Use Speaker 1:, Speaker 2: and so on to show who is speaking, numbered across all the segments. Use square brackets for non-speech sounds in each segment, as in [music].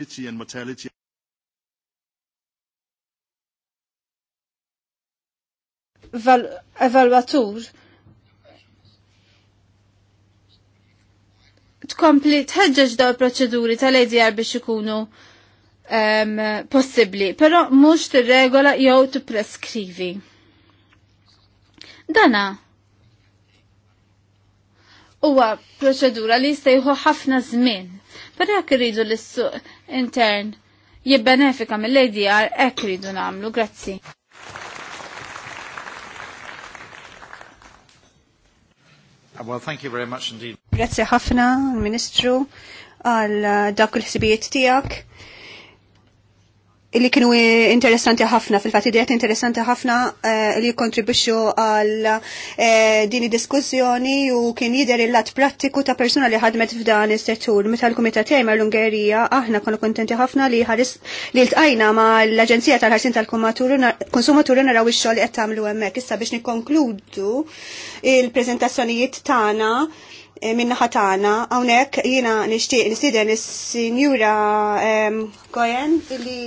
Speaker 1: and mortality
Speaker 2: evalwatur tkompli tħeġġeġ daw proċeduri tal-ADR biex ikunu um, possibli, pero mux t-regola jew t-preskrivi. Dana, huwa proċedura li jistajħu ħafna żmien. Però jekk irridu l-suq intern jibbenefika mill-ADR hekk irridu nagħmlu. Grazzi. Well, thank you very much indeed.
Speaker 3: Grazzi ħafna, Ministru, għal uh, dak il-ħsibijiet tiegħek Illi kienu interessanti ħafna, fil-fat idejat interessanti ħafna uh, li kontribuxxu għal uh, eh, dini diskussjoni u kien jider il-lat prattiku ta' persuna li ħadmet f'dan is-settur. Meta l-Kumitat Jajmar l-Ungerija aħna konu kontenti ħafna li ħaris li l-tqajna ma l-Aġenzija tal-ħarsin tal-Konsumaturi naraw ix-xogħol qed tagħmlu hemmhekk. Issa biex nikkonkludu il-preżentazzjonijiet tagħna eh, minna tagħna. Hawnhekk jiena nixtieq nistiden is sinjura Goyen, illi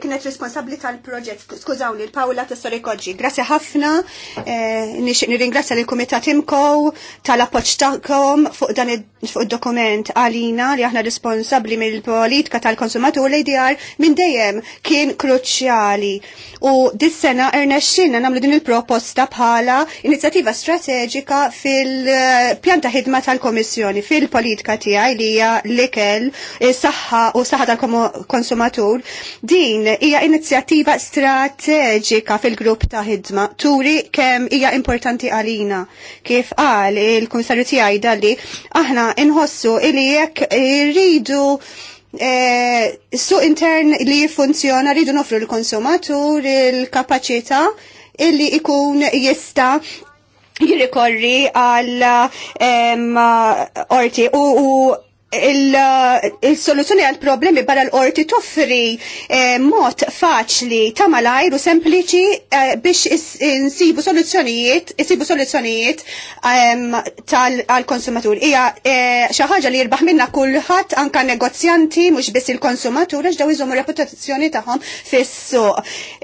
Speaker 3: kienet responsabli tal-proġett. Skużawni, l-Pawla sori Koġġi. Grazie ħafna, eh, nirringrazzja l-Kumitat Imko tal-appoċ tagħkom fuq dan id-dokument għalina li aħna responsabli mill-politika tal-konsumatur li Djar minn dejjem kien kruċjali. U dis-sena irnexxinna nagħmlu din il-proposta bħala inizjattiva strateġika fil-pjanta ħidma tal-Komissjoni fil-politika tiegħi li hija l-ikel, is-saħħa u s-saħħa tal-konsumatur. Din din hija inizjattiva strateġika fil-grupp ta' ħidma turi kemm hija importanti għalina. Kif qal il kumissarju tiegħi dalli aħna inħossu li jekk irridu e, suq intern li jiffunzjona rridu nofru l-konsumatur il kapaċità illi ikun jista jirrikorri għal orti u il-soluzzjoni għal problemi barra l-orti toffri eh, mod faċli ta' malajru sempliċi eh, biex insibu soluzzjonijiet, insibu soluzzjonijiet ehm, tal konsumatur. Ija eh, xaħġa li jirbaħ minna kullħat anka negozjanti mux biss il-konsumatur għax daw reputazzjoni taħom fis-suq.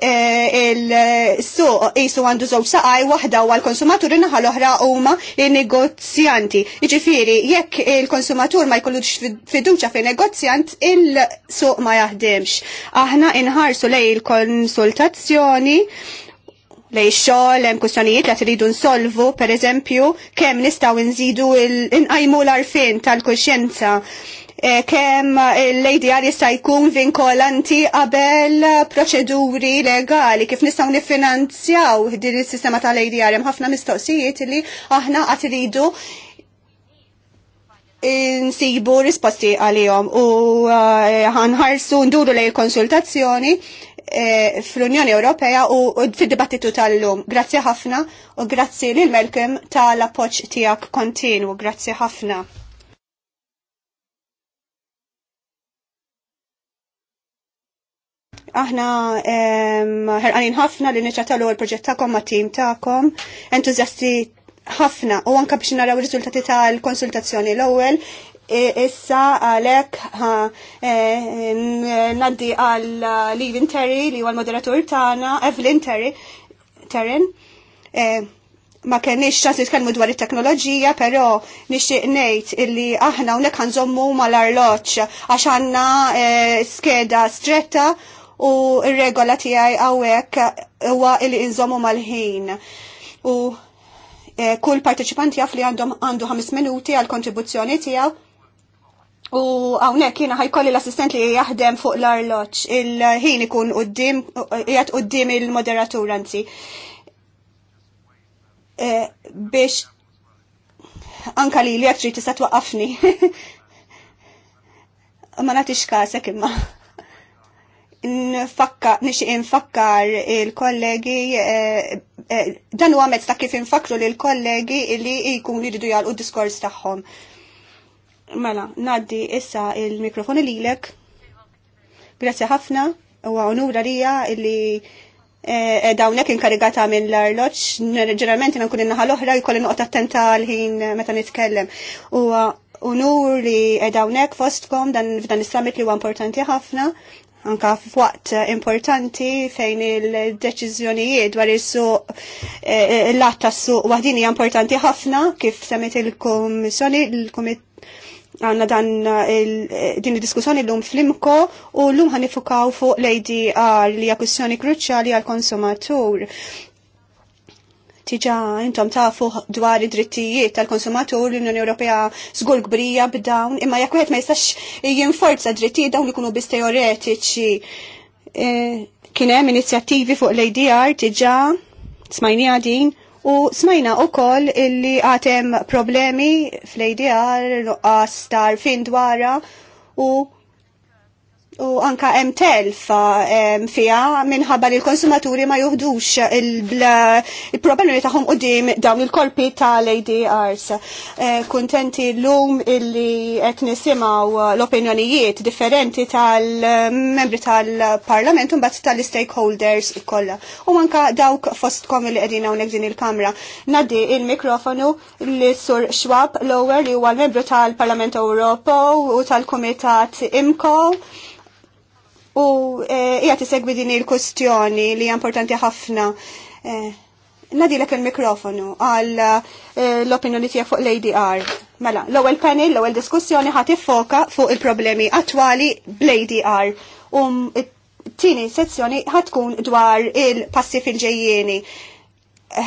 Speaker 3: Il-suq jisu għandu zow saqaj wahda u għal-konsumatur innaħal oħra huma il-negozjanti. Iġifiri, jekk il-konsumatur ma jkollu għandux fiduċa fi negozjant il-suq ma jaħdimx. Aħna inħarsu lej il-konsultazzjoni lej xogħol hemm kwistjonijiet li tridu nsolvu, pereżempju, kemm nistgħu nżidu inqajmu l-arfin tal-kuxjenza E, l-ADR jista' jkun vinkolanti qabel proċeduri legali kif nistgħu nifinanzjaw din is-sistema tal-ADR hemm ħafna mistoqsijiet li aħna qatt iridu insibu risposti għalihom u eh, ħanħarsu nduru lej konsultazzjoni eh, fl-Unjoni Ewropea u, u fid-dibattitu tal-lum. Grazzi ħafna u grazzi lil Malcolm tal-appoċ tijak kontinu. Grazzi ħafna. Aħna ħerqanin ħafna li niċċatalu l-proġett ta'kom ma' tim ta'kom, entużjasti ħafna u anka biex naraw riżultati tal-konsultazzjoni l-ewwel e, issa għalek e, naddi għal Levin Terry li huwa l-moderatur tagħna Evelyn Terry Terren e, ma kenniex ċans nitkellmu dwar it-teknoloġija, però nixtieq ngħid illi aħna hawnhekk ħanżommu mal-arloġġ għax għandna skeda stretta u r-regola tiegħi hawnhekk huwa illi inżommu mal-ħin. U Eh, kull partecipant jaf li għandhom għandu 5 minuti għal kontribuzzjoni tiegħu. U hawnhekk jiena ħajkolli l-assistent li jaħdem fuq l-arloġġ il-ħin ikun qudiem qiegħed qudiem il-moderatur anzi. Eh, biex anka li li jekk trid tista' twaqqafni. [laughs] Ma nagħtix każek imma nix infakkar il-kollegi eh, eh, dan huwa mezz ta' kif infakru l kollegi li jkunu jridu jgħal d-diskors tagħhom. Mela, naddi issa il-mikrofon lilek. Grazie ħafna, huwa onura rija illi eh, dawnek inkarigata minn l-arloċ, ġeneralment jina nkun innaħa l-oħra jkolli attenta l-ħin meta nitkellem. U unur li dawnek fostkom dan f'dan is-summit li huwa importanti ħafna anka f'waqt importanti fejn il-deċiżjonijiet dwar is-suq eh, eh, l-att tas-suq waħdin hija importanti ħafna kif semmet il-Kummissjoni il-Kumit għanna dan eh, din id-diskussjoni l-lum flimko u l-lum ħanifukaw fuq l għal li hija kwistjoni kruċjali għal-konsumatur. Tiġa intom tafu dwar id-drittijiet tal-konsumatur l-Unjoni Ewropea żgur kbrija b'dawn, imma jekk wieħed ma jistax jinforza drittijiet dawn ikunu biss teoretiċi. E, kien hemm inizjattivi fuq l-ADR tiġa smajnija din U smajna u koll illi għatem problemi fl-ADR, nuqqas tarfin dwara u u anka hemm telfa fija minħabba li l-konsumaturi ma juhdux il-problemi u dim dawn il-kolpi tal-ADRs. Eh, kuntenti l-lum illi qed nisimgħu l-opinjonijiet differenti tal-membri tal-Parlament un mbagħad tal-stakeholders kollha. U anka dawk fostkom li qegħdin hawnhekk din il-Kamra. Naddi il-mikrofonu li sur Schwab Lower li huwa l-membru tal-Parlament Ewropo u tal-Kumitat IMCO u hija eh, tisegwi din il-kustjoni li hija importanti ħafna. Eh, nadilek il-mikrofonu għal eh, l-opinjoni tiegħek fuq l-ADR. Mela, l-ewwel panel, l-ewwel diskussjoni ħadd tiffoka fuq il-problemi attwali bl-ADR. Um tini tieni sezzjoni ħad tkun dwar il-passi fil-ġejjieni.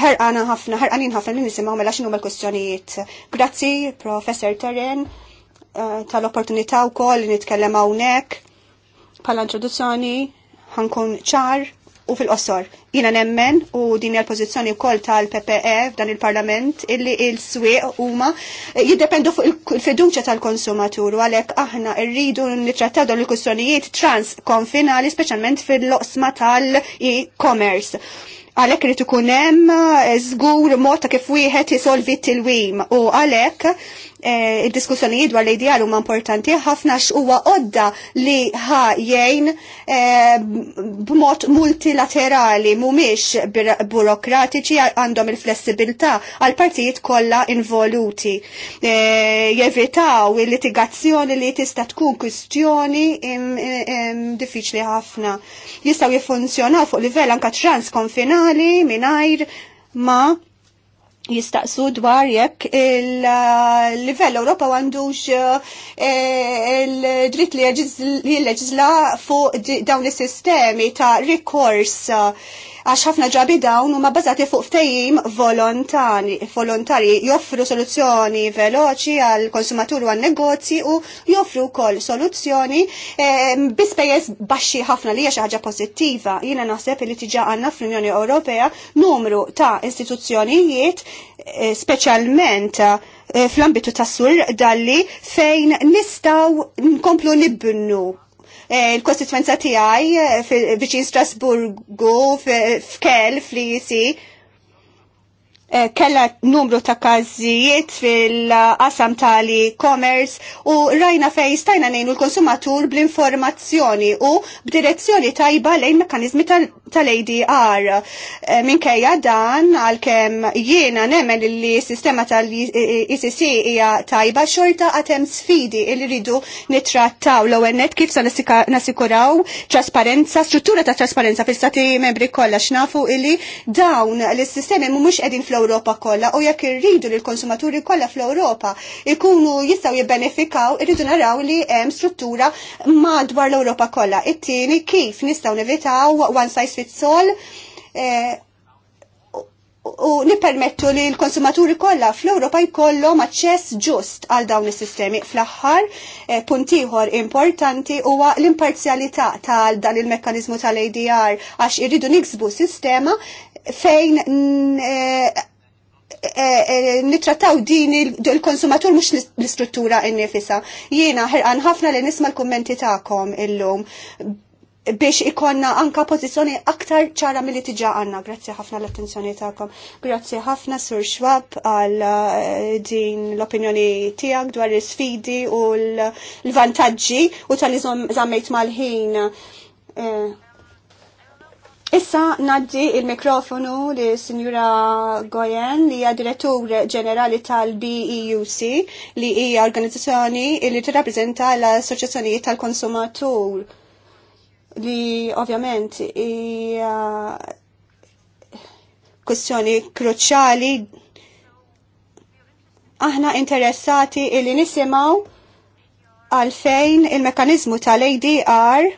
Speaker 3: Ħerqana ħafna, ħerqanin ħafna li nisimgħu mela x'inhuma l-kwistjonijiet. Grazzi, Professor Terren, tal-opportunità wkoll li nitkellem hawnhekk Pala introduzzjoni ħankun ċar u fil qossor Jina nemmen u din l pożizzjoni wkoll tal-PPE f'dan il-Parlament illi il-swieq huma eh, jiddependu fuq il-fiduċja tal-konsumatur u għalhekk aħna rridu nitrattaw dan il trans transkonfinali speċjalment fil-loqsma tal-e-commerce għalek rritu kunem hemm eh, żgur mod ta' kif wieħed jisolvi t-tilwim u għalek Eh, il diskussjonijiet dwar l-ADR huma importanti ħafna x'huwa għodda li ħa jgħin eh, b'mod multilaterali mhumiex burokratiċi għandhom il-flessibilità għal partijiet kollha involuti. Eh, jevitaw il-litigazzjoni li tista' tkun kwistjoni diffiċli ħafna. Jistgħu jiffunzjonaw fuq livell anka transkonfinali mingħajr ma' jistaqsu dwar jekk il-livell Ewropa għandux eh, il-dritt li jilleġizla fuq dawn is-sistemi ta' rikors għax ħafna ġabi dawn huma bbażati fuq ftehim volontari joffru soluzzjoni veloċi għal konsumatur u għal negozji u joffru wkoll soluzzjoni ehm, bi spejjeż baxxi ħafna li hija xi ħaġa pożittiva. Jiena naħseb li tiġa għandna fl-Unjoni Ewropea numru ta' istituzzjonijiet eh, speċjalment eh, fl-ambitu tas-sur dalli fejn nistgħu nkomplu nibnu Eh, il-kostituenza tiegħi eh, viċin Strasburgu f'Kel fl-IC Eh, kella numru ta' każijiet fil-qasam tal-e-commerce u rajna fej stajna nejnu l-konsumatur bl-informazzjoni u b'direzzjoni tajba lejn mekanizmi tal-ADR. Eh, minkejja dan għal-kem jiena nemmen li sistema tal-ICC hija tajba xorta għatem sfidi il ridu nitrattaw l net kif sa' nasikuraw trasparenza, struttura ta' trasparenza fil-stati membri kollha xnafu illi dawn l-sistemi mhumiex qegħdin flow fl-Ewropa kollha u jekk irridu li l-konsumaturi kollha fl-Ewropa ikunu jistgħu jibbenefikaw irridu naraw li hemm struttura madwar l-Ewropa kollha. It-tieni kif nistgħu nevitaw one size fits all eh, u nipermettu li l-konsumaturi kollha fl-Ewropa jkollhom aċċess ġust għal dawn is-sistemi. Fl-aħħar eh, puntiħor importanti huwa l-imparzjalità tal dan il-mekkaniżmu tal-ADR għax irridu niksbu sistema fejn eh, Eh, eh, nitrataw din il-konsumatur mux l-istruttura innifisa. Jiena ħerqan ħafna li nisma l-kommenti ta'kom illum biex ikonna anka pozizjoni aktar ċara mill-li tiġa għanna. Grazzi ħafna l-attenzjoni ta'kom. Grazzi ħafna Sur Schwab għal eh, din l-opinjoni tijak dwar l-sfidi u l-vantagġi u tal izom zammejt mal-ħin. Issa naddi il-mikrofonu li Signora Goyen li hija direttur ġenerali tal-BEUC li hija organizzazzjoni li tirrappreżenta l associazzjoni tal-Konsumatur li ovvjament hija kwestjoni kruċjali aħna interessati li nisimgħu għalfejn il-mekanizmu tal-ADR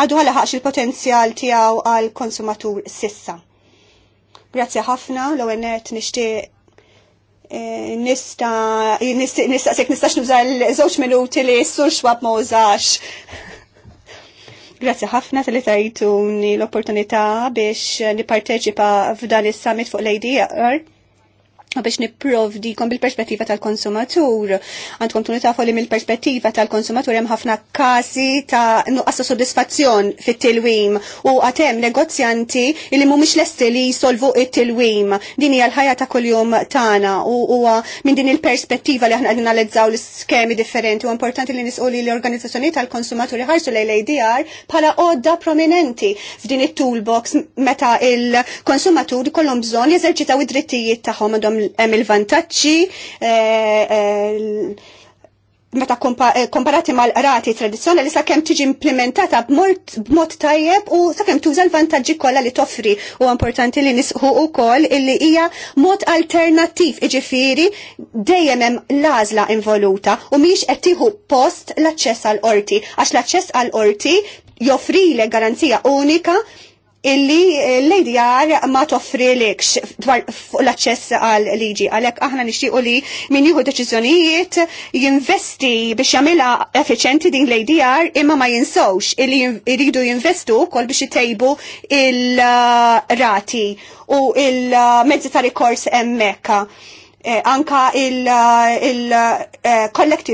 Speaker 3: għadu ħax il-potenzjal tijaw għal-konsumatur sissa. Grazie ħafna, l-għennet nishti eh, nista nista sek nistax nużar l-żewġ minuti li s-sur xwab [laughs] Grazzi ħafna tal-li tajtuni l-opportunità biex nipparteċipa f'dan is-summit fuq l id biex kom bil-perspettiva tal-konsumatur. Għandkom tuni tafu li mill-perspettiva tal-konsumatur hemm ħafna kasi ta' nuqqas soddisfazzjon fit-tilwim u għatem negozjanti li mhumiex lesti li jisolvu it-tilwim. Din hija l-ħajja ta' kuljum tagħna u minn din il-perspettiva li aħna qed l skemi differenti u importanti li nisqu li l-organizzazzjoni tal-konsumaturi jħarsu lejn l-ADR bħala għodda prominenti f'din it-toolbox meta il-konsumatur kollhom bżonn jeżerċitaw id-drittijiet tagħhom għandhom hemm il-vantaġġi eh, eh, meta eh, komparati mal-rati tradizzjonali sakemm tiġi implementata b'mod tajjeb u sakemm tuża l-vantaġġi kollha li toffri u importanti li nisħu wkoll illi hija mod alternattiv iġifieri dejjem hemm l-għażla involuta u mhix qed tieħu post l-aċċess għall-qorti għax l-aċċess għall-qorti joffri le garanzija unika illi eh, l-ADR ma toffri lekx fuq l-access għal liġi għalek aħna nixtiqu li min jieħu deċiżjonijiet jinvesti biex jagħmilha effiċenti din l-ADR imma ma jinsawx illi jridu jinvestu wkoll biex jtejbu il-rati eh, u il-mezzi eh, ta' rikors hemmhekk Eh, anka il-collective eh,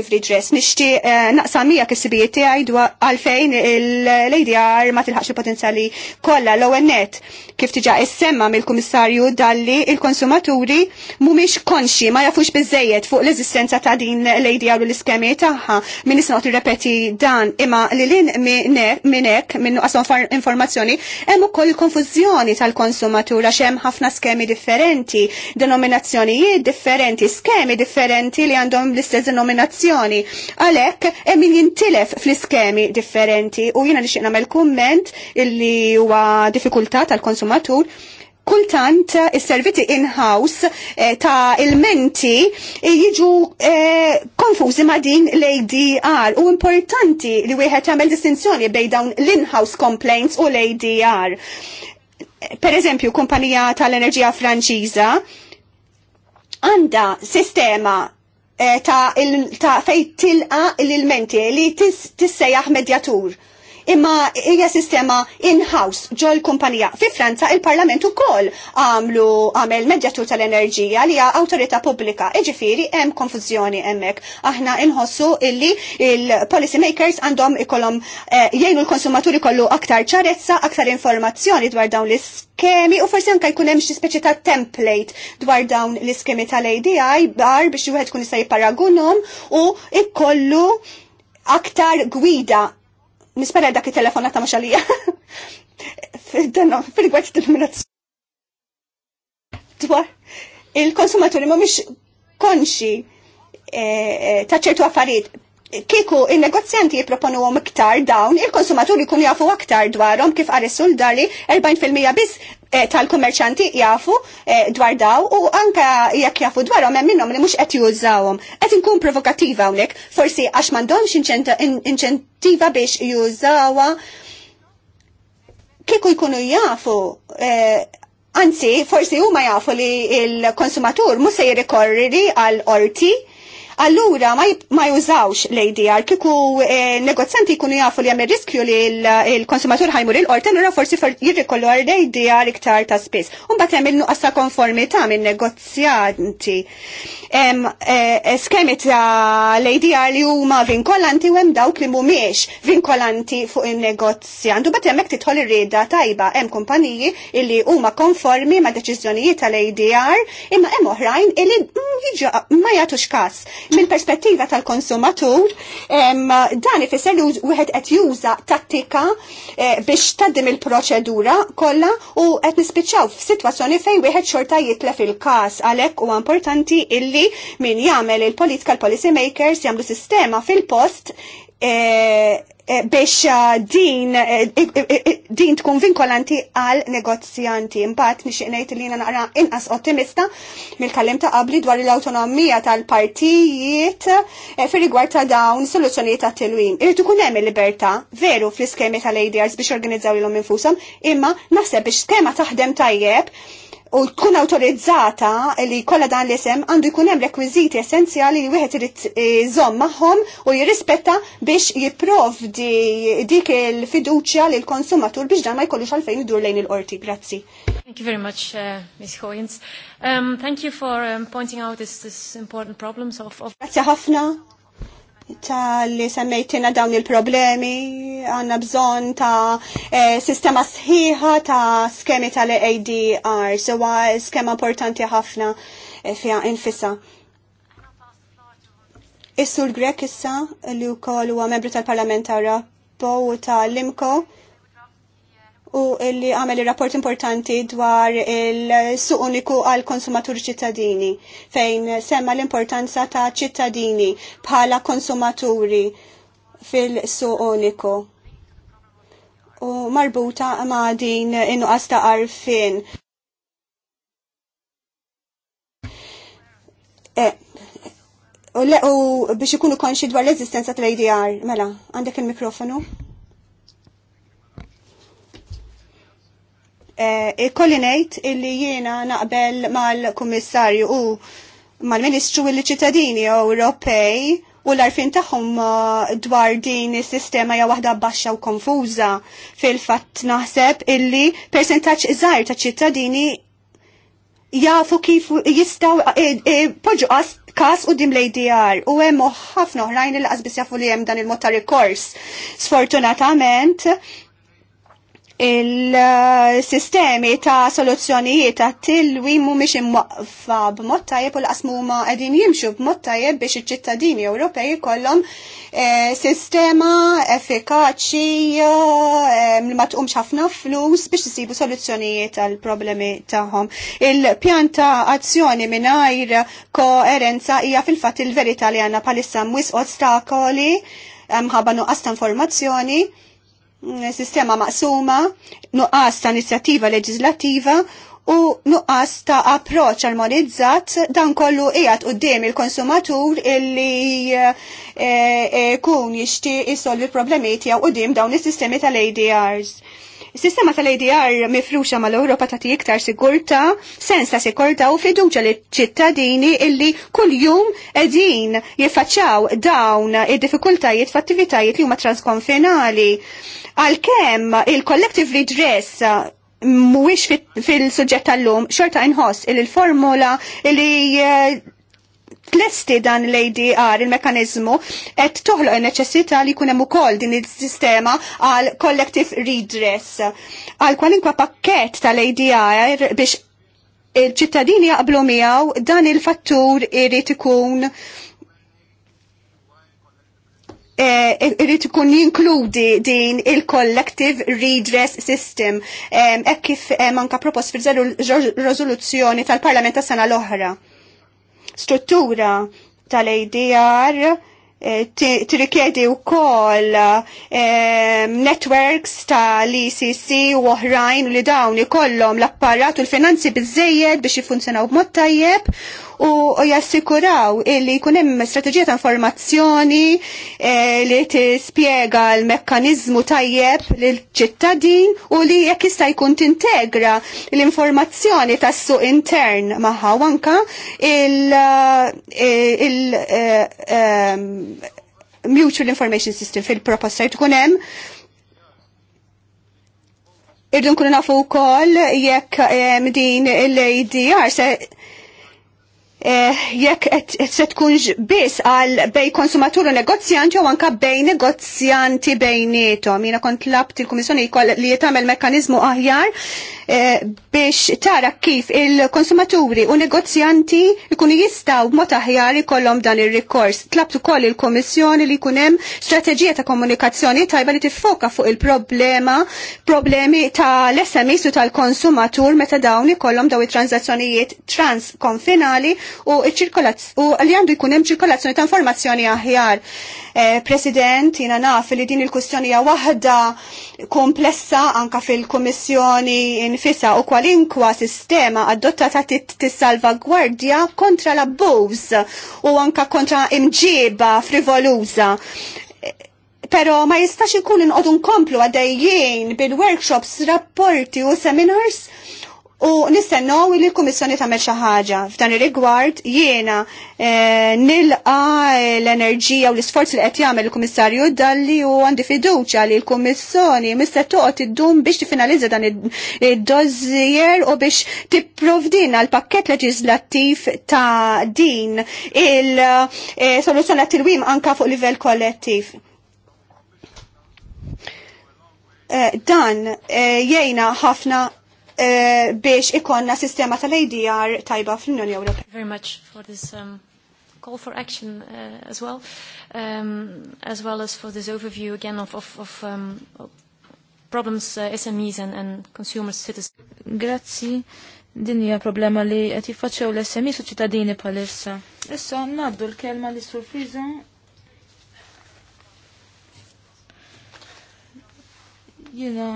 Speaker 3: eh, redress nishti naqsa naqsamija kisibijiet tiegħi għalfejn il-ADR ma tilħaxi il-potenzjali kollha l-ewwel net kif tiġa issemma mill-Kummissarju dalli il-konsumaturi mhumiex konxi ma jafux biżejjed fuq l ezistenza ta' din l-ADR u l-iskemi tagħha min isnot tirrepeti dan imma li lin minn hekk minn informazzjoni hemm ukoll konfużjoni tal konsumatura xem hemm ħafna skemi differenti, denominazzjonijiet differenti, skemi differenti li għandhom l-istess denominazzjoni. Għalhekk hemm min jintilef fl-iskemi differenti u jiena nixtieq nagħmel kumment illi huwa diffikultà tal-konsumatur kultant is-serviti in-house eh, ta' il-menti eh, jiġu eh, konfużi ma' din l-ADR u importanti li wieħed jagħmel distinzjoni bejn dawn l-in-house complaints u l-ADR. Per eżempju, kumpanija tal-enerġija Franċiża għanda sistema eh, ta', fejn tilqa l-ilmenti li tissejjaħ medjatur imma hija sistema in-house ġol l-kumpanija. Fi Franza il-Parlament ukoll għamlu għamel meġġatur tal-enerġija li hija awtorità pubblika. Iġifieri hemm konfużjoni hemmhekk. Aħna inħossu illi il-policy makers għandhom ikollhom eh, jgħinu l-konsumaturi kollu aktar ċarezza, aktar informazzjoni dwar dawn l-iskemi u forsi anka jkun hemm xi speċi ta' template dwar dawn l-iskemi tal-ADI bar biex wieħed kun jista' jiparagunhom u ikollu aktar gwida nispera dak il-telefonata ma xalija. Fil-gwajt denominazzjoni. Dwar il-konsumaturi mhumiex konxi eh, eh, ta' ċertu affarijiet kieku il-negozjanti jiproponu għom iktar dawn, il-konsumaturi kun jafu aktar dwarom kif għarissu l-dari 40% bis tal-kummerċanti jafu eh, dwar daw u anka jekk jafu dwarom hemm minnhom li mhux qed jużawhom. Qed inkun provokattiva hawnhekk, forsi għax m'għandhomx inċentiva biex jużawha kieku jkunu jafu eh, Anzi, forsi huma jafu li il-konsumatur mhux se jirrikorri għal orti allura ma jużawx l-ADR kiku eh, negozjanti jkunu jafu li għamil riskju li l-konsumatur ħajmur il-qorti, allura forsi jirrikollu għal l-ADR iktar ta' spis. Unbat jgħamil nuqqas ta' konformita minn negozjanti. Eh, skemi ta' l-ADR li huma vinkolanti u hemm dawk li mhumiex vinkolanti fuq il-negozjant. U bat hemmhekk titħol ir-rieda tajba hemm kumpaniji illi huma konformi ma' deċiżjonijiet tal-ADR imma hemm oħrajn illi mm, ma jagħtux każ. Mill-perspettiva tal-konsumatur, dan ifisser li wieħed qed juża tattika eh, biex taddim il-proċedura kollha u qed nispiċċaw f'sitwazzjoni fejn wieħed xorta jitlef il-każ għalhekk huwa importanti illi min jagħmel il-political policy makers jagħmlu sistema fil-post eh, Eh, biex eh, din eh, din tkun vinkolanti għal negozjanti. Imbagħad nixtieq ngħid li naqra inqas ottimista mill-kallim ta' qabli dwar l-awtonomija tal-partijiet fir-rigward ta' dawn soluzzjonijiet ta' tilwim. Irid ikun hemm il-libertà veru fl-iskemi tal-ADRs biex organizzaw lilhom infushom, imma naħseb biex skema taħdem tajjeb u tkun autorizzata li kolla dan l-isem għandu jkun hemm rekwiżiti essenzjali li wieħed irid iżomm eh, magħhom u jirrispetta biex jipprovdi dik il-fiduċja lil konsumatur biex dan ma jkollux għalfejn idur lejn il-qorti. Grazzi.
Speaker 2: Thank you very much, uh, Ms. Hoyens. Um, thank you for um, pointing out this, this important problems of... of... Grazie
Speaker 3: ħafna ta' li semmejtina dawn il-problemi, għanna bżon ta' e, sistema sħiħa ta' skemi tal-ADR, sewa għa skema importanti ħafna e, eh, fija infissa. Issu l-Grek issa li u koll u membru tal-Parlament Rappo u tal-Limko u li għamel rapport importanti dwar il-suq uniku għal konsumaturi ċittadini fejn semma l-importanza ta' ċittadini bħala konsumaturi fil-suq uniku. U marbuta ma' din innuqas ta' għarfin. E, u, biex ikunu konxi dwar l ezistenza tal-ADR, mela, għandek il-mikrofonu? Eh, kollinejt ngħid illi jiena naqbel mal-Kummissarju u mal-Ministru illi ċittadini Ewropej u l-arfin taħum eh, dwar din is-sistema ja waħda baxxa u konfuża fil-fatt naħseb illi percentaċ żgħar ta' ċittadini jafu kif jistaw eh, poġu kas u dim l-ADR u hemm ħafna oħrajn il qasbis jafu li hemm dan il-mod ta' rikors. Sfortunatament il-sistemi ta' soluzzjonijiet ta' tilwi mhumiex imwaqfa b'mod tajjeb u l-qasmu huma qegħdin jimxu b'mod tajjeb biex iċ-ċittadini Ewropej jkollhom eh, sistema effikaċi eh, ma tqumx ħafna flus biex isibu soluzzjonijiet għal problemi tagħhom. il pjan ta' azzjoni mingħajr koerenza hija fil-fatt il-verità li għandna bħalissa mwis ostakoli eh, mħabba nuqqas ta' informazzjoni sistema maqsuma, nuqqas ta' inizjattiva leġislativa u nuqqas ta' approċ armonizzat dan kollu qiegħed qudiem il-konsumatur illi jkun eh, eh, kun jixtieq isolvi problemi tiegħu qudiem dawn is-sistemi tal-ADRs. Sistema tal-ADR mifruxa mal-Europa ta' iktar sigurta, sens ta' sigurta u fiduċa li ċittadini illi kull-jum edin jiffaċċaw dawn id-difikultajiet f'attivitajiet li huma transkonfinali. Għal-kem il-collectively dress mhuwiex fil-suġġett tal-lum xorta inħoss il-formula li eh, tlesti dan l-ADR, il-mekanizmu, et toħloq il-neċessita li kunem ukoll din il-sistema għal collective redress. Għal kwalinkwa pakket tal-ADR biex il-ċittadini jaqblu miegħu dan il-fattur irid ikun irrit ikun jinkludi din il-collective redress system, hekk kif manka propost fil-żelu r-rezoluzzjoni tal-Parlament tas-sena l-oħra struttura tal-ADR eh, tirrikjedi u koll eh, networks ta' l-ICC u oħrajn u li dawn ikollhom l-apparat u l-finanzi bizzejed biex jifunzjonaw b'mod tajjeb u jassikuraw illi kunem strategija ta' informazzjoni eh, li tispiega l-mekkanizmu tajjeb l-ċittadin u li jekk jista' jkun tintegra l-informazzjoni tas-suq intern magħha anka il, eh, il, eh, ehm, Mutual Information System fil-proposta jkun hemm Irdun kunu nafu wkoll jekk ehm, din l-ADR se Eh, jekk se tkunx biss għal bej konsumatur u negozjant jew anka bej negozjanti bejnietom. Jiena kont labt il-Kummissjoni li jitagħmel mekkaniżmu aħjar eh, biex tara kif il-konsumaturi u negozjanti jkunu jistgħu b'mod aħjar ikollhom dan ir-rikors. Tlabt ukoll il-Kummissjoni li jkun hemm strateġija ta' komunikazzjoni tajba li tiffoka fuq il-problema problemi tal-SMS u tal-konsumatur meta dawn ikollhom daw it-transazzjonijiet transkonfinali u li għandu jkun hemm ċirkolazzjoni ta' informazzjoni aħjar. Eh, President, jiena naf li din il-kwistjoni hija waħda komplessa anka fil-Kummissjoni infisa u kwalinkwa sistema adottata tissalvagwardja kontra l-abbuż u anka kontra imġiba frivoluża eh, pero ma jistax ikun inqodu nkomplu għaddejjien bil-workshops, rapporti u seminars U nistennaw li l komissjoni tagħmel xi ħaġa. F'dan ir-rigward jiena eh, nilqa l-enerġija u l-isforz li qed jagħmel il-Kummissarju dalli u għandi fiduċja li l-Kummissjoni mista toqgħod iddum biex tiffinalizza dan id-dossier u biex tipprovdina l-pakkett leġislattiv ta' din il-soluzzjoni eh, e, tilwim anka fuq livell kollettiv eh, dan jgħina ħafna Eh, biex ikonna sistema tal-ADR tajba fl-Unjoni Ewropea.
Speaker 2: Very much for this um,
Speaker 1: call for action uh, as well, um, as well as for this overview again of, of, of um, problems uh, SMEs and, and consumers, citizens. Grazie. Din hija problema li qed jiffaċċew l smi su ċittadini bħalissa. Issa ngħaddu l-kelma li sur Friża jina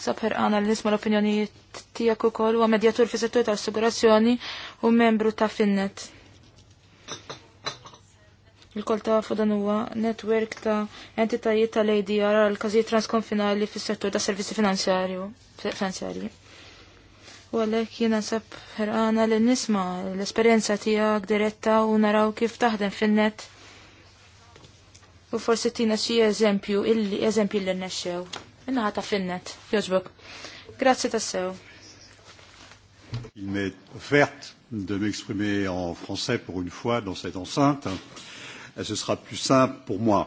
Speaker 1: Saper għana li nisma l-opinjonijiet tijak u kol, u medjatur fi settur tal-assigurazzjoni u membru ta' finnet. Il-kol ta' fudan huwa netwerk ta' entitajiet tal-ADR għal kazi transkonfinali fi settur ta' servizzi finanzjarju. finanzjarji. U għalek jina sab ħerqana l nisma l-esperienza tijak diretta u naraw kif taħdem finnet. U forsi tina xie eżempju, illi eżempju li nesċew. Minna ħata finnet, joġbok. Grazzi tassew.
Speaker 3: Il m'est offert de m'exprimer en français pour une fois dans cette enceinte. Et Ce sera plus simple pour moi.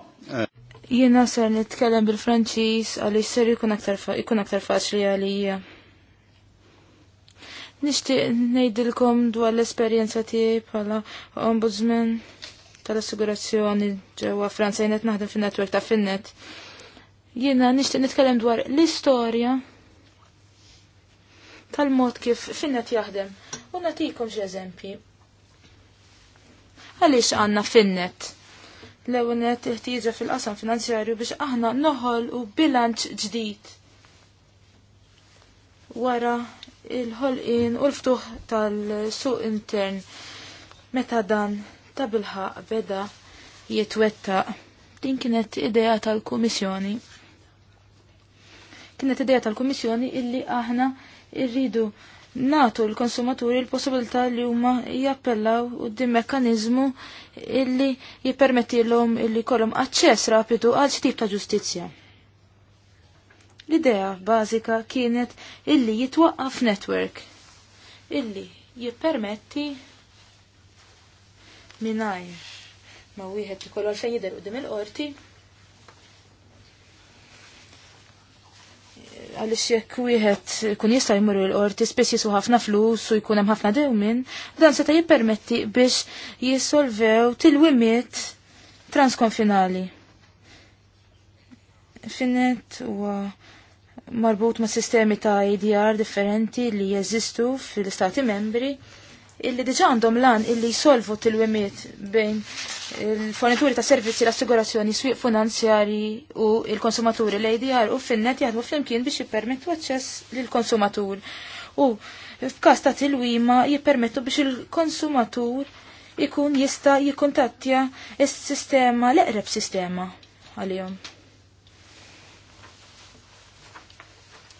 Speaker 1: Jena ser nitkellem bil-Franċiż għalli ser ikun aktar faċli għalija. Nishtiq nejdilkom dwar l-esperjenza tiegħi bħala ombudsman tal-assigurazzjoni ġewwa Franza jnet naħdem fin-netwerk ta' Finnet. Jiena nixtieq nitkellem dwar l-istorja tal-mod kif finnet jaħdem. U natikom xi eżempji. Għaliex għandna finnet? L-ewnet ħtieġa fil-qasam finanzjarju biex aħna noħol u bilanċ ġdid. Wara il-ħolqin u l-ftuħ tal-suq intern meta dan ta' bilħaq beda jitwettaq. Din kienet idea tal-Kummissjoni kienet ideja tal-Kummissjoni illi aħna irridu natu l-konsumaturi l-possibilità li huma jappellaw u din mekkanizmu illi jippermettilhom illi jkollhom aċċess rapidu għal xi tip ta' ġustizzja. L-idea bażika kienet illi jitwaqqaf network illi jippermetti minajr ma wieħed ikollha xejn jidher qudiem il-qorti għalix jekk wieħed kun jista' jmur il-qorti spiss jisu ħafna flus u jkun hemm ħafna dewmin, dan seta' jippermetti biex jissolvew tilwimiet transkonfinali. Finet huwa marbut ma' sistemi ta' IDR differenti li jeżistu fil istati membri illi diġa għandhom lan illi jisolvu til-wimiet bejn il-fornituri ta' servizzi l-assigurazzjoni, swieq finanzjari u il-konsumaturi l-ADR u finnet jaħdmu flimkien biex jippermettu aċċess lill-konsumatur. U f'każ ta' tilwima jippermettu biex il-konsumatur ikun jista' jikkuntattja s-sistema l-eqreb sistema għalihom.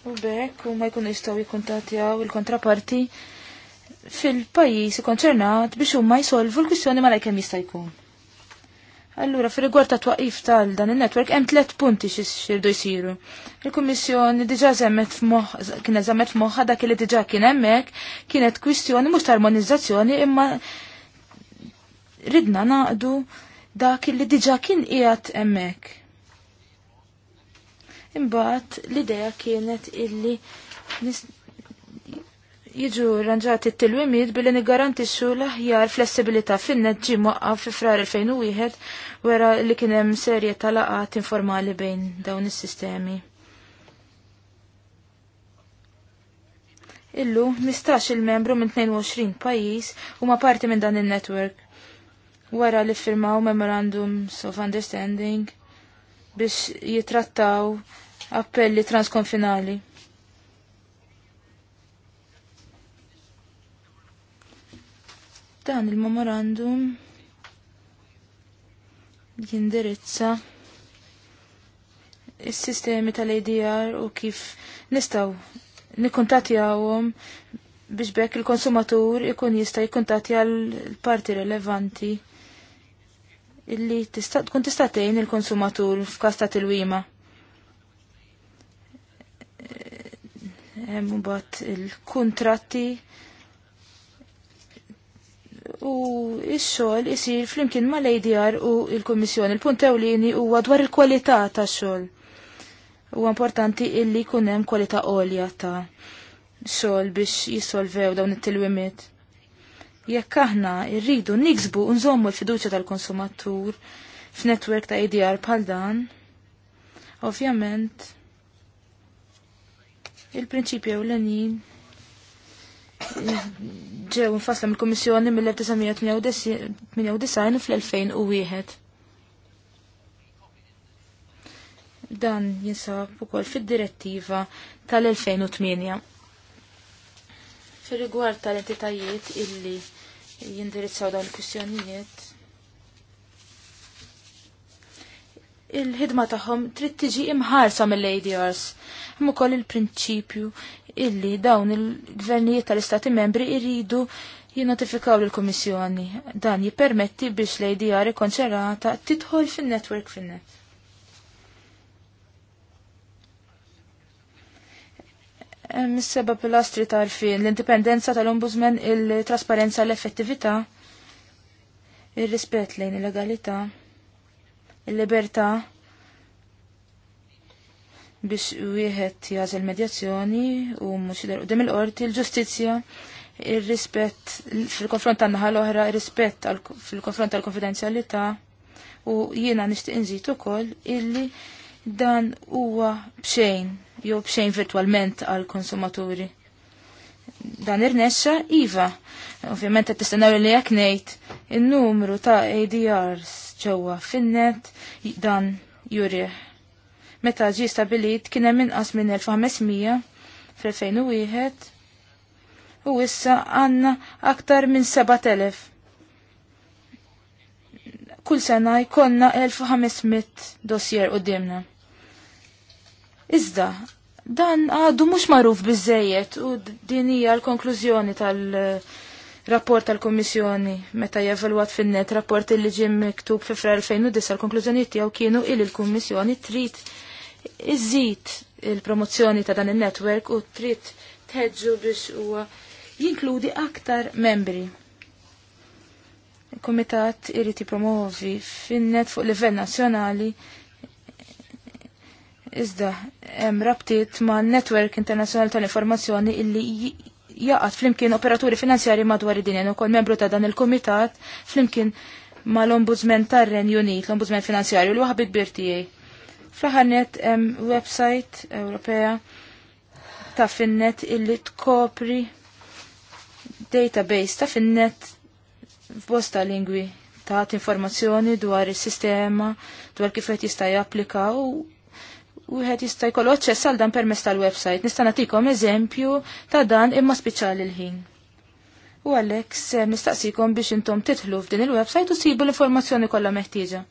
Speaker 1: U bekk u ma jkunu jistgħu jikkuntattjaw il-kontraparti il kontraparti fil-pajjiż konċernat biex huma jsolvu l-kwistjoni malajk hemm jista' jkun. Allura, fir rigward ta' twaqif tal dan il-network, hemm tliet punti xirdu jsiru. Il-Kummissjoni diġà żemmet f'moħħ kienet żemmet f'moħħa dak li diġà kien hemmhekk kienet kwistjoni mhux tarmonizzazzjoni armonizzazzjoni imma ridna naqdu dak li diġà kien qiegħed hemmhekk. Imbagħad l-idea kienet illi jiġu ranġati t-tilwimiet billi nigarantixxu l-aħjar flessibilità fin-net ġi moqqaf fi frar 2001 wera li kien hemm serje tal-laqat informali bejn dawn is-sistemi. Illu, mistax il-membru minn 22 pajis huma parti minn dan il-network. Wara li firmaw Memorandums of Understanding biex jitrattaw appelli transkonfinali. Dan il-memorandum jindirizza il-sistemi tal-ADR u kif nistaw għawom biex bekk il-konsumatur ikun jista' jikkuntatja l-parti rilevanti illi tkun tista' tgħin il-konsumatur f'każ ta' tilwima. Hemm mbagħad il-kuntratti u il xogħol isir flimkien mal-ADR u l-Kummissjoni. Il-punt ewlieni huwa dwar il-kwalità tax-xogħol. Huwa importanti illi jkun hemm kwalità għolja ta' xogħol biex jissolvew dawn it-tilwimiet. Jekk aħna rridu niksbu nżommu l-fiduċja tal-konsumatur f'netwerk ta' ADR bħal dan, ovvjament il-prinċipju ewlenin ġew infasla mill-Kummissjoni mill-1998 fl-2001. Dan jinsab ukoll fid-direttiva tal-2008. Fir-rigward tal-entitajiet illi jindirizzaw dawn il-kwistjonijiet, il-ħidma tagħhom trid tiġi imħarsa mill-ADRs. Hemm ukoll il-prinċipju illi dawn il-gvernijiet tal-Istati membri irridu jinnotifikaw l-Komissjoni. Dan jippermetti biex l idr konċerata titħol fin-network fin-net. Mis-seba pilastri tarfin, l-indipendenza tal-ombudsman, il-trasparenza, l-effettività, il-rispet lejn il-legalità, il-libertà, il legalità il libertà biex wieħed jażel medjazzjoni u mhux jidher qudiem il-qorti l-ġustizzja ir-rispett fil-konfront tan naħa l-oħra, ir-rispett fil-konfront tal-konfidenzjalità u jiena nixtieq inżid ukoll illi dan huwa bxejn jew bxejn virtwalment għal konsumaturi. Dan irnexxa iva, ovvjament qed tistennew li jekk ngħid in-numru ta' ADRs ġewwa fin-net dan jurih meta ġi stabilit kien hemm inqas minn 1500 fl-2001 u issa għanna aktar minn 7000. Kull sena jkollna 1500 dossier u dimna. Iżda, dan għadu mux maruf bizzejiet u din hija l-konklużjoni tal-rapport tal-Komissjoni meta jevalwat fin-net rapport li ġim miktub fi fra 2009 l-konklużjoni tiegħu kienu il il-Kummissjoni trid iżid il-promozzjoni ta' dan il-network u trid tħeġġu biex huwa jinkludi aktar membri. Il-Komitat irid jippromovi fin-net fuq livell nazzjonali iżda hemm rabtiet ma' netwerk internazzjonali tal-informazzjoni illi jaqat flimkien operaturi finanzjari madwar id u ukoll membru ta' dan il-Komitat flimkien ma' l-Ombudsman tar-Renju Unit, l-Ombudsman Finanzjarju, l-waħbi kbir tiegħi Fraħanet hemm website Ewropea ta' finnet illi tkopri database ta' finnet f'bosta lingwi ta' informazzjoni dwar is-sistema, dwar kif qed jista' japplika u wieħed jista' jkollu aċċess għal dan permezz tal-website. Nista' nagħtikom eżempju ta' dan imma speċjali l-ħin. U għalhekk se nistaqsikom biex intom titħlu f'din il-website u sibu l-informazzjoni kollha meħtieġa.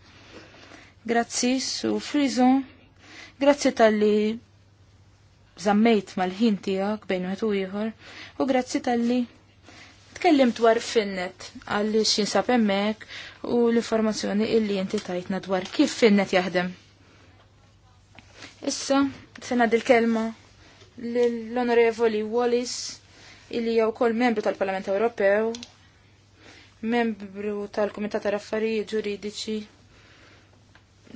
Speaker 1: Grazzi su frizu. Grazzi tal-li zammejt mal-ħin tijak bejn u ieħor. U grazzi tal-li tkellim dwar finnet għalli xin emmek u l-informazzjoni illi jinti tajtna dwar kif finnet jaħdem. Issa, sena dil-kelma l-onorevoli Wallis illi jew kol membru tal-Parlament Ewropew, membru tal-Komitat tal-Affarijiet Ġuridiċi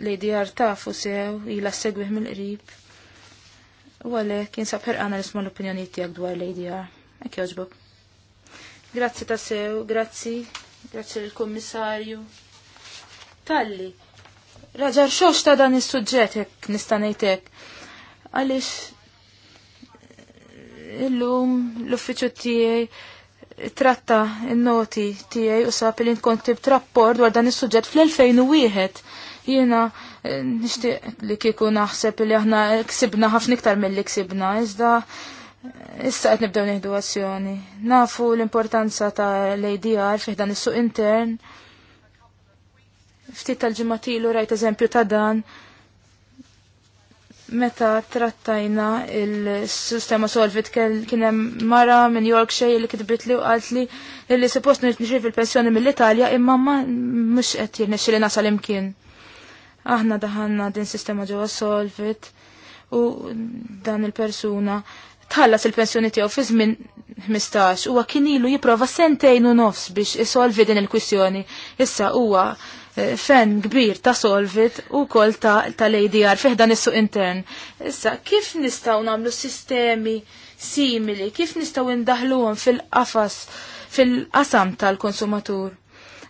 Speaker 1: li tafu sew jila segwih mill-qrib. U għalek jinsab ħerqana nisma l-opinjoni tijak dwar li adr Ek oġbob. Grazzi ta' sew, grazzi, grazzi l-kommissarju. Talli, raġar xox ta' dan is-suġġett nistanajtek. nista' ngħidlek. Għaliex illum l-uffiċċju tiegħi tratta n-noti tiegħi u sab li nkont tibt rapport dwar dan is-suġġett fl-2001 Jiena eh, nixtieq li kieku naħseb li aħna ksibna ħafna iktar mill-li ksibna, iżda eh, issa qed nibdew nieħdu azzjoni. Nafu l-importanza ta' l-ADR fih dan is-suq intern. Ftit tal-ġimatilu rajt eżempju ta' dan meta trattajna il-sistema solvit kienem mara minn Yorkshire li kitbit li u għalt li li suppost nirċiv il-pensjoni mill-Italja imma ma mux qed jirnexxi li nasal imkien. Aħna daħanna din sistema ġewwa solvit u dan il-persuna tħallas il-pensjoni tiegħu fi żmien 15 huwa kien ilu jipprova sentejn u nofs biex isolvi din il-kwistjoni. Issa huwa eh, fen kbir ta' solvit u kol ta' tal-ADR fiħdan is-suq intern. Issa, kif nistaw namlu sistemi simili, kif nistaw indaħluhom fil-qafas, fil-qasam tal-konsumatur?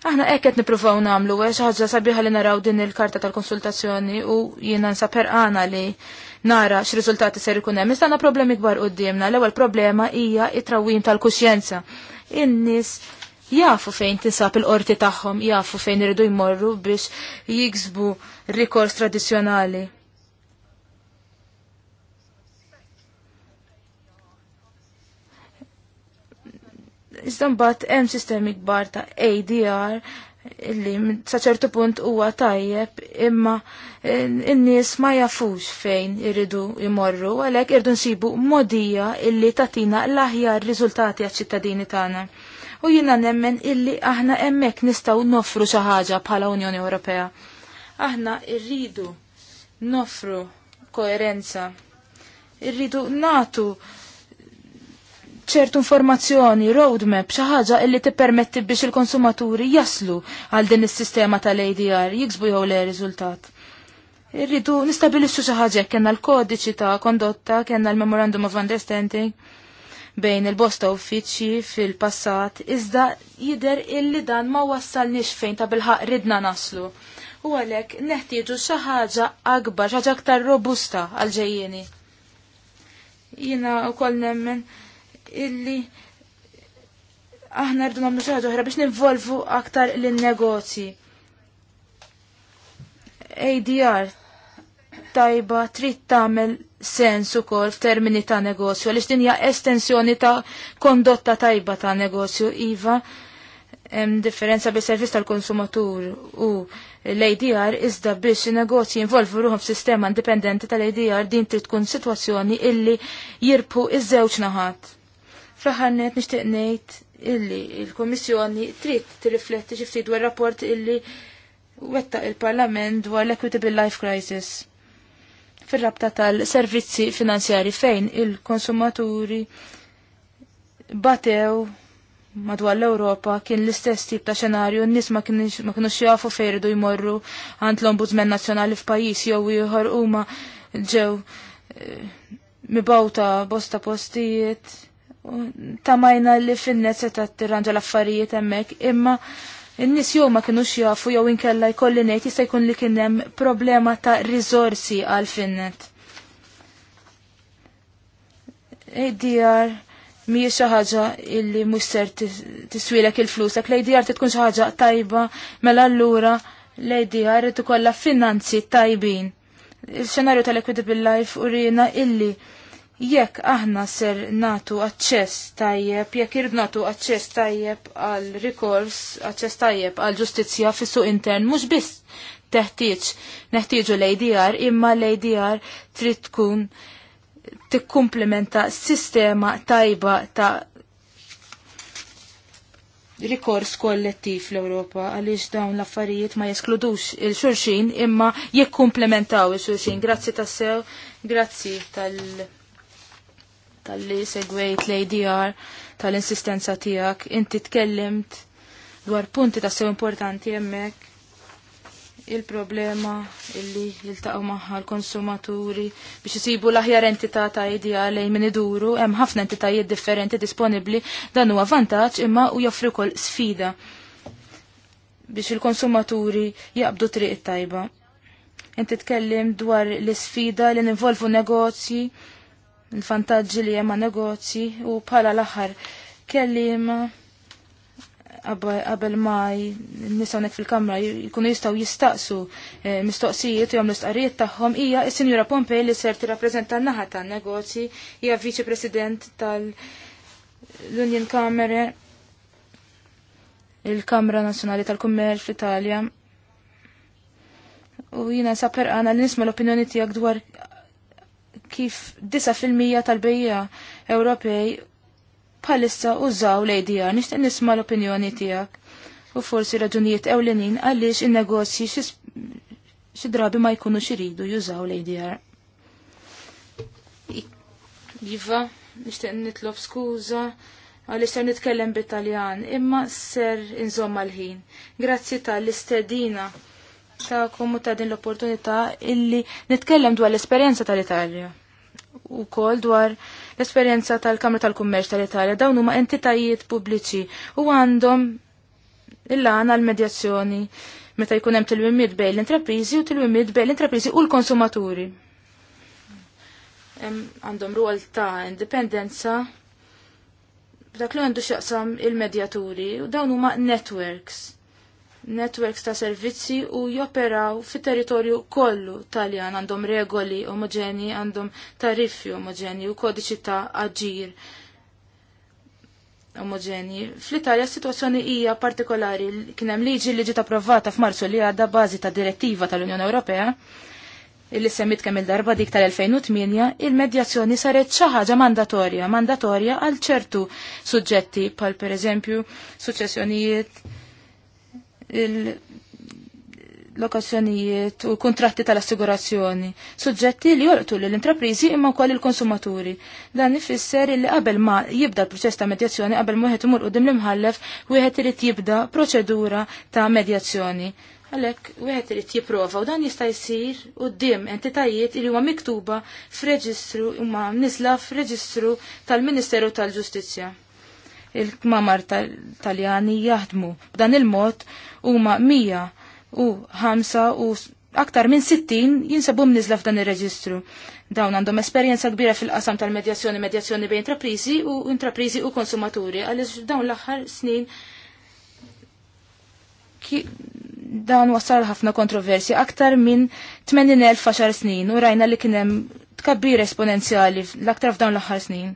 Speaker 1: Aħna hekk qed nippruvaw nagħmlu e sabiħa li naraw din il-karta tal-konsultazzjoni u jina nsaper għana li nara x'riżultati ser Istana hemm. gbar problemi kbar qudiemna. L-ewwel problema hija it trawim tal-kuxjenza. In-nies jafu fejn tinsab il-qorti tagħhom, jafu fejn iridu jmorru biex jiksbu rikors tradizzjonali Iżda mbagħad hemm sistemi kbar ta' ADR illi sa ċertu punt huwa tajjeb imma in-nies ma jafux fejn iridu jmorru għalhekk irdu nsibu modija illi tatina l-aħjar riżultati għaċ-ċittadini tagħna. U jiena nemmen illi aħna hemmhekk nistgħu nofru xi ħaġa bħala Unjoni Ewropea. Aħna rridu nofru koerenza. Irridu natu ċertu informazzjoni, roadmap, xi ħaġa illi tippermetti biex il-konsumaturi jaslu għal din is-sistema tal-ADR jiksbu jew le riżultat. Irridu nistabilissu xi ħaġa l-kodiċi ta' kondotta, kellna l-Memorandum of Understanding bejn il-bosta uffiċċji fil-passat, iżda jidher illi dan ma wassalniex fejn ta' bilħaq ridna naslu. U għalhekk neħtieġu xi ħaġa akbar, xi ħaġa aktar robusta għal Jina Jiena wkoll nemmen illi aħna rridu nagħmlu xi ħaġa oħra biex ninvolvu aktar lin-negozji. ADR tajba trid tagħmel sens ukoll f'termini ta' negozju għaliex din hija estensjoni ta' kondotta tajba ta' negozju iva hemm differenza bi servizz tal-konsumatur u l-ADR iżda biex negozji involvu ruħom f'sistema indipendenti tal-ADR din trid tkun sitwazzjoni illi jirpu iż-żewġ naħat Fraħannet nixtieq ngħid illi il-Komissjoni trid tirrifletti xi ftit dwar rapport illi wettaq il-Parlament dwar l-Equitable Life Crisis fir-rabta tal-servizzi finanzjari fejn il-konsumaturi batew madwar l-Ewropa kien l-istess tip ta' xenarju n-nies ma kienux jafu fejridu jmorru għand l-Ombudsman Nazzjonali f'pajjiż jew ieħor huma ġew eh, mibawta bosta postijiet tamajna li finnet se ta' tirranġa l-affarijiet emmek, imma n-nis jow ma kienu jafu jew inkella jkolli ngħid jista' jkun li kien hemm problema ta' rizorsi għal finnet. Id-djar mhijiex xi ħaġa illi mhux ser tiswilek il flusek hekk l tkun xi ħaġa tajba, mela allura l-IDR tkollha finanzi tajbin. Il-xenarju tal-Equitable Life urina illi jekk aħna ser natu aċċess tajjeb, jekk irid natu aċċess tajjeb għal rikors, aċċess tajjeb għal ġustizzja fis-suq intern, mhux biss teħtieġ neħtieġu l-ADR imma l-ADR trid tkun tikkumplementa sistema tajba ta' rikors kollettiv fl-Europa għaliex dawn l-affarijiet ma jeskludux il-xurxin imma jekkumplementaw il-xurxin. Grazzi tassew, grazzi tal- tal-li segwejt l-ADR, tal-insistenza tijak, inti tkellimt dwar punti ta' sew importanti jemmek, il-problema illi jiltaqgħu magħha l-konsumaturi biex isibu l-aħjar entità ta' idea lej min iduru, hemm ħafna entitajiet differenti disponibbli dan huwa vantaġġ imma u joffri wkoll sfida biex il-konsumaturi jaqbdu triq tajba. Inti tkellim dwar l-sfida li involvu negozji il-vantaġġi li hemm negozji u bħala l-aħħar kellim qabel ma nisawnek fil-kamra jkunu jistgħu jistaqsu eh, mistoqsijiet u l-istqarijiet tagħhom hija s-Sinjura Pompej li ser tirrappreżenta n-naħa tan-negozji hija viċi President tal-Union Camera il-Kamra Nazzjonali tal-Kummerċ fl-Italja. U jina saper għana li nisma l-opinjoni tijak dwar kif 9% tal-bejja Ewropej bħalissa użaw l-ADR, nishtiq nisma l-opinjoni tijak. U forsi raġunijiet ewlenin għaliex il-negozji xi drabi ma jkunu xiridu jużaw l-ADR. Iva, nishtiq nitlob skuża għaliex ser nitkellem bit-Taljan, imma ser inżomma l-ħin. Grazzi tal-istedina ta' komu ta' din l-opportunità illi nitkellem dwar l-esperjenza tal-Italja u kol dwar l-esperienza tal-Kamra tal-Kummerċ tal-Italja dawn huma entitajiet pubbliċi u għandhom il-lana l-medjazzjoni meta jkun hemm tilwimiet bejn l-intrapriżi u tilwimiet bejn l-intrapriżi u l-konsumaturi. Għandhom rwol ta' indipendenza dak li għandu xaqsam il-medjaturi u dawn huma networks networks ta' servizzi u joperaw fit territorju kollu taljan għandhom regoli omogeni, għandhom tariffi omogeni u kodiċi ta' aġir omogeni. Fl-Italja situazzjoni hija partikolari kien hemm liġi li ġiet approvata f'Marzu li għadha bażi ta' direttiva tal-Unjoni Ewropea illi semmit kemm il-darba dik tal-2008, il-medjazzjoni saret xi ħaġa mandatorja, mandatorja għal ċertu suġġetti, pal pereżempju suċessjonijiet l-lokazzjonijiet u kontratti tal-assigurazzjoni, suġġetti li jolqtu l intrapriżi imma koll il-konsumaturi. Dan ifisser li qabel ma jibda l-proċess ta' medjazzjoni qabel ma jħet imur qudiem l-imħallef wieħed irid jibda proċedura ta' medjazzjoni. Għalhekk wieħed irid jipprova u dan jista' jsir quddiem entitajiet li huwa miktuba f'reġistru imma nisla f'reġistru tal-Ministeru tal-Ġustizzja il-kmamar taljani jaħdmu. B'dan il-mod huma mija u ħamsa u aktar minn 60 jinsabu mnizla f'dan ir-reġistru. Dawn għandhom esperjenza kbira fil-qasam tal-medjazzjoni, medjazzjoni bejn intraprizi u intraprizi u konsumaturi, għaliex dawn l-aħħar snin ki, dawn wassal ħafna kontroversi aktar minn 80.000 snin u rajna li kien hemm tkabbir esponenzjali l-aktar f'dawn l-aħħar snin.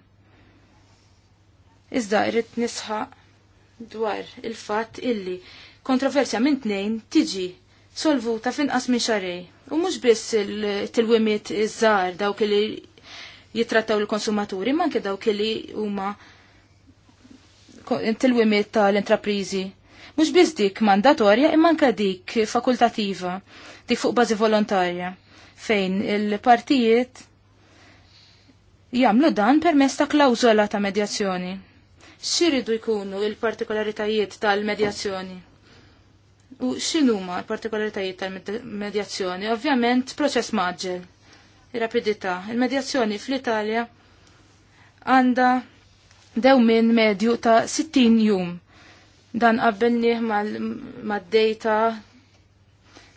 Speaker 1: Iżda irrid nisħaq dwar il-fatt illi kontroversja minn tnejn tiġi solvuta finqas minn xarej. U mhux biss il-tilwimiet iż-żgħar dawk li jitrattaw il-konsumaturi, ma anke dawk li huma tilwimiet tal-intraprizi. Mhux biss dik mandatorja imma anke dik fakultativa, dik fuq bażi volontarja, fejn il-partijiet jagħmlu dan permezz ta' klawżola ta' medjazzjoni xiridu jkunu il-partikolaritajiet tal-medjazzjoni. U x'inhuma l-partikolaritajiet tal-medjazzjoni? Ovvjament proċess maġġel, rapidità. Il-medjazzjoni fl-Italja għandha dew minn medju ta' 60 jum. Dan qabbelnieh mad-dejta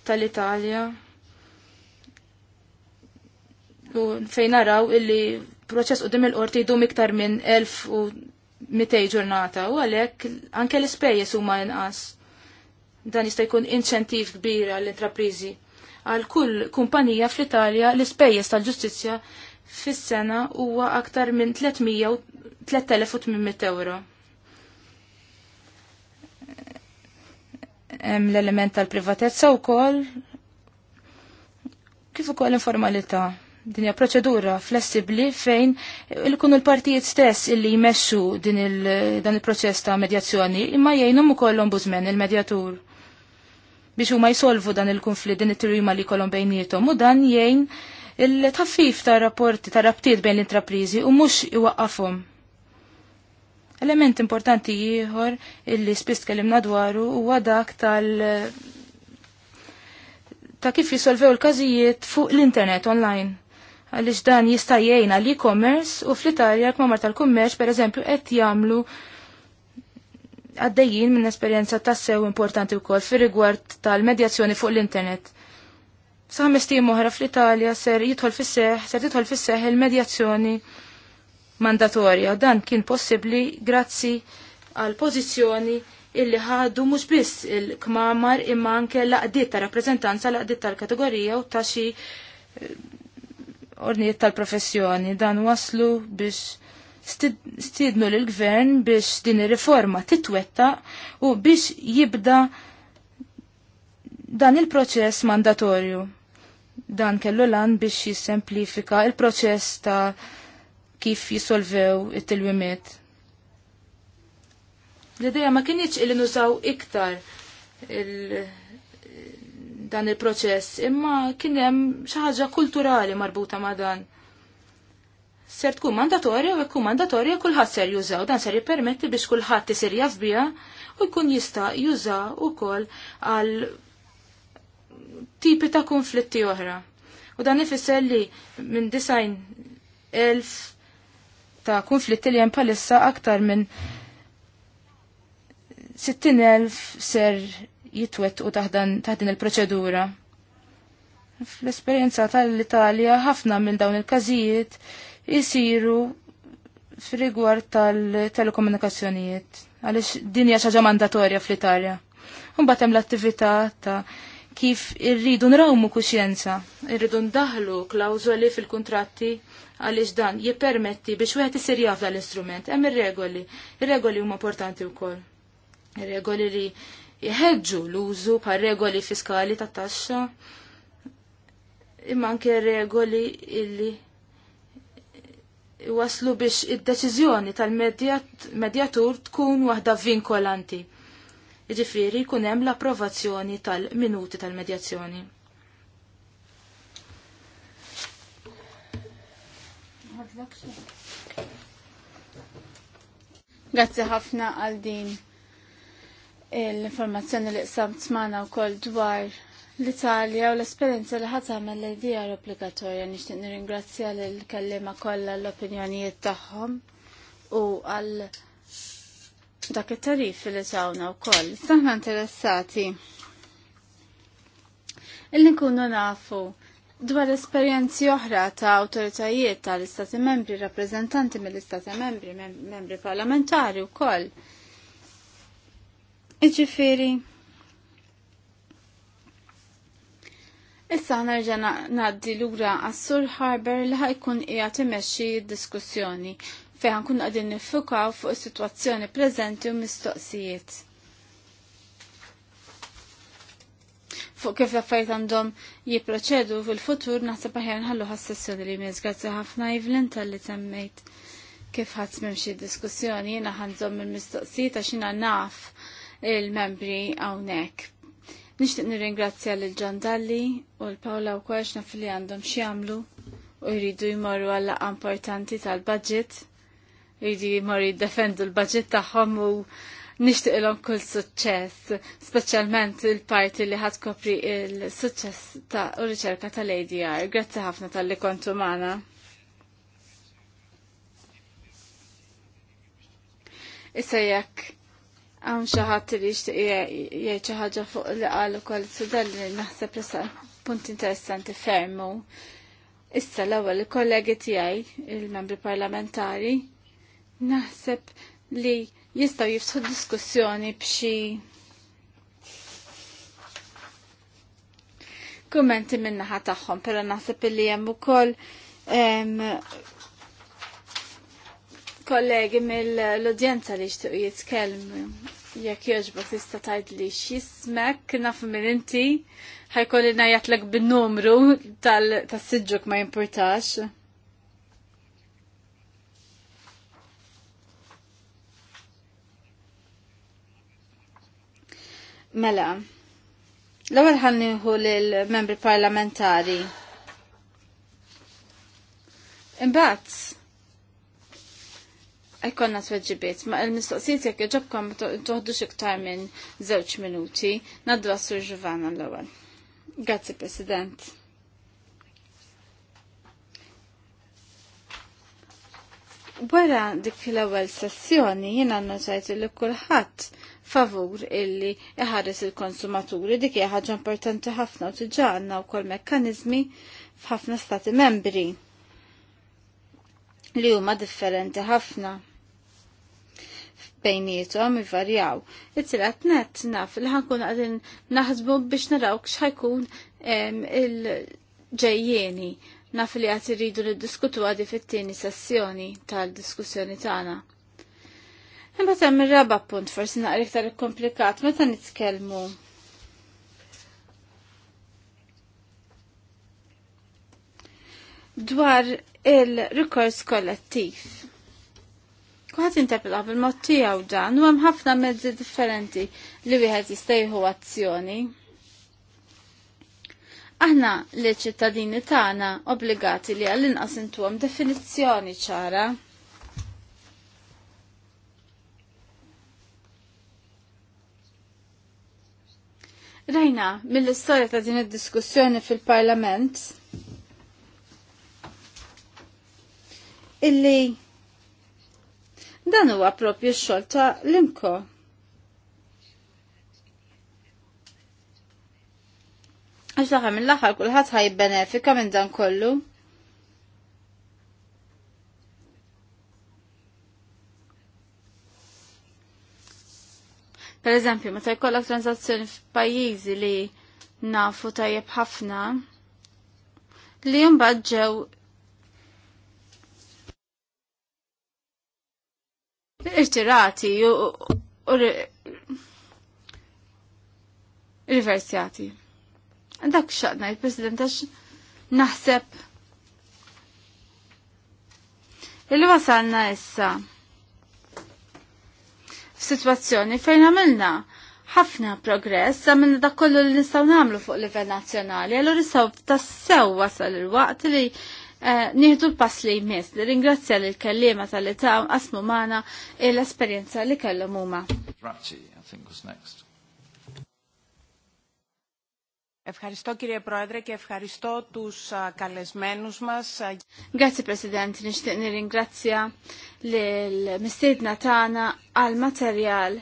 Speaker 1: tal-Italja. U fejn naraw illi proċess qudiem il-qorti jdu iktar minn 1000 Mitej ġurnata u għalhekk anke l-ispejjeż huma inqas. Dan jista' jkun inċentiv kbir għall-intrapriżi. Għal kull kumpanija fl-Italja l-ispejjeż tal-ġustizzja fis-sena huwa aktar minn 3800 euro. Hemm l-element tal-privatezza wkoll kif ukoll informalità din hija proċedura flessibbli fejn il-kunu l-partijiet stess illi jmexxu din il dan il-proċess ta' medjazzjoni imma jgħinhom ukoll ombudsman il-medjatur biex huma jsolvu dan il-konflitt din it-tirima li jkollhom bejniethom u dan jgħin il-taffif ta' rapporti ta' rabtiet bejn l intraprizi u mhux iwaqafhom. Element importanti ieħor illi spiss tkellimna dwaru huwa dak tal- ta' kif jisolvew il-każijiet fuq l-internet online għaliex dan jista' jgħin għal e-commerce u fl-Italja l-kmamar tal-kummerċ pereżempju qed jagħmlu għaddejjin minn esperjenza tassew importanti wkoll fir-rigward tal-medjazzjoni fuq l-internet. Sa' ħamestim oħra fl-Italja ser jidħol fis-seħ, ser jidħol fis-seħ il-medjazzjoni mandatorja. Dan kien possibbli grazzi għal pożizzjoni illi ħadu mhux biss il-kmamar imma anke laqdiet ta' rappreżentanza laqdiet tal-kategorija u ta' xi eh, ornijiet tal-professjoni dan waslu biex stidnu l-gvern biex din ir-riforma titwetta u biex jibda dan il-proċess mandatorju. Dan kellu lan biex jissemplifika il-proċess ta' kif jisolvew it-tilwimiet. L-ideja ma kienieċ il nużaw iktar il- dan il-proċess, imma kien hemm xi ħaġa kulturali marbuta ma' dan. Ser tkun mandatorja u jkun mandatorja kulħadd ser jużaw, dan ser jippermetti biex kulħadd isir jaf u jkun jista' juża wkoll għal tipi ta' konflitti oħra. U dan ifisser li minn design elf ta' konflitti li hemm palissa aktar minn 60.000 ser jitwet u taħdan taħdin il-proċedura. Fl-esperienza tal-Italja ħafna minn dawn il-każijiet jisiru f'rigward tal-telekomunikazzjonijiet, għaliex din hija xi ħaġa mandatorja fl-Italja. Mbagħad hemm l-attività ta' kif irridu nrawmu kuxjenza, irridu ndaħlu klawżoli fil-kontratti għaliex dan jippermetti biex wieħed isir jaf l-istrument, hemm ir-regoli, ir-regoli huma importanti wkoll. Ir-regoli li jħedġu l-użu par regoli fiskali ta' taxxa imma anke regoli illi waslu biex id-deċiżjoni tal-medjatur tkun waħda vinkolanti. Ġifiri kun hemm l-approvazzjoni tal-minuti tal-medjazzjoni.
Speaker 2: Grazzi ħafna għal din l-informazzjoni li qsamt smana wkoll dwar l-Italja u l-esperienza li ħadd għamel l-idea obbligatorja nixtieq nirringrazzja lil kellima kollha l-opinjonijiet tagħhom u għal dak it-tarif li tawna wkoll. Saħna interessati illi nkunu nafu dwar esperjenzi oħra ta' awtoritajiet tal-Istati membri, rappreżentanti mill-Istati membri, membri parlamentari wkoll. koll Iġifiri. Issa nerġa' ngħaddi lura għas-Sur Harber li ħajkun ija imexxi d-diskussjoni fejn ħankun qegħdin niffukaw fuq is-sitwazzjoni preżenti u mistoqsijiet. Fuq kif l-affarijiet għandhom jipproċedu fil-futur naħseb aħjar nħallu ħas-sessjoni li mis grazzi ħafna Evelyn tal-li semmejt kif ħadd diskussjoni jiena ħanżomm il-mistoqsijiet għax naf il-membri għawnek. Nishtiq nirringrazzja l ġandalli u l-Pawla u kwaċ naf li għandhom xiamlu u jridu jmorru għalla importanti tal-budget, jridu jmorru jiddefendu l-budget taħħom u nishtiq l kull suċċess, specialment il-parti li ħad kopri il-suċċess ta' u riċerka tal-ADR. Grazzi ħafna tal-li kontu maħna. Issa jekk għam xaħat li jgħid xi ħaġa fuq li qal ukoll sudal li naħseb li punt interessanti fermu. Issa l-ewwel il-kollegi tiegħi il-membri parlamentari naħseb li jistgħu jiftħu diskussjoni b'xi kummenti minna tagħhom, però naħseb li jemmu ukoll kollegi mill-udjenza li xtuq jitkellmu. Jekk jogħġbok tista' tgħid li naf minn inti ħajkolli ngħidlek bin-numru tas-siġġuk ma jimpurtax. Mela, l-ewwel ħanniħu lill-membri parlamentari. Imbagħad Ekkonna tweġibiet, ma il-mistoqsijiet jekk ġobkom toħdux iktar minn żewġ minuti, naddu għassu ġivana l-ewwel. Grazzi President. Wara dik l-ewwel sessjoni jiena notajt li kulħadd favur illi iħares il-konsumaturi dik hija ħaġa importanti ħafna u t-ġanna għandna wkoll mekkaniżmi f'ħafna stati membri li huma differenti ħafna bejnietom jivarjaw. it net naf li ħankun għadin naħzbu biex naraw kxħajkun il-ġejjeni naf li għat li diskutu għadi fit-tieni sessjoni tal-diskussjoni tagħna. Imma hemm ir-raba punt forsi naqra iktar komplikat meta nitkellmu dwar il rekords kollettiv Kuħat interpreta bil-mod tiegħu dan u hemm ħafna mezzi differenti li wieħed jistajħu azzjoni. Aħna li ċittadini tagħna obbligati li għall-inqas intuhom definizzjoni ċara. Rajna, mill-istorja ta' din id-diskussjoni fil-Parlament, illi Dan huwa propju x-xogħol ta' l-imko. Għax daħħa mill-aħħar kulħadd ħajbenefika minn dan kollu. Per eżempju, meta jkollok transazzjoni f'pajjiżi li nafu tajjeb ħafna, li jumbaġġew irtirati u riversjati. Dak xaqna il-President għax naħseb il-wasalna issa f'sitwazzjoni fejn għamilna ħafna progress għamilna dak kollu li nistgħu nagħmlu fuq livell nazzjonali, għallu nistaw tassew wasal il-waqt li Eh, nieħdu l-pass li jmiss. Ringrazzja li l kellima tal-li ta' asmu maħna l-esperienza li kellhom huma. Ευχαριστώ κύριε Πρόεδρε και ευχαριστώ τους καλεσμένους μας. Grazie Presidente, nishtiq nirringrazzja l-mistiedna tagħna għal materjal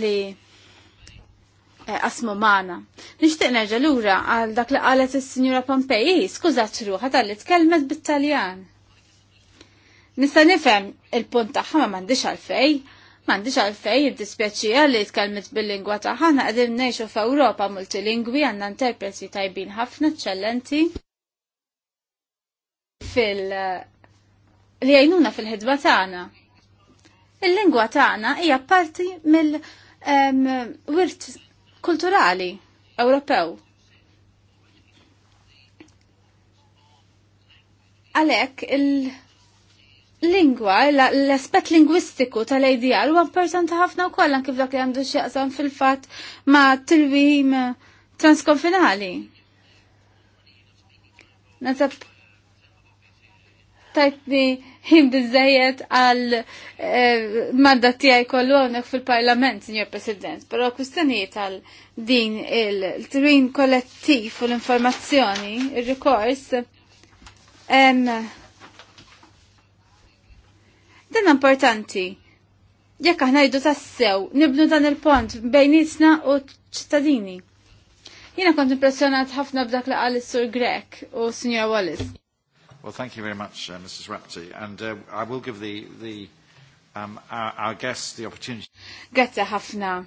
Speaker 2: li Eh, asmu maħna. Nishtiq nerġa lura għal dak li qalet il-Sinjura Pompeji, skużat ruħa tal-li tkellmet bit-Taljan. Nista nifhem il-punt tagħha ma m'għandix għalfej, m'għandix għalfej id-dispjaċija li tkellmet bil-lingwa tagħha qegħdin ngħixu f'Ewropa multilingwi għandna interpreti tajbin ħafna eċċellenti fil- li għajnuna fil-ħidba tagħna. Il-lingwa tagħna hija parti mill-wirt kulturali Ewropew. Għalhekk il-lingwa, l-aspett lingwistiku tal ideal huwa importanti ħafna wkoll anke f'dak li għandu x'jaqsam fil-fatt ma' tilwim transkonfinali. Nasab tajtni ħin bizzejiet għal eh, manda tiegħi kollu fil-Parlament, Sinjor President, però kwistjonijiet għal din il-trin kollettiv u l-informazzjoni, il rikors dan importanti. Jekk aħna jiddu tassew, nibnu dan il-pont bejnietna u ċittadini. Jiena kont impressjonat ħafna b'dak li qal is-Sur Grek u Sr. Wallis. Well, thank you very much, uh, Mrs. Rapti. And uh, I will give the, the um, our, our guests the opportunity. Grazie hafna,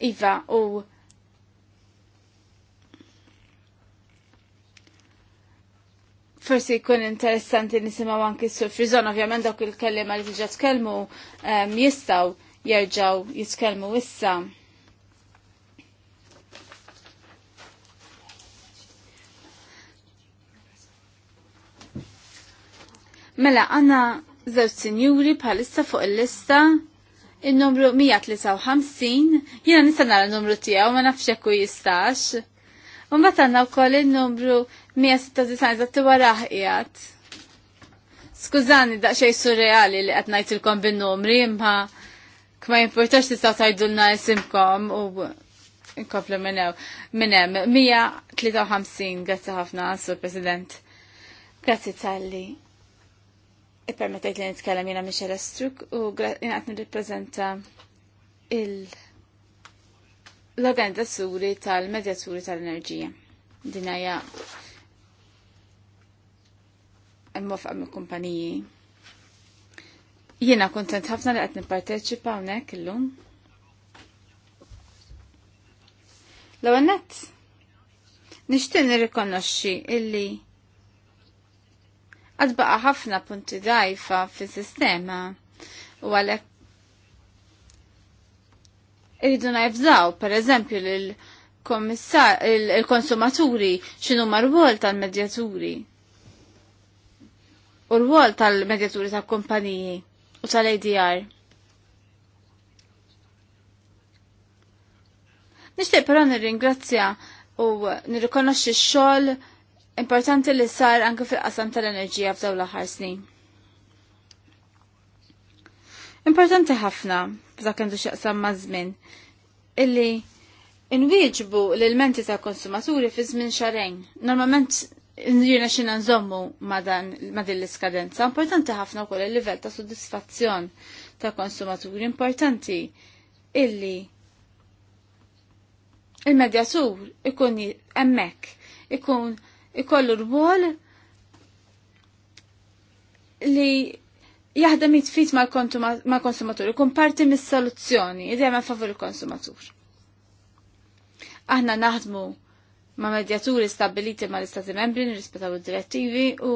Speaker 2: Iva, u forsi jkun interessanti nisimaw anki s frizon ovvjament dawk il-kellima li diġa tkellmu um, jistaw jirġaw jitkellmu issa. Mela għanna żewġ sinjuri bħalissa fuq il-lista il-numru 153, jina nista nara l-numru tiegħu ma nafx jekk jistax. U għanna u wkoll il-numru 196 zatti għaraħ ħqiegħed. Skużani daqsxejn surreali li qed ngħidilkom bin-numri imma kma jimportax tistgħu tajdulna isimkom u inkoplu minnew. Minnem 153 grazzi ħafna, Sur President. Grazzi tal-li Ippermettajt li nitkellem jena Michel Estruk u jena għatni reprezenta l-organizzaturi tal-medjaturi tal-enerġija. Dinaja mwafqa me kumpaniji. Jena kontent ħafna li għatni parteċipa unek l-lum. L-għannet, nishtin nirrikonnoxxi illi għadbaqa ħafna punti dajfa fi sistema u għalek irridu najfżaw, per eżempju, il-konsumaturi xinu marwol rwol tal-medjaturi u rwol tal-medjaturi tal-kompaniji u tal-ADR. Nishtiq però nirringrazzja u nirrikonoxxi x-xogħol importanti li sar anke fil-qasam tal-enerġija f'daw l-aħħar snin. Importanti ħafna f'dak kendu xaqsam mażmin, żmien illi inwieġbu l-elementi ta' konsumaturi fi żmien xarejn. Normalment jirna xina nżommu ma' din l-iskadenza. Importanti ħafna wkoll il-livell ta' soddisfazzjon ta' konsumaturi. Importanti illi il-medjatur ikun emmek, ikun ikollu rwol li jaħdem jitfit mal-konsumatur, ikun parti mis-soluzzjoni, ma' favur il-konsumatur. Aħna naħdmu ma' medjaturi stabiliti ma' l-istati membri nirrispetaw id-direttivi u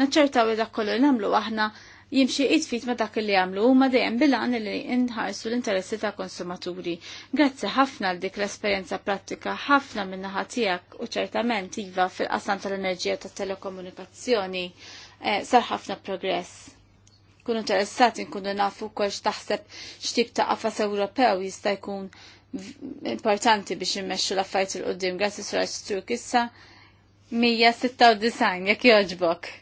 Speaker 2: naċċertaw id kollu li nagħmlu aħna jimxi jitfit ma dak li għamlu u ma dejjem bilan li nħarsu l-interessi ta' konsumaturi. Grazzi ħafna l dik l-esperjenza pratika ħafna minna tiegħek u ċertament iva fil-qasam tal-enerġija tat telekomunikazzjoni eh, sar ħafna progress. Kun interessati nkunu nafu kol x'taħseb xtib ta' qafas Ewropew jista' jkun importanti biex immexxu l-affarijiet il-qudiem. Grazzi Suraj Turk issa 196 jekk jogħġbok.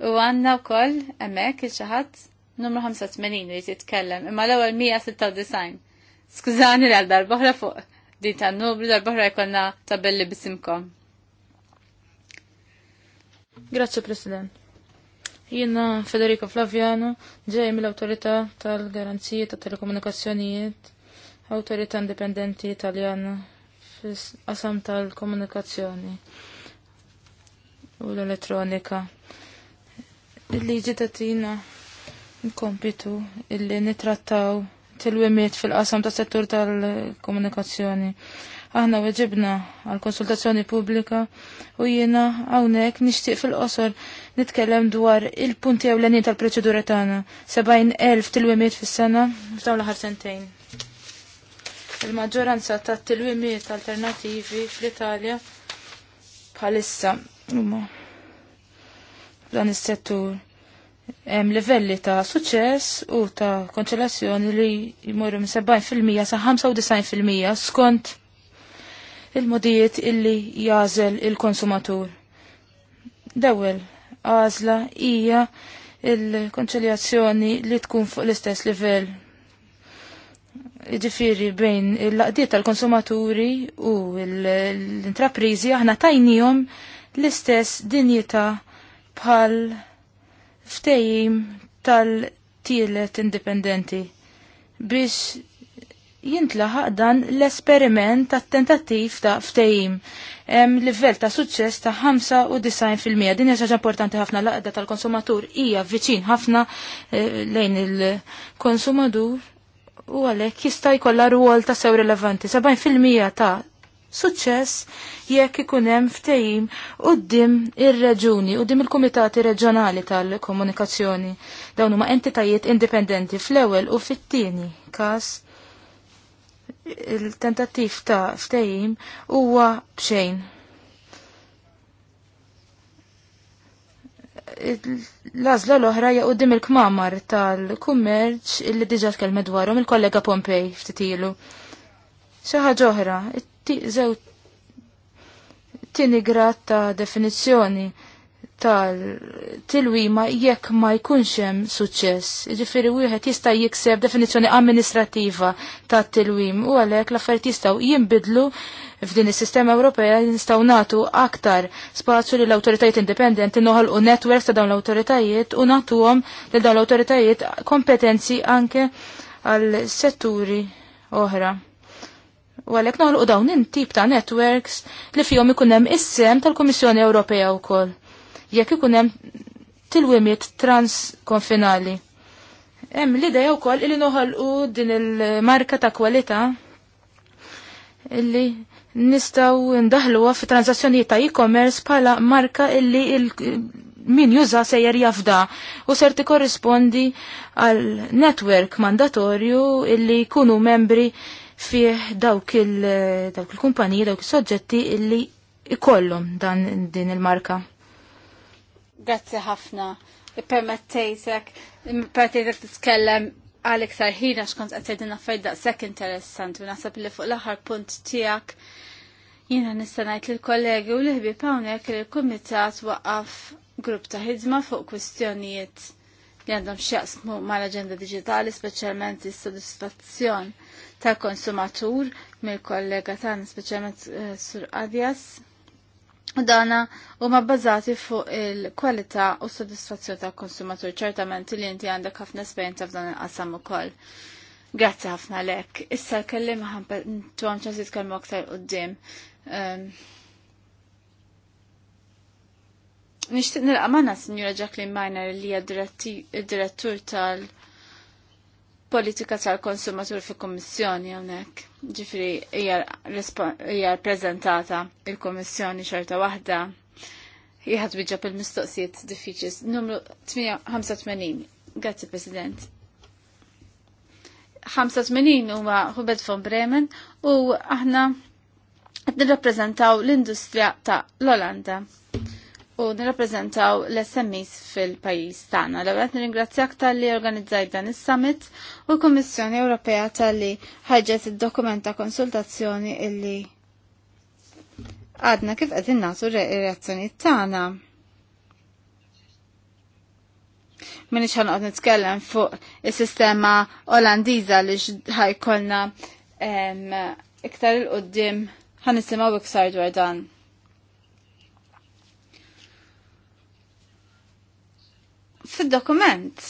Speaker 2: U għanna u koll, emmek, il-ċaħat, numru 85 li jitkellem, imma l-ewel 196. Skużani l darbohra fuq, di ta' nubru darbohra jkollna tabelli bisimkom.
Speaker 1: Grazie, President. Jina Federico Flaviano, ġej mill-autorità tal-garanzija ta' telekomunikazzjonijiet, autorita indipendenti italjana fis qasam tal-komunikazzjoni u l-elettronika. Il-liġi tatina nkompitu illi nitrattaw til-wimiet fil-qasam ta' settur tal-komunikazzjoni. Aħna weġibna għal-konsultazzjoni pubblika u jiena hawnhekk nixtieq fil-qosor nitkellem dwar il-punti ewlenin tal-proċedura tagħna. 70,000 til-wimiet fis-sena f'dawn l-aħħar sentejn. Il-maġġoranza ta' til-wimiet alternativi fl-Italja bħalissa huma dan is-settur hemm livelli ta' suċċess u ta' konċelazzjoni li jmorru minn 70% sa' 95% skont il-modijiet illi jażel il-konsumatur. Dewel għażla hija il-konċiljazzjoni li tkun fuq l-istess livell ġifiri bejn il-laqdiet tal-konsumaturi u l-intraprizi aħna tajnijom l-istess dinjita bħal ftejim tal-tielet indipendenti biex jintlaħaq dan l-esperiment ta' tentattiv ta' ftejim. livell ta' suċċess ta' 95% din hija ħaġa importanti ħafna l tal-konsumatur hija viċin ħafna eh, lejn il-konsumatur u għalhekk jista' jkollha rwol ta' sew rilevanti. 70% ta' suċċess jekk ikun hemm ftehim quddiem ir-reġuni, quddiem il-kumitati reġjonali tal-komunikazzjoni. Dawn huma entitajiet indipendenti fl-ewwel u fit-tieni każ il-tentattiv ta' ftehim huwa bxejn. l-azla l-oħra jaqoddim il-kmamar tal-kummerċ illi diġa tkellmet dwarhom il-kollega Pompej ftitilu. Xi ħaġa oħra, zew tini grad ta' definizzjoni tal-tilwima jekk ma jkunx hemm suċċess. Jiġifieri wieħed jista' jikseb definizzjoni amministrativa ta' tilwim u għalhekk l-affarijiet jistgħu jinbidlu f'din is-sistema Ewropea nistgħu nagħtu aktar spazju lil awtoritajiet indipendenti noħolqu netwerks ta' dawn l-awtoritajiet u nagħtuhom lil dawn l-awtoritajiet kompetenzi anke għal setturi oħra. U għalek u dawn tip ta' networks li fihom ikun hemm is-sem tal-Kummissjoni Ewropea wkoll. Jekk ikun hemm tilwimiet transkonfinali. Hemm l-idea wkoll li noħolqu din il-marka ta' kwalità illi nistaw ndaħluha fi transazzjonijiet ta' e-commerce bħala marka illi il min juża sejjer jafda u ser korrispondi għal network mandatorju illi jkunu membri fih dawk il-kumpaniji, dawk il dawk il-soġġetti li illi ikollhom dan din il-marka.
Speaker 2: Grazzi ħafna. Permettejtek, permettejtek titkellem għalek sarħina xkont għatedin għaffajt daqsek interessant u nasab li fuq l-axar punt tijak jina nistanajt l-kollegi u l-ħbi pawnek li l-komitat waqqaf grupp ta' ħidma fuq kwistjonijiet li għandhom xjaqsmu mal-agenda digitali, specialment il-sodisfazzjon tal-konsumatur mill-kollega tan, speċjalment uh, sur Adjas. U dana huma bbażati fuq il-kwalità u s-sodisfazzjon tal-konsumatur ċertament li inti għandek ħafna esperjenza f'dan il-qasam ukoll. Grazzi ħafna lek. Issa l-kellim ħampa tuħam ċansi tkellmu aktar qoddim. Um, nixtieq nilqa' manna, signora Jacqueline Miner li hija direttur tal-politika tal-konsumatur fi kummissjoni hawnhekk. Ġifri hija ppreżentata il-Kummissjoni xorta waħda jħad biġab il-mistoqsijiet diffiċis. Numru 85. għazzi President. 85 huma Hubert von Bremen u aħna qed nirrappreżentaw l-industrija ta' l-Olanda u nirrapprezentaw l-SMEs fil-pajis tagħna. L-ewwel nirringrazzjak tal-li organizzaj dan is-summit u l-Kummissjoni Ewropea tal-li ħarġet id dokumenta konsultazzjoni illi għadna kif qed r reazzjonijiet tagħna. Minix ħanqod nitkellem fuq is-sistema Olandiża li ħajkolna iktar il-qoddim ħanisimgħu iktar dwar dan. fil-dokument.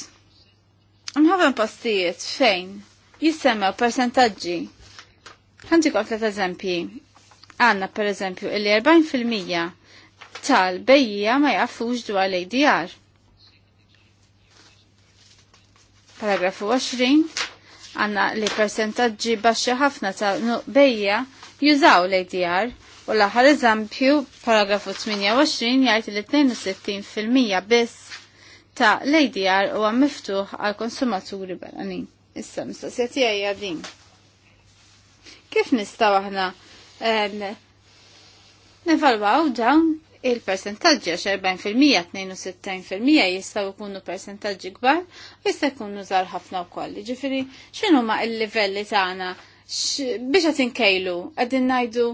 Speaker 2: Mħabben postijiet fejn jissemmew percentagġi. Għandikom tlet eżempji. Għanna per eżempju il 40% tal-bejja ma jaffux dwar l-ADR. Paragrafu 20 għanna li percentagġi baxxi ħafna tal-bejja jużaw l-ADR u l-aħħar eżempju paragrafu 28 jgħid li 62% biss ta' l-ADR huwa miftuħ għal konsumaturi barranin. Issa mistoqsijati tiegħi għadin. din. Kif nistgħu aħna nevalwaw dawn il-percentagġi għax 40%, 62% jistaw ikunu percentagġi kbar, jista' jkunu żgħar ħafna wkoll. Ġifiri, xinu ma l-livelli tagħna biex qed inkejlu najdu, ngħidu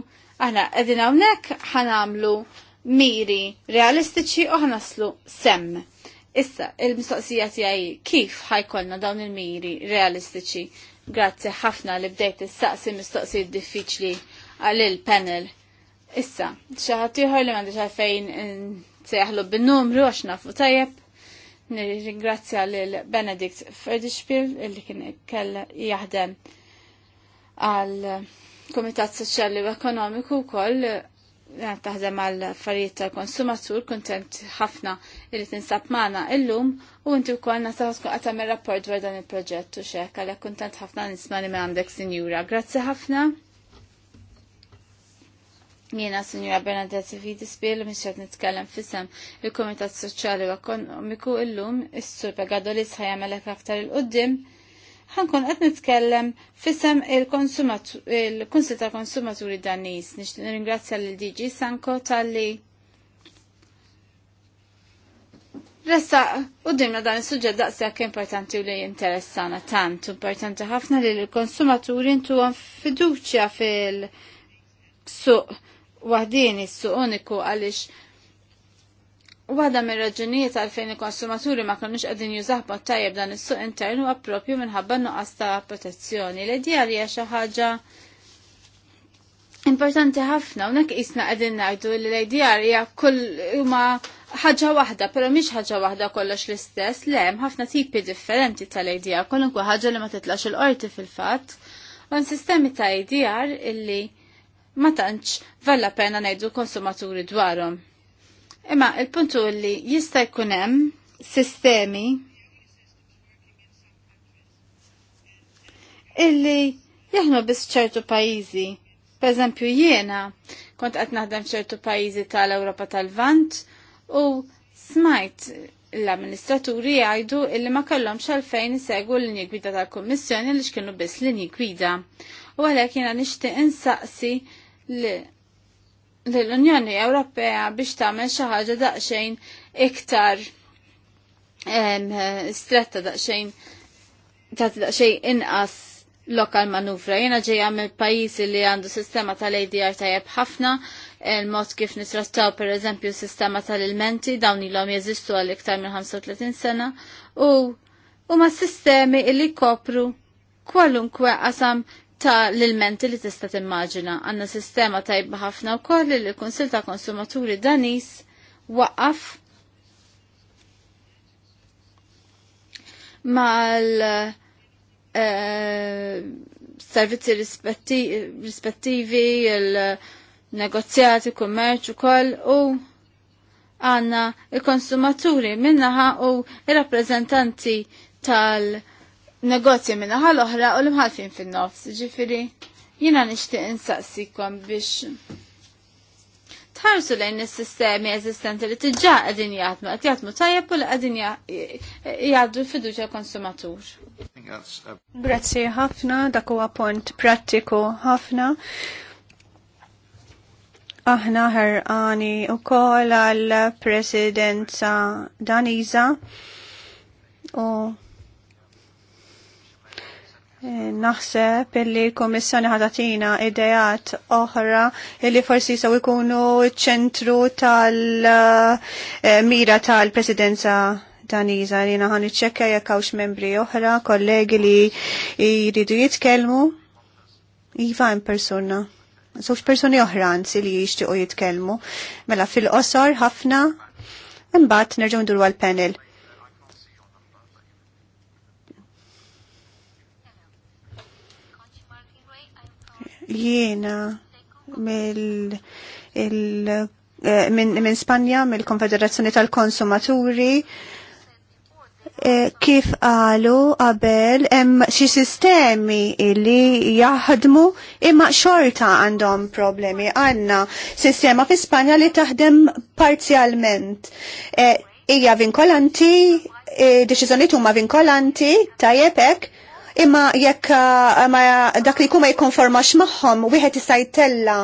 Speaker 2: aħna qegħdin hawnhekk għamlu miri realistiċi u ħanaslu semm. Issa, il-mistoqsija tiegħi kif ħajkolna dawn il-miri realistiċi? Grazzi ħafna li bdejt il-saqsi mistoqsijiet diffiċli għal il-panel. Issa, ħadd ieħor li m'għandix għalfejn sejħlu bin-numru għax nafu tajjeb. Nirringrazzja lil Benedict Ferdishpil illi kien kella jaħdem għal Komitat Soċjali u Ekonomiku wkoll taħdem għal affarijiet tal-konsumatur, kontent ħafna li tinsab magħna illum u inti wkoll kolna tkun għatam tagħmel rapport dwar dan il-proġett u xek għal kuntent ħafna nisma' li minn għandek sinjura. Grazzi ħafna. Jiena Sinjura Bernadette Vidi Spiel nitkellem fisem il-Kumitat Soċjali u Ekonomiku illum is-Sur Pegado li aktar il-qudiem. il qudiem il qoddim ħankun qed nitkellem fissem il-Kunsil ta' Konsumaturi Danis. Nixtieq nirringrazzja l DG Sanko tal-li Ressa, u dimna dan il-sujġet daqsijak importanti u li interessana tant, importanti ħafna li l-konsumaturi intu għan fiduċja fil-suq wahdini, suq uniku għalix Waħda minn raġunijiet għalfejn il-konsumaturi ma kienux qegħdin jużaħbot tajjeb dan is-suq intern huwa proprju minħabba nuqqas ta' protezzjoni. L-idea hija xi ħaġa importanti ħafna hawnhekk qisna qegħdin ngħidu li l-idjar hija kull huma ħaġa waħda, però mhix ħaġa waħda kollox l-istess, le hemm ħafna tipi differenti tal-idjar, kwalunkwe ħaġa li ma titlax il-qorti fil-fatt. U sistemi ta' idjar illi ma tantx valla pena ngħidu konsumaturi dwarhom. Imma il-puntu li jista' jkun hemm sistemi illi jaħnu biss ċertu pajjiżi. Pereżempju jiena kont qed naħdem ċertu pajjiżi tal-Ewropa tal-Vant u smajt l-amministraturi jgħidu illi ma kellhomx għalfejn isegwu l-linji gwida tal-Kummissjoni li x'kienu biss linji gwida. U għalhekk jiena nixtieq insaqsi li l-Unjoni Ewropea biex tagħmel xi ħaġa daqsxejn iktar stretta daqsxejn ta' daqsxejn inqas lokal manuvra. Jena ġejja mill pajjiżi li għandu sistema tal-ADR tajjeb ħafna, il-mod kif nitrattaw per eżempju sistema tal-ilmenti, dawn ilhom jeżistu għal iktar minn 35 sena, u huma sistemi li kopru kwalunkwe qasam ta' l-ilmenti li tista' timmaġina. Għanna sistema tajba ħafna u koll li l-Konsil ta' Konsumaturi Danis waqaf mal eh, servizzi rispettivi, il-negozjati, kummerċu koll u għanna il-konsumaturi minnaħa u il-rappresentanti tal- negozji minna l-oħra u l-mħalfin fin-nofs, ġifiri jina nishti insaqsikom biex tħarsu lejn is-sistemi eżistenti li tiġġa qegħdin jaħdmu qed jaħdmu tajjeb u li qegħdin jgħaddu l-fiduċja konsumatur.
Speaker 3: Uh, Grazzi ħafna dak huwa punt prattiku ħafna. Aħna ħerqani wkoll għall presidenza Daniza u Eh, naħseb illi l-Kummissjoni ħadatina idejat oħra illi forsi saw ikunu ċentru tal-mira eh, tal-presidenza Daniza li naħan iċċekka jekk hawnx membri oħra, kollegi li jridu jitkellmu. Iva in persuna. Sux persuni oħra anzi li jixtiequ jitkellmu. Mela fil-qosor ħafna, imbagħad nerġgħu ndurwa l panel Jiena eh, minn Spanja, mill-Konfederazzjoni tal-Konsumaturi, eh, kif għalu qabel hemm xi sistemi li jaħdmu imma xorta għandhom problemi. Għandna sistema fi Spanja li taħdem parzjalment. Eh, hija vinkolanti, e, deċiżjonijiet huma vinkolanti tajepek, imma jekk eh, ma dak li kuma jikkonformax magħhom wieħed jista' jtella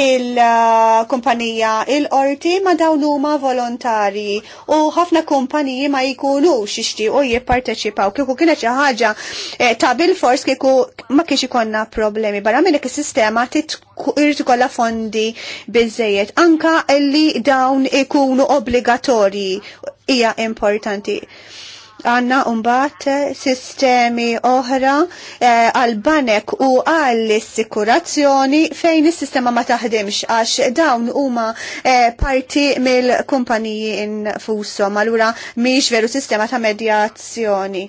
Speaker 3: il-kumpanija il-qorti ma dawn huma volontarji u ħafna kumpaniji ma jkunux jixtiequ jipparteċipaw kieku kienet xi ħaġa eh, ta' bil-fors kieku ma kienx ikonna problemi barra minn is-sistema irid ikollha fondi biżejjed anka li dawn ikunu obbligatorji hija importanti għanna umbat sistemi oħra eh, għal-banek u għall sikurazzjoni fejn is-sistema ma taħdimx għax dawn huma eh, parti mill-kumpaniji infushom allura miex veru sistema ta' medjazzjoni.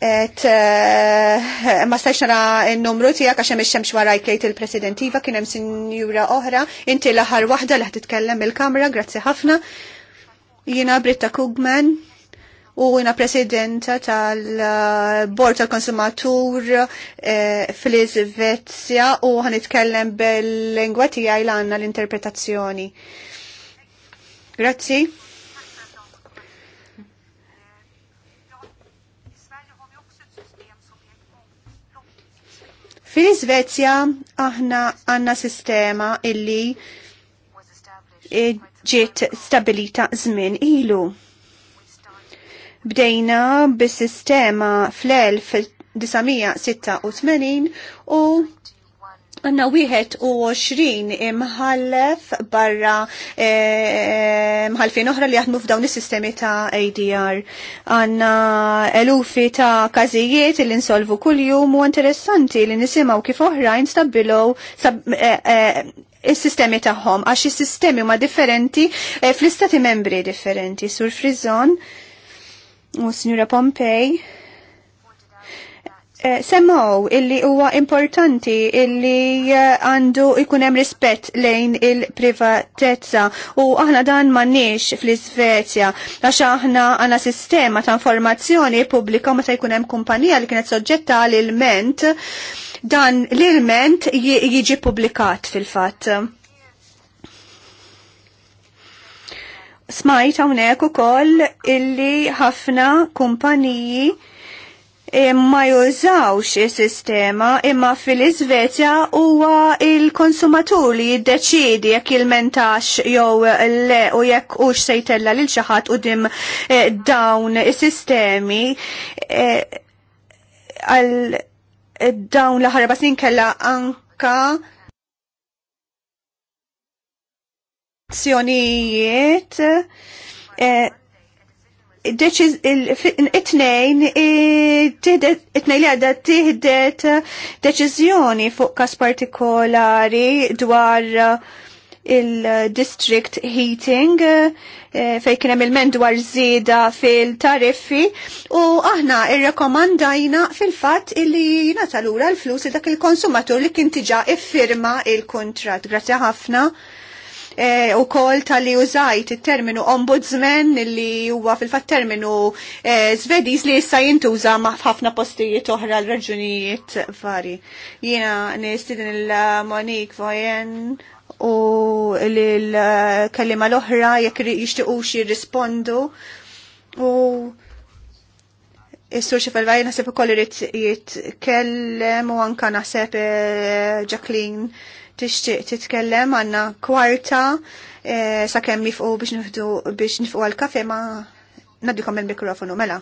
Speaker 3: Et eh, ma stajx nara n-numru tijak għaxem il-xemx warajk lejt il-presidentiva kienem sinjura oħra, inti l-ħar wahda li titkellem il-kamra, grazzi ħafna. Jina Britta Kugman u jina presidenta tal-Bord tal-Konsumatur eh, fil fl-Izvezja u ħanitkellem bil-lingwa tiegħi l-għandna l-interpretazzjoni. Grazzi. Fil-Svezja aħna għanna sistema illi ġiet stabilita żmien ilu Bdejna bis-sistema fl-1986 u għanna 21 imħallef barra eh, eh, mħalfin oħra li jaħdmu f'dawn is-sistemi ta' ADR. Għanna elufi ta' kazijiet li nsolvu kuljum u interessanti li nisimaw kif oħrajn stabbilow eh, il sistemi tagħhom għax is-sistemi huma differenti fl-istati membri differenti. Sur Frizzon, u Sinjura Pompej eh, semmaw illi huwa importanti illi eh, għandu ikun hemm rispett lejn il-privatezza u aħna dan m'għandniex fl-Iżvezja għax aħna għandna sistema ta' informazzjoni pubblika meta jkun hemm kumpanija li kienet soġġetta l-ilment dan l-ilment jiġi publikat fil-fatt smajt hawnhekk ukoll illi ħafna kumpaniji eh, ma jużawx is-sistema imma fil-Iżvezja huwa il-konsumatur li jiddeċiedi jekk il-mentax jew le u jekk hux se jtella lil xi ħadd qudiem eh, dawn is-sistemi eh, għal dawn l-ħarba snin kella anka azzjonijiet eh, it-tnejn eh, it-tnejn li għadda tiħdet deċiżjoni fuq kas partikolari dwar eh, il-district heating fej kienem il-men dwar zida fil-tariffi u aħna il-rekomandajna fil-fat illi natalura l-flus dak il-konsumatur li kien tiġa iffirma il-kontrat. Grazie ħafna. Eh, u kol tal-li użajt il-terminu ombudsman li huwa fil-fat terminu e, li jissa jintuża ħafna postijiet oħra l-raġunijiet vari. Jina nistidin il-Monik Vojen u l eh, kallima l-oħra jekk xie jirrispondu u Is-sur Xi vaj nasib u koll jitkellem u anka naħseb Jacqueline tixtieq titkellem għandna kwarta eh, sakemm nifqu biex nifqu biex għal kafe ma nadikom il-mikrofonu mela.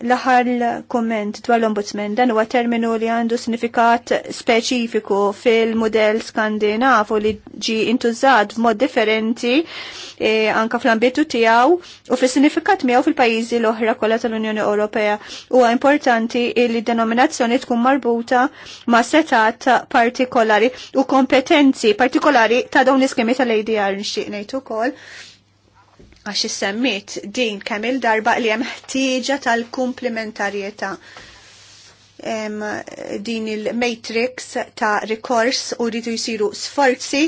Speaker 3: L-aħħar komment dwar l-Ombudsman dan huwa terminu li għandu sinifikat speċifiku fil-modell skandinavu li ġi intużat b'mod differenti e, anka fl-ambitu tiegħu u fis-sinifikat miegħu fil-pajjiżi l-oħra kollha tal-Unjoni Ewropea. Huwa importanti li denominazzjoni tkun marbuta ma' setat partikolari u kompetenzi partikolari ta' dawn l-iskemi tal-ADR nixtieq ngħid ukoll għax semmit din kemm il-darba li hemm ħtieġa tal-komplementarjetà. Din il-matrix ta' rikors u rridu jisiru sforzi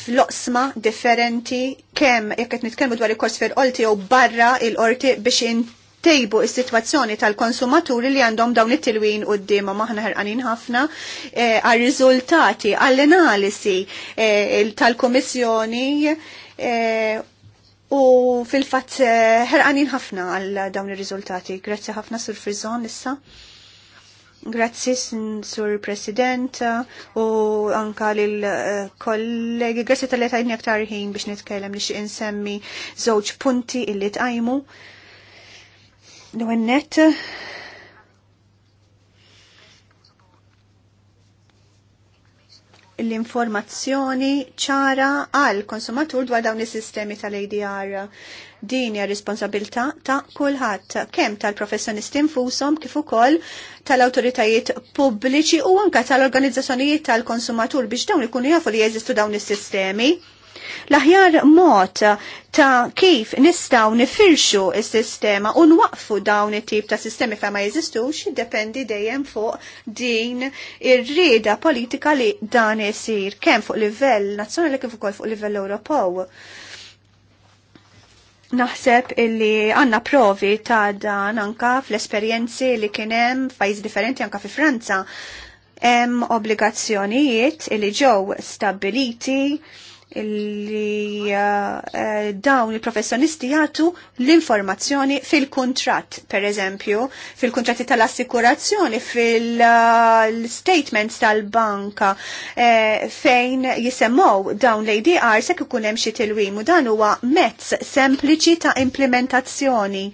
Speaker 3: fl-oqsma differenti kemm jekk qed nitkellmu dwar rikors fil qolti jew barra il-qorti biex intejbu is-sitwazzjoni tal-konsumaturi li għandhom dawn it-tilwin u d-dima maħna ħerqanin ħafna eh, għal-riżultati, għall-analisi eh, tal-komissjoni eh, U fil-fat eh, ħerqanin ħafna għal dawn ir-riżultati. Grazzi ħafna sur Frizzon issa. Grazzi sur President eh, u anka lil eh, kollegi. Grazzi tal-li aktar ħin biex nitkellem li xie insemmi żewġ punti illi tqajmu. l l-informazzjoni ċara għal konsumatur dwar dawn is-sistemi tal-ADR. Din hija responsabilità ta' kulħadd, kemm tal-professjonisti infushom kif ukoll tal-awtoritajiet pubbliċi u anke tal-organizzazzjonijiet tal-konsumatur biex dawn ikunu jafu li jeżistu dawn is-sistemi. L-aħjar mod ta' kif nistaw nifirxu is-sistema u nwaqfu dawn it-tip ta' sistemi fa' ma jeżistux jiddependi dejjem fuq din ir-rieda politika li dan isir kemm fuq livell nazzjonali kif ukoll fuq livell Ewropew naħseb illi għanna provi ta' dan anka fl-esperienzi li kienem fajz differenti anka fi Franza. Hemm obbligazzjonijiet illi ġew stabiliti li eh, dawn il-professjonisti jagħtu l-informazzjoni fil-kuntratt, per eżempju, fil-kuntratti tal-assikurazzjoni, fil-statements tal-banka eh, fejn jisemmow dawn l-ADR sekk ikun hemm xi tilwim u dan huwa mezz sempliċi ta' implementazzjoni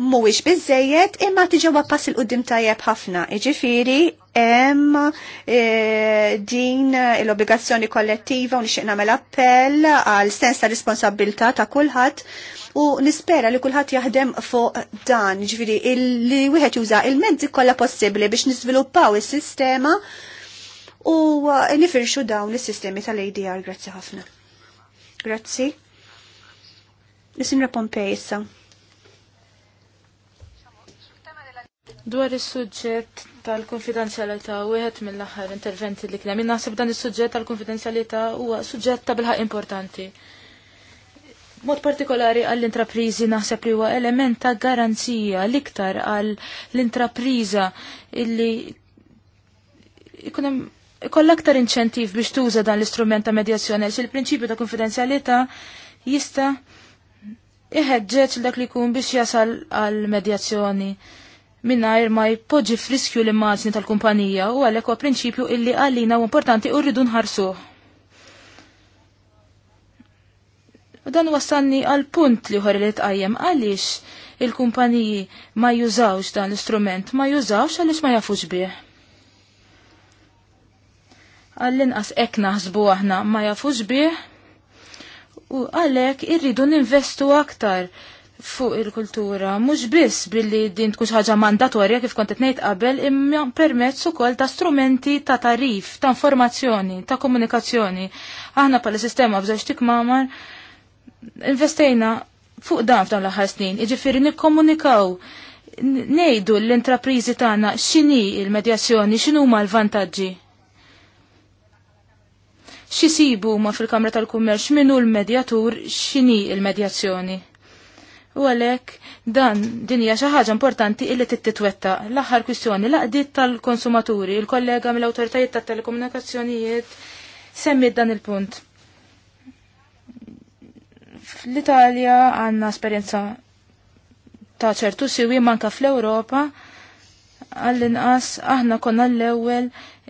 Speaker 3: mhuwiex biżejjed imma tiġewwa pass il qoddim tajjeb ħafna. Jiġifieri hemm eh, din l-obbligazzjoni kollettiva u nixtieq nagħmel appell għal sens ta' responsabilità ta' kulħadd u nispera li kulħadd jaħdem fuq dan, ġifieri li wieħed juża il-mezzi kollha possibbli biex niżviluppaw is-sistema u eh, nifirxu dawn is-sistemi tal-ADR. Grazzi ħafna. Grazzi. Nisimra Pompej issa.
Speaker 1: Dwar is-suġġett tal-konfidenzjalità wieħed mill-aħħar interventi li kien hemm naħseb dan is-suġġett tal-konfidenzjalità huwa suġġett ta' bilħaq importanti. Mod partikolari għall-intraprizi naħseb li huwa element ta' garanzija l-iktar għall-intrapriża illi ikun hemm aktar inċentiv biex tuża dan l-istrument ta' medjazzjoni għax il-prinċipju ta' konfidenzjalità jista' iħeġġeġ dak li jkun biex jasal għal medjazzjoni minnajr ma jpoġġi friskju l-immaġni tal-kumpanija u għalek u prinċipju illi għallina u importanti u rridu nħarsu. U dan wasanni għal punt li uħar li tqajjem għaliex il-kumpaniji ma jużawx dan l-istrument, ma jużawx għaliex ma jafux bih. Għallin inqas ekna naħsbu aħna ma jafux bih u għalek irridu ninvestu aktar fuq il-kultura, mhux biss billi din tkun xi ħaġa mandatorja kif kont qed ngħid qabel, imma permezz ukoll ta' strumenti ta' tarif, ta' informazzjoni, ta' komunikazzjoni. Aħna bħala sistema b'żewġ mamar, investejna fuq dan f'dawn l-aħħar snin, jiġifieri nikkomunikaw Ngħidu l-intraprizi tagħna x'inhi il-medjazzjoni, x'inhu huma l-vantaġġi? X'isibu ma fil-Kamra tal-Kummerċ minu l-medjatur x'inhi il-medjazzjoni? U għalek, dan dinja xi ħaġa importanti illi tittitwetta. L-aħħar kwistjoni, l-qdiet tal-konsumaturi, il-kollega mill-awtoritajiet tat-telekomunikazzjonijiet semmi dan il-punt. Fl-Italja għandna esperjenza ta' ċertu siwi manka fl-Ewropa għall-inqas aħna konna l-ewwel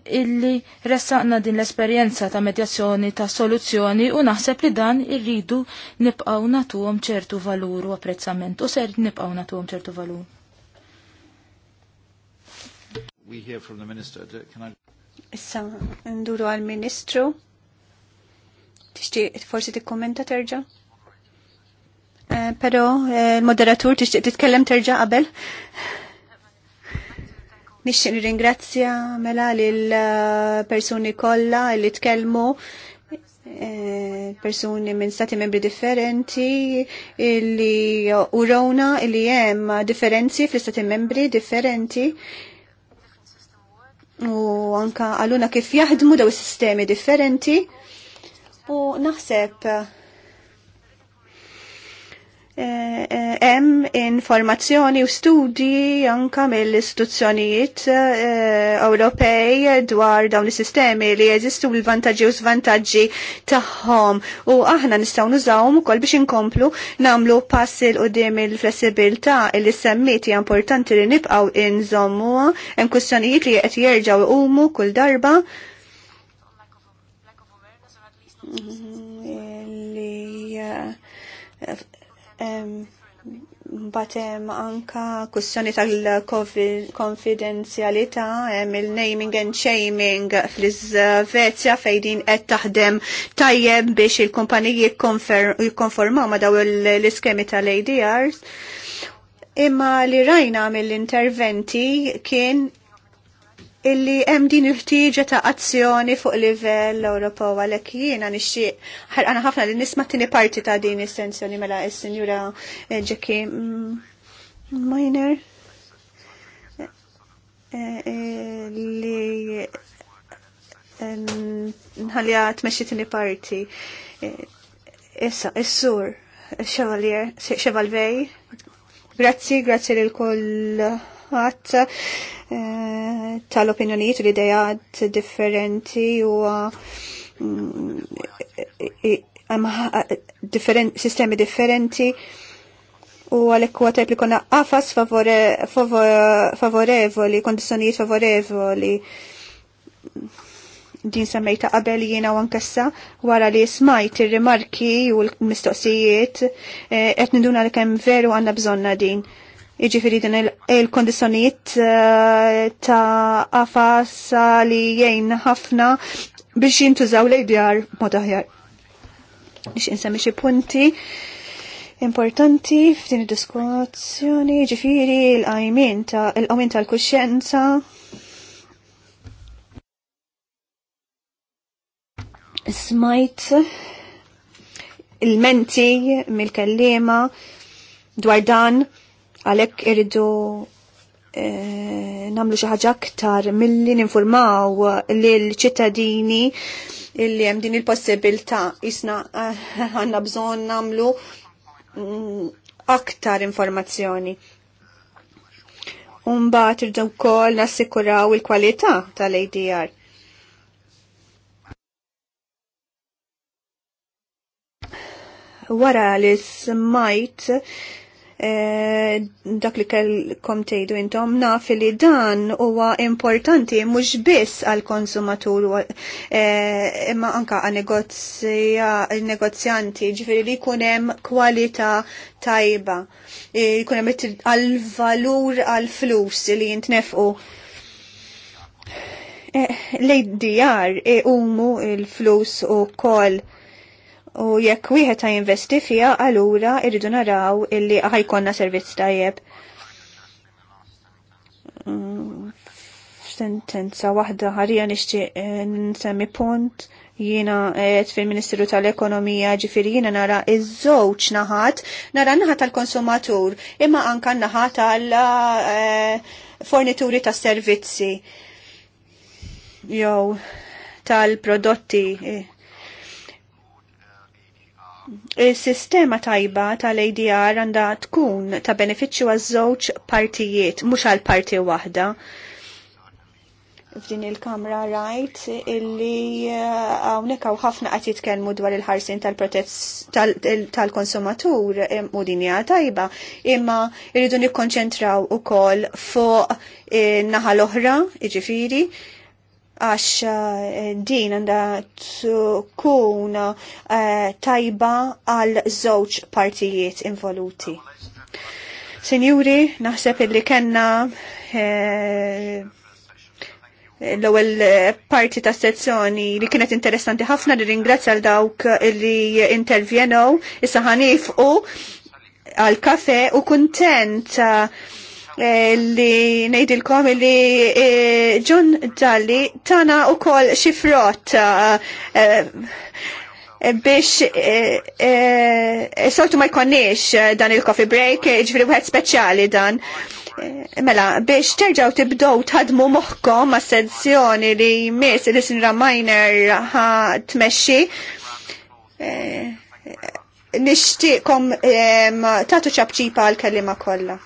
Speaker 1: illi ressaqna din l-esperjenza ta' medjazzjoni ta' soluzzjoni u naħseb li dan irridu nibqaw natuhom ċertu valur u apprezzament u ser nibqaw natuhom ċertu valur.
Speaker 2: We hear from the minister. Can I...
Speaker 3: Issa, nduru għal-ministru. Tixtieq forsi kommenta terġa'? Eh, Pero, eh, l-moderatur tixtieq titkellem terġa' qabel. Nixtieq nirringrazzja mela lil persuni kollha li tkellmu eh, persuni minn stati membri differenti illi urawna illi hemm differenzi fl-stati membri differenti u anka għaluna kif jaħdmu daw sistemi differenti u naħseb Eh, eh, hemm informazzjoni u studji anka mill-istituzzjonijiet eh, Ewropej dwar dawn is-sistemi li jeżistu l-vantaġġi u svantaġġi tagħhom u aħna nistgħu nużawhom ukoll biex inkomplu nagħmlu pass il qudiem il-flessibilità li semmiet hija importanti li nibqgħu inżommu hemm kwistjonijiet li qed jerġgħu iqumu kull darba mhm. li Batem anka kussjoni tal-konfidenzjalità hemm il-naming and shaming fl zvezja fejn et qed taħdem tajjeb biex il-kumpaniji jikkonformaw ma daw l-iskemi tal-ADRs. Imma li rajna mill-interventi kien illi hemm din il-ħtieġa ta' azzjoni fuq livell Ewropew għalhekk jiena nixtieq ħarqana ħafna li nisma' tieni parti ta' din is-sensjoni mela s-Sinjura eh, Jackie mm, Miner eh, eh, li nħalja tmexxi tieni parti. Issa, is-sur, Chevalier, Chevalvej. Grazzi, grazzi lil kull Ħadd eh, tal-opinjonijiet u l-idejat differenti u mm, sistemi differenti u għalek u għatajb li konna għafas favorevoli, kondizjonijiet favorevoli. Din semmejta qabel jiena u ankessa wara li smajt ir-rimarki u l-mistoqsijiet eh, qed niduna li kemm veru għandna bżonna din. Iġifiri din il kondizjoniet eh, ta' għafas eh, li jgħin ħafna biex jintużaw l-idjar mod aħjar. Biex insemmi xi punti importanti f'din id-diskussjoni, ġifiri l-qajmin ta' l ta' tal-kuxjenza smajt il-menti mill-kellima dwar dan Għalhekk irridu eh, namlu xi ħaġa aktar milli ninformaw lil ċittadini illi hemm din il-possibilità isna eh, għandna bżonn namlu mm, aktar informazzjoni. Umbat irdu wkoll nassikuraw il-kwalità tal-ADR. Wara li smajt Eh, dak li kellkom tgħidu intom naf li dan huwa importanti mhux biss għall konsumatur eh, imma anka għal negozjanti ġifieri li jkun hemm kwalità tajba. Eh, jkun hemm għal-valur għal-flus li jintnefqu Eh, L-ADR e umu il-flus u kol U jekk wieħed ta' jinvesti fija, allura irridu naraw illi ħajkonna servizz tajjeb. Mm, Sentenza waħda ħarija nixtieq eh, nsemmi punt jiena qed fil ministru tal-Ekonomija ġifieri jiena nara iż-żewġ naħat, nara naħat tal-konsumatur, imma anka naħat tal-fornituri eh, ta' servizzi jew tal-prodotti eh, sistema tajba tal-ADR għandha tkun ta' benefiċċju għaż-żewġ partijiet, mhux għal parti waħda. F'din il-kamra rajt illi eh, hawnhekk hawn ħafna qed jitkellmu dwar il-ħarsin tal-konsumatur u din hija tajba, imma irridu nikkonċentraw ukoll fuq eh, naħa l-oħra, jiġifieri, għax eh, din għanda tkun eh, tajba għal żewġ partijiet involuti. Senjuri, naħseb illi kenna eh, l-ewwel parti ta' sezzjoni li kienet interessanti ħafna li ringrazzja għal dawk li intervjenu, issa u għal kafe u kuntent uh, Eh, li nejdilkom li ġun eh, dalli tana u kol xifrot eh, biex soltu ma jkonniex dan il-coffee break, ġifri wħed speċjali dan. Mela, biex terġaw tibdow tħadmu moħkom ma' sezzjoni li mis li sinra minor ħa tmexxi. Nishtiqkom tatu ċabċipa għal-kellima kollha.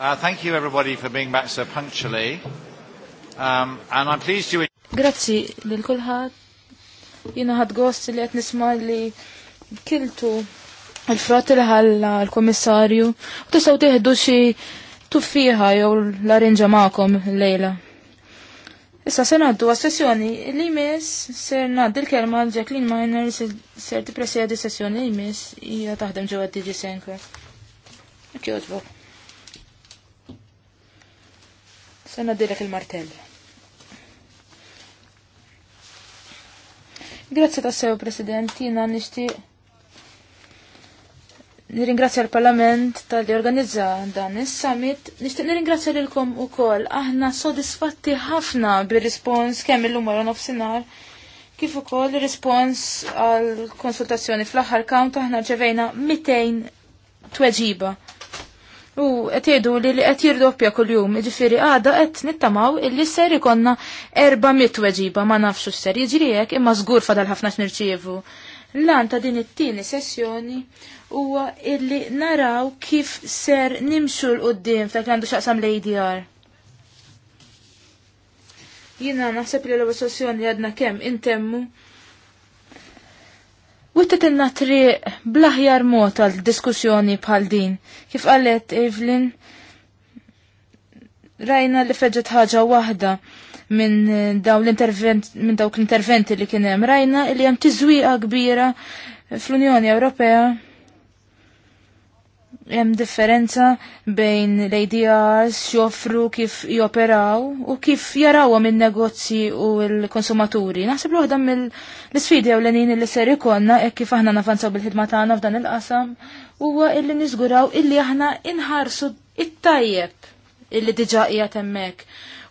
Speaker 2: Uh, thank you everybody for being back so punctually. Um, and I'm pleased you...
Speaker 1: Grazzi lil kulħadd. Jiena ħadd gost li qed nisma' li kiltu l-frott il-ħalla l-komissarju. U tistgħu tieħdu xi tuffiħa jew l arinġa magħkom lejla. Issa se ngħaddu għas-sessjoni li jmiss ser ngħaddi il kelma l Jacqueline Miner ser tippresjedi sessjoni li jmiss hija taħdem ġewwa DG Senker. Kjoġbok. Sena nadilek il-martell. Grazie ta' sew, President, jina nishti nirringrazzja l-Parlament tal-li organizza dan is-summit. Nishtiq nirringrazzja lilkom ukoll. Aħna sodisfatti ħafna bir-rispons kemm il-lum għal nofsinhar kif ukoll rispons għal konsultazzjoni fl-aħħar count aħna ġevejna 200 tweġiba U qed jgħidu li li qed jirdoppja kuljum, jiġifieri għada qed nittamaw illi ser ikonna erba' mit weġiba ma nafx ser jiġri hekk imma żgur fadal ħafna x'nirċievu. Lan ta' din it-tieni sessjoni huwa illi naraw kif ser nimxu l-qudiem f'dak li għandu x'aqsam l-ADR. Jina naħseb li l-ewwel sessjoni għadna kemm intemmu U t-tinna tri blaħjar mod għal diskussjoni bħal din. Kif għallet Evelyn, rajna li feġet ħaġa wahda minn daw minn dawk l-interventi li kienem. Rajna li jem tiżwiqa kbira fl-Unjoni Ewropea hemm differenza bejn l-ADRs joffru kif joperaw u kif jarawhom in-negozji u l-konsumaturi. Naħseb l-waħda mill-sfidi u l li ser ikonna hekk kif aħna nafanzaw bil-ħidma tagħna f'dan il-qasam huwa illi niżguraw illi aħna inħarsu it-tajjeb illi diġà qiegħed hemmhekk.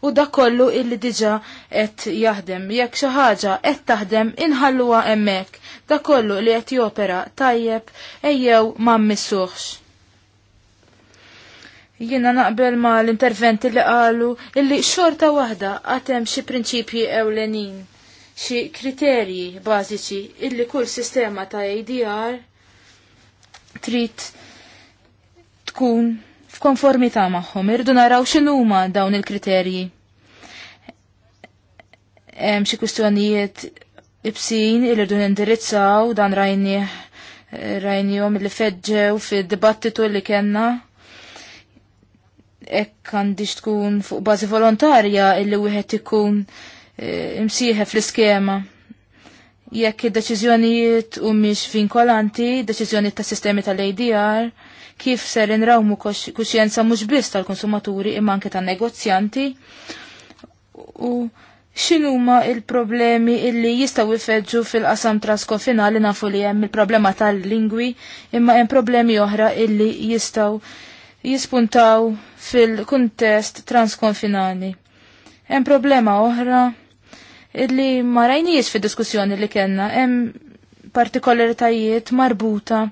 Speaker 1: U dak kollu illi diġà qed jaħdem. Jekk xi ħaġa qed taħdem inħalluha hemmhekk. Dak kollu li qed jopera tajjeb ejjew ma Jiena naqbel ma l-interventi li qalu illi xorta waħda għatem xi prinċipji ewlenin, xi kriterji bażiċi illi kull sistema ta' ADR trid tkun f'konformità magħhom. Irdu naraw x'inhuma dawn il-kriterji. Hemm xi kwistjonijiet ibsin il-irdu nindirizzaw dan rajni rajnijom li feġġew fil-dibattitu li kena hekk għandix tkun fuq bażi volontarja illi wieħed ikun eh, imsieħe fl-iskema jekk id-deċiżjonijiet mhumiex vinkolanti, deċiżjonijiet ta' sistemi tal-ADR, kif ser inrawmu kuxjenza mhux biss tal-konsumaturi imma anke tan-negozjanti u x'inhuma il-problemi illi jistgħu jfeġġu fil-qasam traskofinali nafu li hemm il-problema tal-lingwi imma hemm problemi oħra illi jistgħu jispuntaw fil-kuntest transkonfinali. Hemm problema oħra illi ma rajnijiex fi diskussjoni li kena, hemm partikolaritajiet marbuta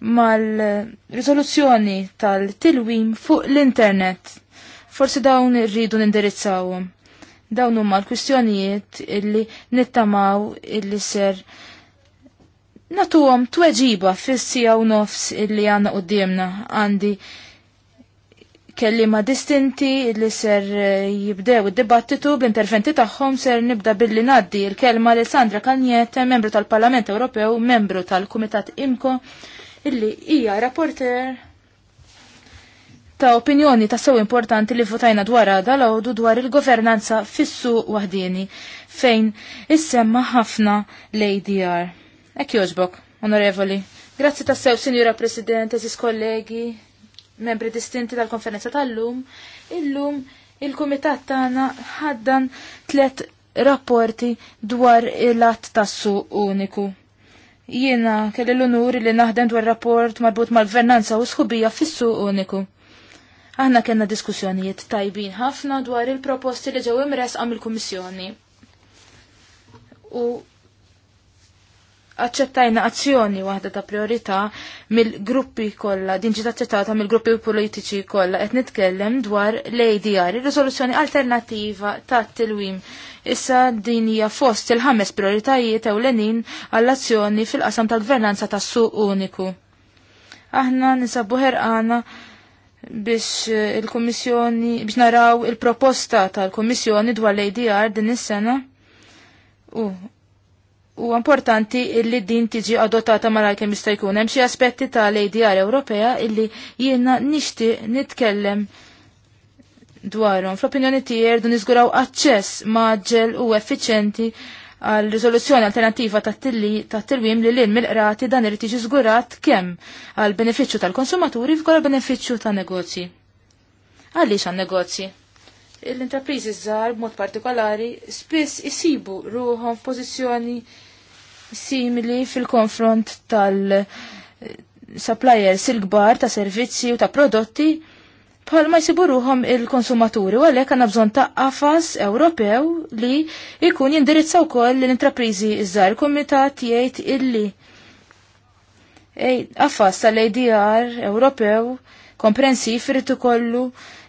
Speaker 1: mal-rizoluzzjoni tal-tilwim fuq l-internet. Forsi dawn irridu nindirizzawhom. Dawn huma l-kwistjonijiet illi nittamaw illi ser natuhom tweġiba fissi għaw nofs illi għanna qoddimna għandi ma distinti li ser eh, jibdew id-dibattitu b'interventi tagħhom ser nibda billi naddi il-kelma li Sandra Kanjete, membru tal-Parlament Ewropew, membru tal-Kumitat Imko, illi hija rapporter ta' opinjoni ta' sew importanti li votajna dwar dal-għodu dwar il-governanza fissu waħdini fejn issemma ħafna l-ADR Ekki joġbok, onorevoli. Grazzi tassew, Sinjura President, eżis kollegi, membri distinti tal-konferenza tal-lum. Illum il-Kumitat tagħna ħaddan tlet rapporti dwar il-att tassu uniku. Jiena kelli l-unur li naħdem dwar rapport marbut mal-gvernanza u sħubija fissu uniku. Aħna kena diskussjonijiet tajbin ħafna dwar il-proposti li ġew imres għam il-Kummissjoni. U aċċettajna azzjoni waħda ta' priorità mill-gruppi kollha, din ġiet aċċettata mill-gruppi politiċi kollha qed nitkellem dwar l-ADR, ir-riżoluzzjoni alternattiva ta' tilwim. Issa din hija fost il-ħames prioritajiet ewlenin għall-azzjoni fil-qasam tal-gvernanza tas-suq uniku. Aħna nisabu ħerqana biex il-Komissjoni, biex naraw il-proposta tal-Komissjoni dwar l-ADR din is-sena. U U importanti illi din tiġi adottata mara kemm jista' jkun hemm xi aspetti l adr Ewropea illi jiena nixtieq nitkellem dwarhom. Fl-opinjoni tiegħi dun niżguraw aċċess maġġel u effiċenti għal riżoluzzjoni alternattiva ta' tilwim li l-in mill-qrati dan irid tiġi żgurat kemm għal benefiċċju tal-konsumaturi f'kolla benefiċċju ta' negozji. Għaliex għan negozji? L-intrapriżi żgħar b'mod partikolari spiss isibu ruħhom f'pożizzjoni simili fil-konfront tal-suppliers il-gbar ta' servizzi u ta' prodotti bħal ma jsibu ruhom il-konsumaturi u għalhekk għandna bżonn ta' għafas Ewropew li jkun jindirizza wkoll l-intrapriżi iż-żgħar. Il-kumitat jgħid illi Affas tal-ADR Ewropew komprensif irrid ikollu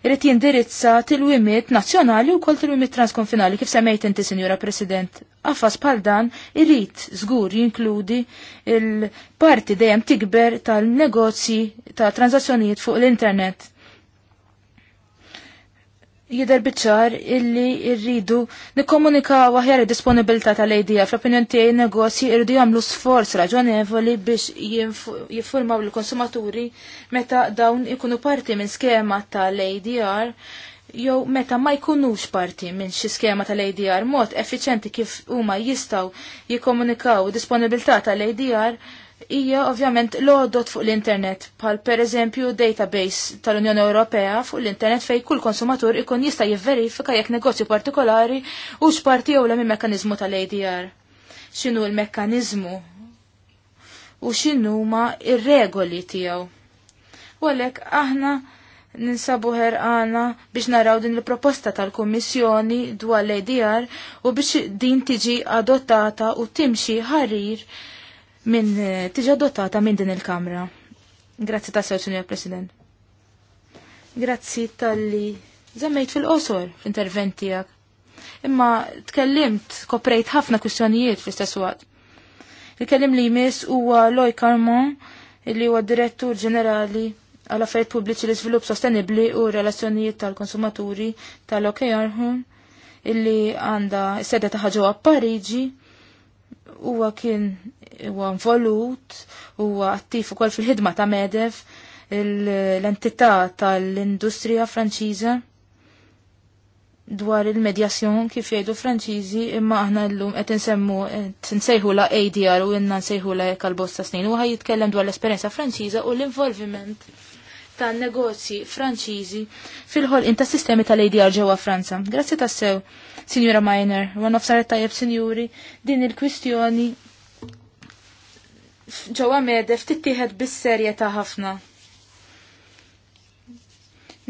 Speaker 1: irrid jindirizza til-wimiet nazzjonali u koll til-wimiet transkonfinali kif semmejt inti Sinjura President. Affas bħal dan irrit żgur jinkludi il-parti dejjem tikber tal-negozji ta' transazzjonijiet fuq l-internet jider biċar illi rridu nikkomunika waħjar disponibilità tal-IDF. L-opinjon tiegħi negozji irridu jagħmlu sforz raġonevoli biex jiffurmaw l-konsumaturi meta dawn ikunu parti minn skema tal-ADR jew meta ma jkunux parti minn xi skema tal-ADR mod effiċenti kif huma jistgħu jikkomunikaw disponibilità tal-ADR hija ovvjament lodot fuq l-internet, pal per eżempju database tal-Unjoni Ewropea fuq l-internet fej kull konsumatur ikun jista' jivverifika jekk negozju partikolari u x'parti jew l-hemm mekkaniżmu tal-ADR. X'inhu l-mekkaniżmu u x'inhuma ir-regoli tiegħu. U għalhekk aħna ninsabu ħerqana biex naraw din il-proposta tal-Kommissjoni dwar l-ADR u biex din tiġi adottata u timxi ħarir minn eh, tiġa dotata minn din il-Kamra. Grazzi ta' sew, Sinjor President. Grazzi tal-li zemmejt fil-qosor f'interventijak. Imma tkellimt, koprejt ħafna kwistjonijiet fl-istess waqt. Il-kellim li jmiss huwa Loy Carmon, li huwa direttur ġenerali għal affarijiet pubbliċi l iżvilupp sostenibbli u relazzjonijiet tal-konsumaturi tal-OKR illi għanda s-sedda taħħa ġewwa Pariġi huwa kien huwa involut, huwa attiv ukoll fil-ħidma ta' Medev, l-entità tal-industrija Franċiża dwar il-medjazzjon kif jgħidu Franċiżi imma aħna llum qed insemmu qed nsejħu la ADR u jenna nsejħu la kalbosta snin u jitkellem dwar l-esperjenza Franċiża u l-involviment ta' negozji Franċiżi fil ħol inta sistemi tal-ADR ġewwa Franza. Grazzi tassew, Sinjura Miner, u nofsar tajjeb Sinjuri, din il-kwistjoni ġewwa medef tittieħed bis-serjetà ħafna.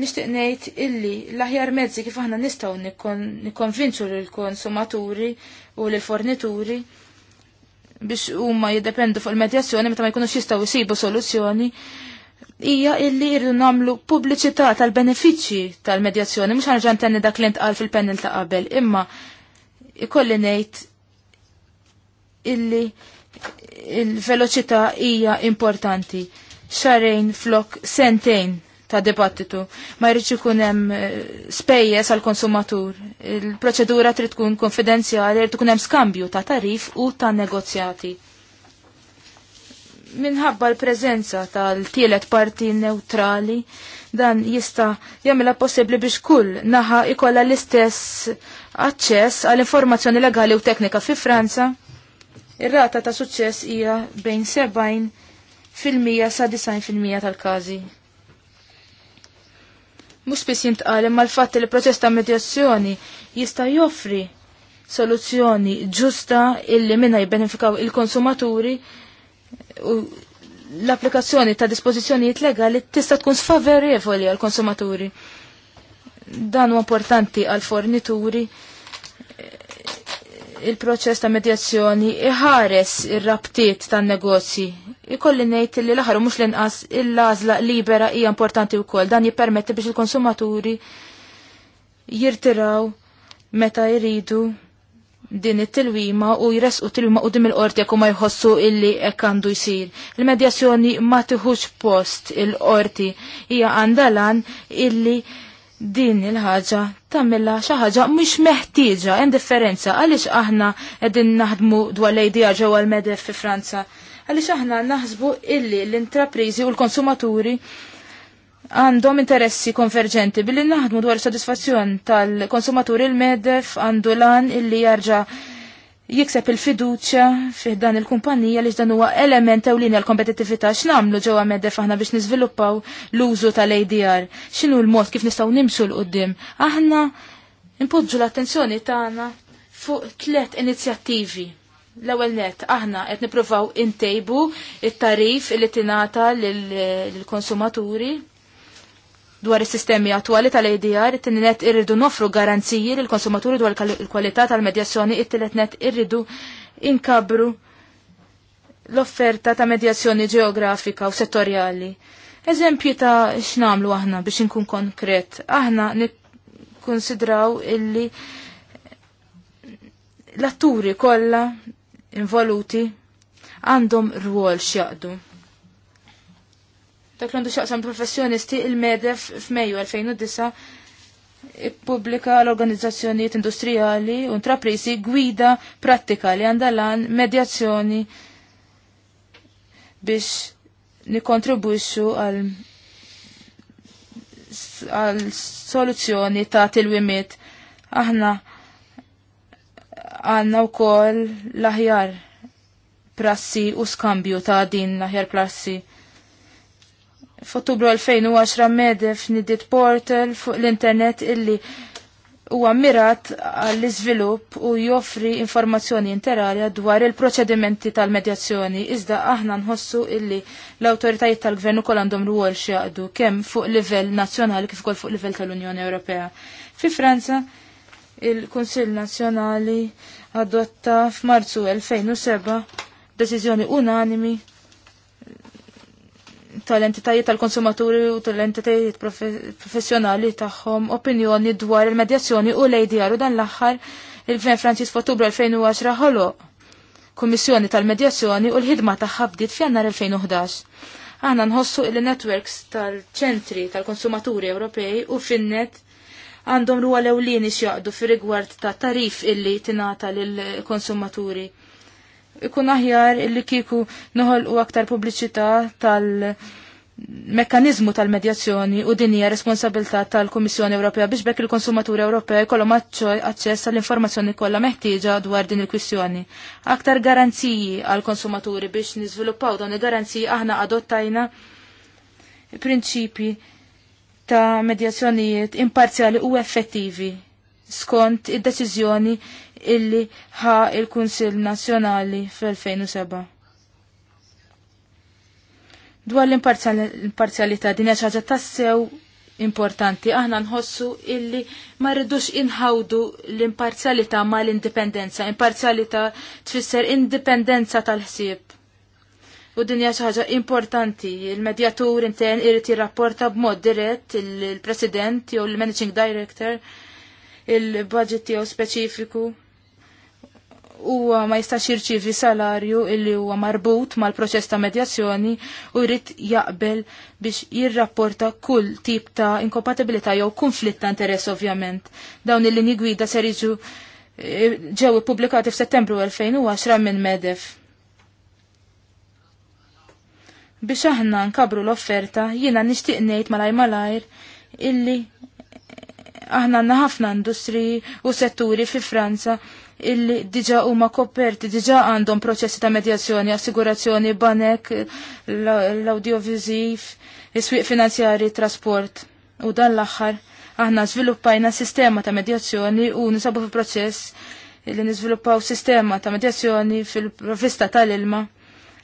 Speaker 1: Nixtieq ngħid illi l-aħjar mezzi kif aħna nistgħu nikkonvinċu lill-konsumaturi u lill-fornituri biex huma jiddependu fuq il-medjazzjoni meta ma jkunux jistgħu jsibu soluzzjoni hija illi jridu nagħmlu pubbliċità tal-benefiċċji tal-medjazzjoni mhux ħarġa ntenni dak li ntqal fil-panel ta' qabel, imma ikolli ngħid illi il-veloċità hija importanti. Xarejn flok sentejn ta' dibattitu. Ma jridx ikun hemm eh, spejjeż għal konsumatur. Il-proċedura trid tkun konfidenzjali, trid ikun hemm skambju ta' tarif u ta' negozjati. Minħabba l-preżenza tal-tielet parti neutrali, dan jista' jagħmilha possibbli biex kull naħa ikolla l-istess aċċess għall informazzjoni legali u teknika fi Franza Ir-rata ta' suċċess hija bejn 70% sa 90% tal-każi. Mhux spiss jintqal imma l-fatt li proċess ta' medjazzjoni jista' joffri soluzzjoni ġusta illi minna jibbenefikaw il-konsumaturi u l-applikazzjoni ta' dispożizzjonijiet legali tista' tkun sfavorevoli għal konsumaturi. Dan huwa importanti għal fornituri il-proċess ta' medjazzjoni iħares ir-rabtiet tan negozji Ikolli ngħid li l-aħħar mhux l-inqas il-għażla libera hija importanti wkoll. Dan jippermetti biex il-konsumaturi jirtiraw meta jridu din it-tilwima u jresqu tilwima u dim il-qorti jekk ma jħossu illi hekk għandu jsir. Il-medjazzjoni ma tiħux post il-qorti hija għandalan illi din il-ħaġa tamilla xi ħaġa mhux meħtieġa indifferenza għaliex aħna qegħdin naħdmu dwar l-idea ġewwa l-medef fi Franza. Għaliex aħna naħsbu illi l-intrapriżi u l-konsumaturi għandhom interessi konverġenti billi naħdmu dwar is-sodisfazzjon tal-konsumaturi l-medef għandu lan illi jarġa' jikseb il-fiduċja fih dan il-kumpanija li dan huwa element ewlieni l kompetitivita x'namlu ġewwa medef aħna biex niżviluppaw l-użu tal-ADR. X'inhu l-mod kif nistgħu nimxu l qudiem Aħna impoġġu l-attenzjoni tagħna fuq tliet inizjattivi. L-ewwel net aħna qed nippruvaw intejbu it-tarif li tingħata lill-konsumaturi dwar is-sistemi attwali tal-ADR, it tinnet irridu nofru garanziji lil konsumaturi dwar il-kwalità tal-medjazzjoni, it tinnet irridu inkabru l-offerta ta' medjazzjoni ġeografika u settorjali. Eżempju ta' x'namlu aħna biex inkun konkret. Aħna nikkonsidraw illi l-atturi kollha involuti għandhom rwol x'jaqdu. Dak l-għandu xaqsam professjonisti il-medef f'Mejju 2009 ippubblika l-organizzazzjonijiet industrijali u intraprisi gwida pratika li għandalan medjazzjoni biex nikontribwixxu għal għal soluzzjoni ta' til wimit Aħna għanna u koll laħjar prassi u skambju ta' din laħjar prassi. F'Ottubru 2010 medef nidiet portal fuq l-internet illi huwa mirat għall-iżvilupp u joffri informazzjoni interarja dwar il-proċedimenti tal-medjazzjoni iżda aħna nħossu illi l-awtoritajiet tal-gvern ukoll għandhom rwol x'jaqdu kemm fuq livell nazzjonali kif ukoll fuq livell tal-Unjoni Ewropea. Fi Franza il-Kunsill Nazzjonali adotta f'Marzu 2007 deċiżjoni unanimi tal-entitajiet tal-konsumaturi u tal-entitajiet professjonali tagħhom opinjoni dwar il-medjazzjoni u l-ADR u dan l-aħħar il-Gvern Franċis f'Ottubru 2010 ħoloq Kummissjoni tal-Medjazzjoni u l-ħidma tagħha bdiet f'Jannar 2011. Aħna nħossu il-networks tal-ċentri tal-konsumaturi Ewropej u finnet għandhom ruwa l-ewlini xjaqdu fir rigward ta' tarif illi tingħata lill-konsumaturi ikun aħjar illi kieku noħolqu aktar pubbliċità tal- mekanizmu tal-medjazzjoni u din hija responsabilità tal-Kummissjoni Ewropea biex bekk il-konsumaturi Ewropea jkollhom aċċess għall-informazzjoni kollha meħtieġa dwar din il-kwistjoni. Aktar garanziji għall-konsumaturi biex niżviluppaw dawn il-garanziji aħna adottajna prinċipi ta' medjazzjonijiet imparzjali u effettivi skont id-deċiżjoni illi ħa il-Kunsil Nazzjonali fl-2007. Dwar l imparzialità din hija ħaġa tassew importanti, aħna nħossu illi ma rridux inħawdu l-imparzjalità ma l-indipendenza. Imparzjalità tfisser indipendenza tal-ħsieb. U din hija xi ħaġa importanti, il-medjatur intern irid jirrapporta b'mod dirett il-President jew il-Managing Director il-budget jew speċifiku huwa ma jistax jirċievi salarju illi huwa marbut mal-proċess ta' medjazzjoni u jrid jaqbel biex jirrapporta kull tip ta' inkompatibilità jew konflitt ta' interess ovvjament. Dawn il-linji gwida ser jiġu eh, ġew ippubblikati f'Settembru 2010 minn Medef. Biex aħna nkabru l-offerta, jiena nixtieq ngħid malaj malajr illi aħna għandna ħafna industriji u setturi fi Franza illi diġa huma koperti, diġa għandhom proċessi ta' medjazzjoni, assigurazzjoni, banek, l-audiovisiv, is-swieq finanzjari, trasport. U dan l-aħħar aħna żviluppajna sistema ta' medjazzjoni u nisabu fil-proċess li niżviluppaw sistema ta' medjazzjoni fil-provista tal-ilma,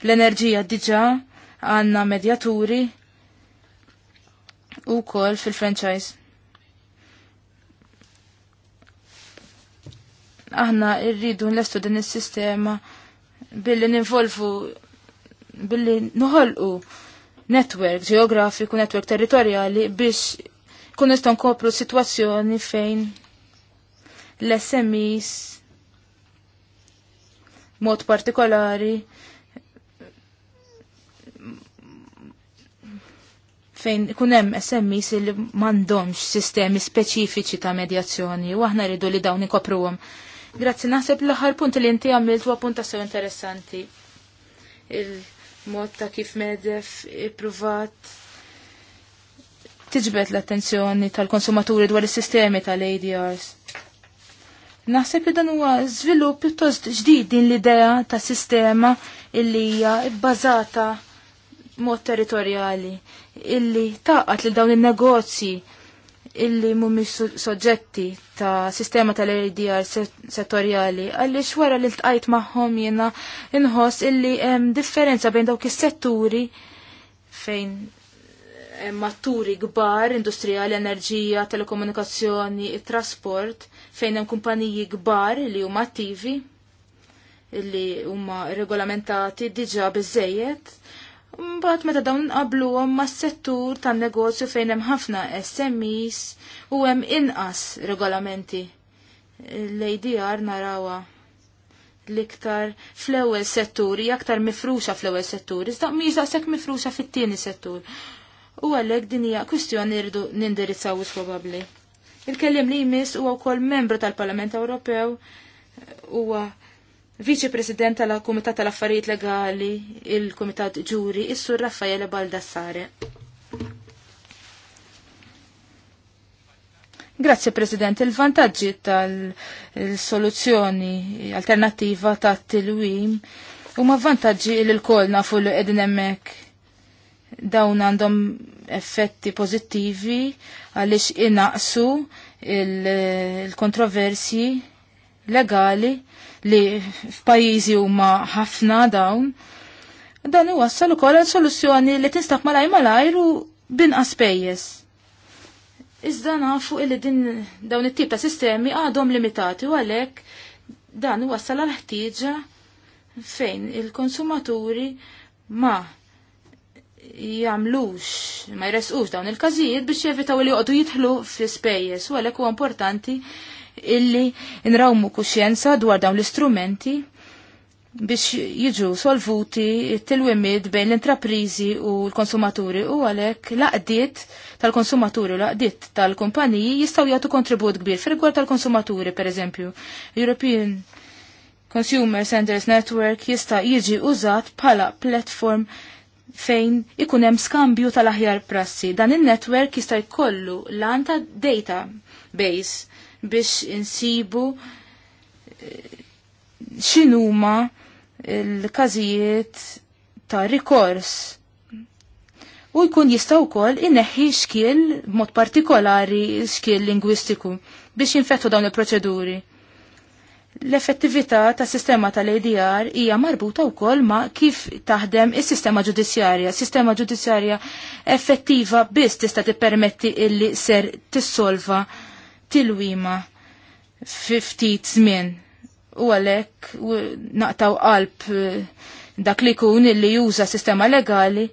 Speaker 1: l-enerġija diġa għanna medjaturi u kol fil-franchise aħna rridu nlestu din is-sistema billi ninvolvu billi noħolqu netwerk ġeografiku, netwerk territorjali biex kun nistgħu nkopru sitwazzjoni fejn l-SMEs mod partikolari fejn ikun hemm SMEs li m'għandhomx sistemi speċifiċi ta' medjazzjoni u aħna rridu li dawn ikopruhom. Grazzi, naħseb l-aħħar punt li inti għamiltu huwa punt tassew interessanti. Il-mod ta' kif medef ippruvat tiġbet l-attenzjoni tal-konsumaturi dwar is-sistemi tal-ADRs. Naħseb li dan huwa żvilupp pjuttost ġdid din l-idea ta' sistema illi hija bbażata mod territorjali illi taqat lil dawn in-negozji illi mumi soġġetti ta' sistema tal-RDR settorjali għaliex wara li l-tqajt magħhom jiena inħoss illi hemm differenza bejn dawk is-setturi fejn matturi kbar, industrijali, enerġija, telekomunikazzjoni, trasport, fejn hemm kumpaniji kbar li huma attivi, li huma regolamentati diġà biżejjed, Mbagħad meta dawn inqabluhom mas-settur tan-negozju fejn hemm ħafna SMEs u hemm inqas regolamenti. L-ADR narawha l-iktar fl-ewwel settur, hija aktar mifruxa fl-ewwel settur, iżda mhijiex daqshekk mifruxa fit-tieni settur. U għalhekk din hija kwistjoni irdu nindirizzaw probabbli. Il-kellim li jmiss huwa wkoll membru tal-Parlament Ewropew huwa Viċi President tal-Kumitat tal-Affarijiet Legali, il-Kumitat Ġuri, is-Sur Raffaele Baldassare. Grazie President, il-vantaġġi tal-soluzzjoni alternativa ta' tilwim huma vantaġġi il l-kol nafu li qegħdin hemmhekk dawn għandhom effetti pozittivi għaliex inaqsu il kontroversi legali li f'pajjiżi huma ħafna dawn. Dan iwassal ukoll għal soluzzjoni li tinstab malaj malajr u bin aspejjes. Iżda nafu illi din dawn it-tip ta' sistemi għadhom limitati u għalhekk dan iwassal għal ħtieġa fejn il-konsumaturi ma jamlux, ma jresqux dawn il-każijiet biex jevitaw li joqdu jitħlu fi spejjes u għalhekk huwa importanti illi nrawmu kuxjenza dwar dawn l-istrumenti biex jiġu solvuti t-tilwimid bejn l-intraprizi u l-konsumaturi u għalek laqdiet tal-konsumaturi u laqdiet tal-kumpaniji jistaw jgħatu kontribut kbir fil rigward tal-konsumaturi per eżempju. European Consumer Centers Network jista' jiġi użat bħala platform fejn ikun hemm skambju tal-aħjar prassi. Dan in-network jista' jkollu l-anta data base biex insibu eh, xinuma l-kazijiet ta' rikors u jkun jistaw kol inneħi xkiel mod partikolari xkiel lingwistiku biex jinfettu dawn il-proċeduri. L-effettività ta' sistema tal-ADR hija marbuta wkoll ma' kif taħdem is-sistema ġudizzjarja. Sistema ġudizzjarja effettiva biss tista' tippermetti illi ser tissolva tilwima ftit żmien u għalek naqtaw qalb e, dak li kun illi juża sistema legali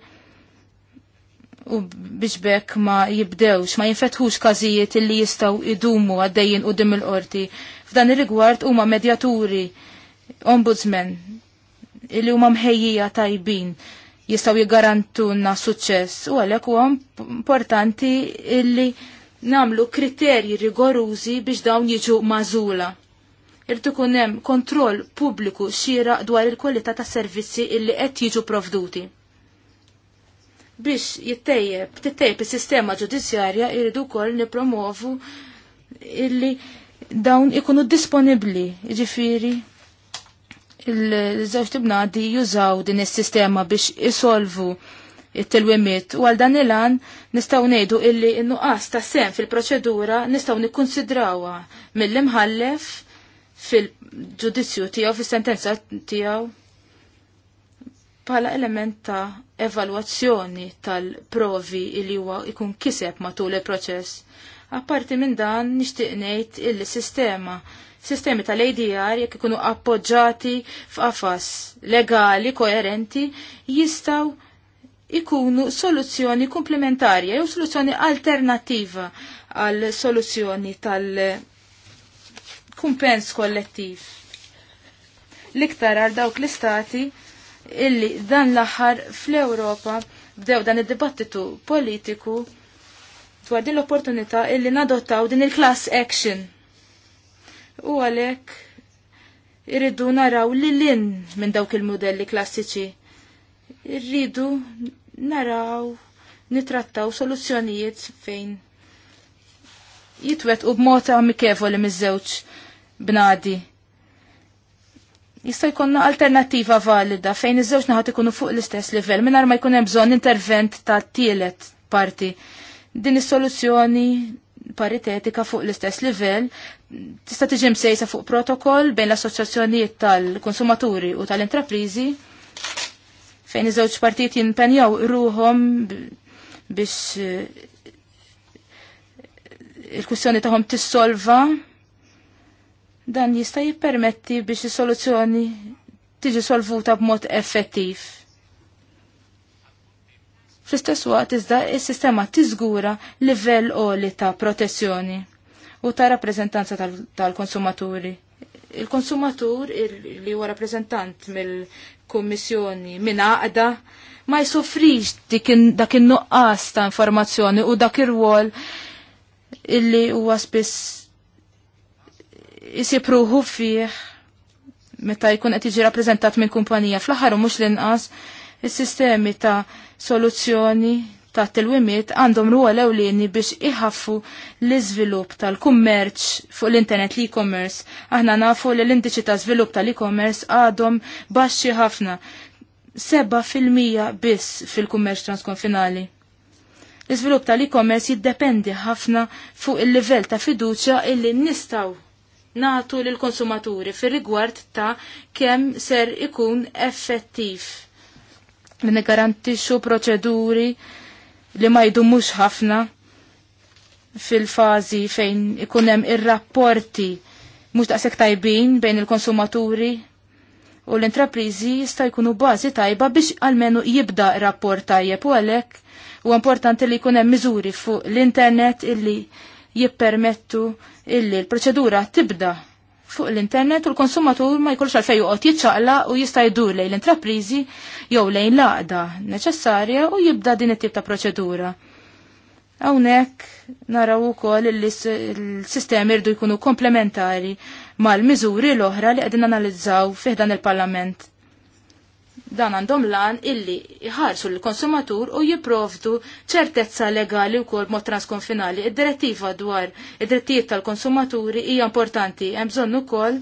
Speaker 1: u biex bekk ma jibdewx, ma jinfetħux kazijiet illi jistaw idumu għaddejjin u dim il-qorti. F'dan ir-rigward huma medjaturi, ombudsman, illi huma mħejjija tajbin jistaw jgarantunna suċċess u għalek huwa importanti illi namlu kriterji rigorużi biex dawn jiġu mażula. Irtu kunem kontroll pubbliku xira dwar il-kwalità ta' servizzi illi qed jiġu provduti. Biex jittejjeb, tittejjeb is-sistema ġudizzjarja jridu wkoll nipromovu illi dawn ikunu disponibbli jiġifieri il-żewġ tibnadi jużaw din is-sistema biex isolvu it telwimiet u għal dan il-għan nistaw nejdu illi n-nuqqas ta' sem fil-proċedura nistaw nikkonsidrawha mill-imħallef fil-ġudizzju tiegħu fis-sentenza tiegħu pala element ta' evalwazzjoni tal-provi illi huwa ikun kiseb matul il-proċess. Apparti minn dan nixtieq ngħid il-sistema sistemi tal-ADR jekk ikunu appoġġati f'qafas legali koerenti jistaw ikunu soluzzjoni komplementarja jew soluzzjoni alternativa għal soluzzjoni tal-kumpens kollettiv. L-iktar għal dawk l-istati illi dan l-aħħar fl-Ewropa bdew dan id-dibattitu politiku dwar din l-opportunità illi nadottaw din il-class action. U għalek irridu naraw li l-in minn dawk il-modelli klassiċi. Irridu naraw, nitrattaw soluzzjonijiet fejn jitwet u b'mod amikevoli miż-żewġ bnadi. Jista' jkollna alternattiva valida fejn iż-żewġ naħat ikunu fuq l-istess livell mingħajr ma jkun hemm bżonn intervent ta' tielet parti. Din is-soluzzjoni paritetika fuq l-istess livell tista' tiġi msejsa fuq protokoll bejn l-assoċjazzjonijiet tal-konsumaturi u tal intrapriżi fejn iż-żewġ partit jimpenjaw ruhom biex eh, il-kwistjoni tagħhom tissolva dan jista' jippermetti biex is-soluzzjoni tiġi solvuta b'mod effettiv. Fl-istess waqt iżda is-sistema tiżgura livell qoli ta' protezzjoni u ta' rappreżentanza tal-konsumaturi. Tal konsumaturi il konsumatur li huwa rappreżentant mill kummissjoni minnaqda ma jsofrix dak il nuqqas ta' informazzjoni u dak ir-rwol illi huwa spiss jisipruħu fih meta jkun qed jiġi rappreżentat minn kumpanija fl-aħħar u mhux l-inqas is-sistemi ta' soluzzjoni ta' il-wimiet għandhom ruol ewlieni biex iħaffu l-iżvilupp tal-kummerċ fuq l-internet l-e-commerce. Aħna nafu li l-indiċi ta' żvilupp tal-e-commerce għadhom baxxi ħafna. 7% biss fil-kummerċ transkonfinali. L-iżvilupp tal-e-commerce jiddependi ħafna fuq il-livell ta' fiduċja illi nistaw natu l konsumaturi fir-rigward ta' kemm ser ikun effettiv. Li garantixxu proċeduri li ma jdumux ħafna fil-fazi fejn ikun hemm ir-rapporti mhux daqsek tajbin bejn il-konsumaturi u l-intrapriżi jista' jkunu bażi tajba biex almenu jibda rapport tajjeb u għalhekk u importanti li jkun hemm miżuri fuq l-internet illi jippermettu illi l-proċedura tibda fuq l-internet u l-konsumatur ma jkollx għalfej joqgħod jiċċaqla u jista' jdur lejn l-intrapriżi jew lejn laqda neċessarja u jibda din it-tip ta' proċedura. Hawnhekk naraw ukoll li l-sistemi rridu jkunu komplementari mal-miżuri l-oħra li qegħdin analizzaw fih dan il-Parlament. Dan għandhom lan illi jħarsu l-konsumatur u jiprovdu ċertezza legali u kol mod transkonfinali. Id-direttiva dwar id-drittijiet tal-konsumaturi hija importanti, hemm bżonn ukoll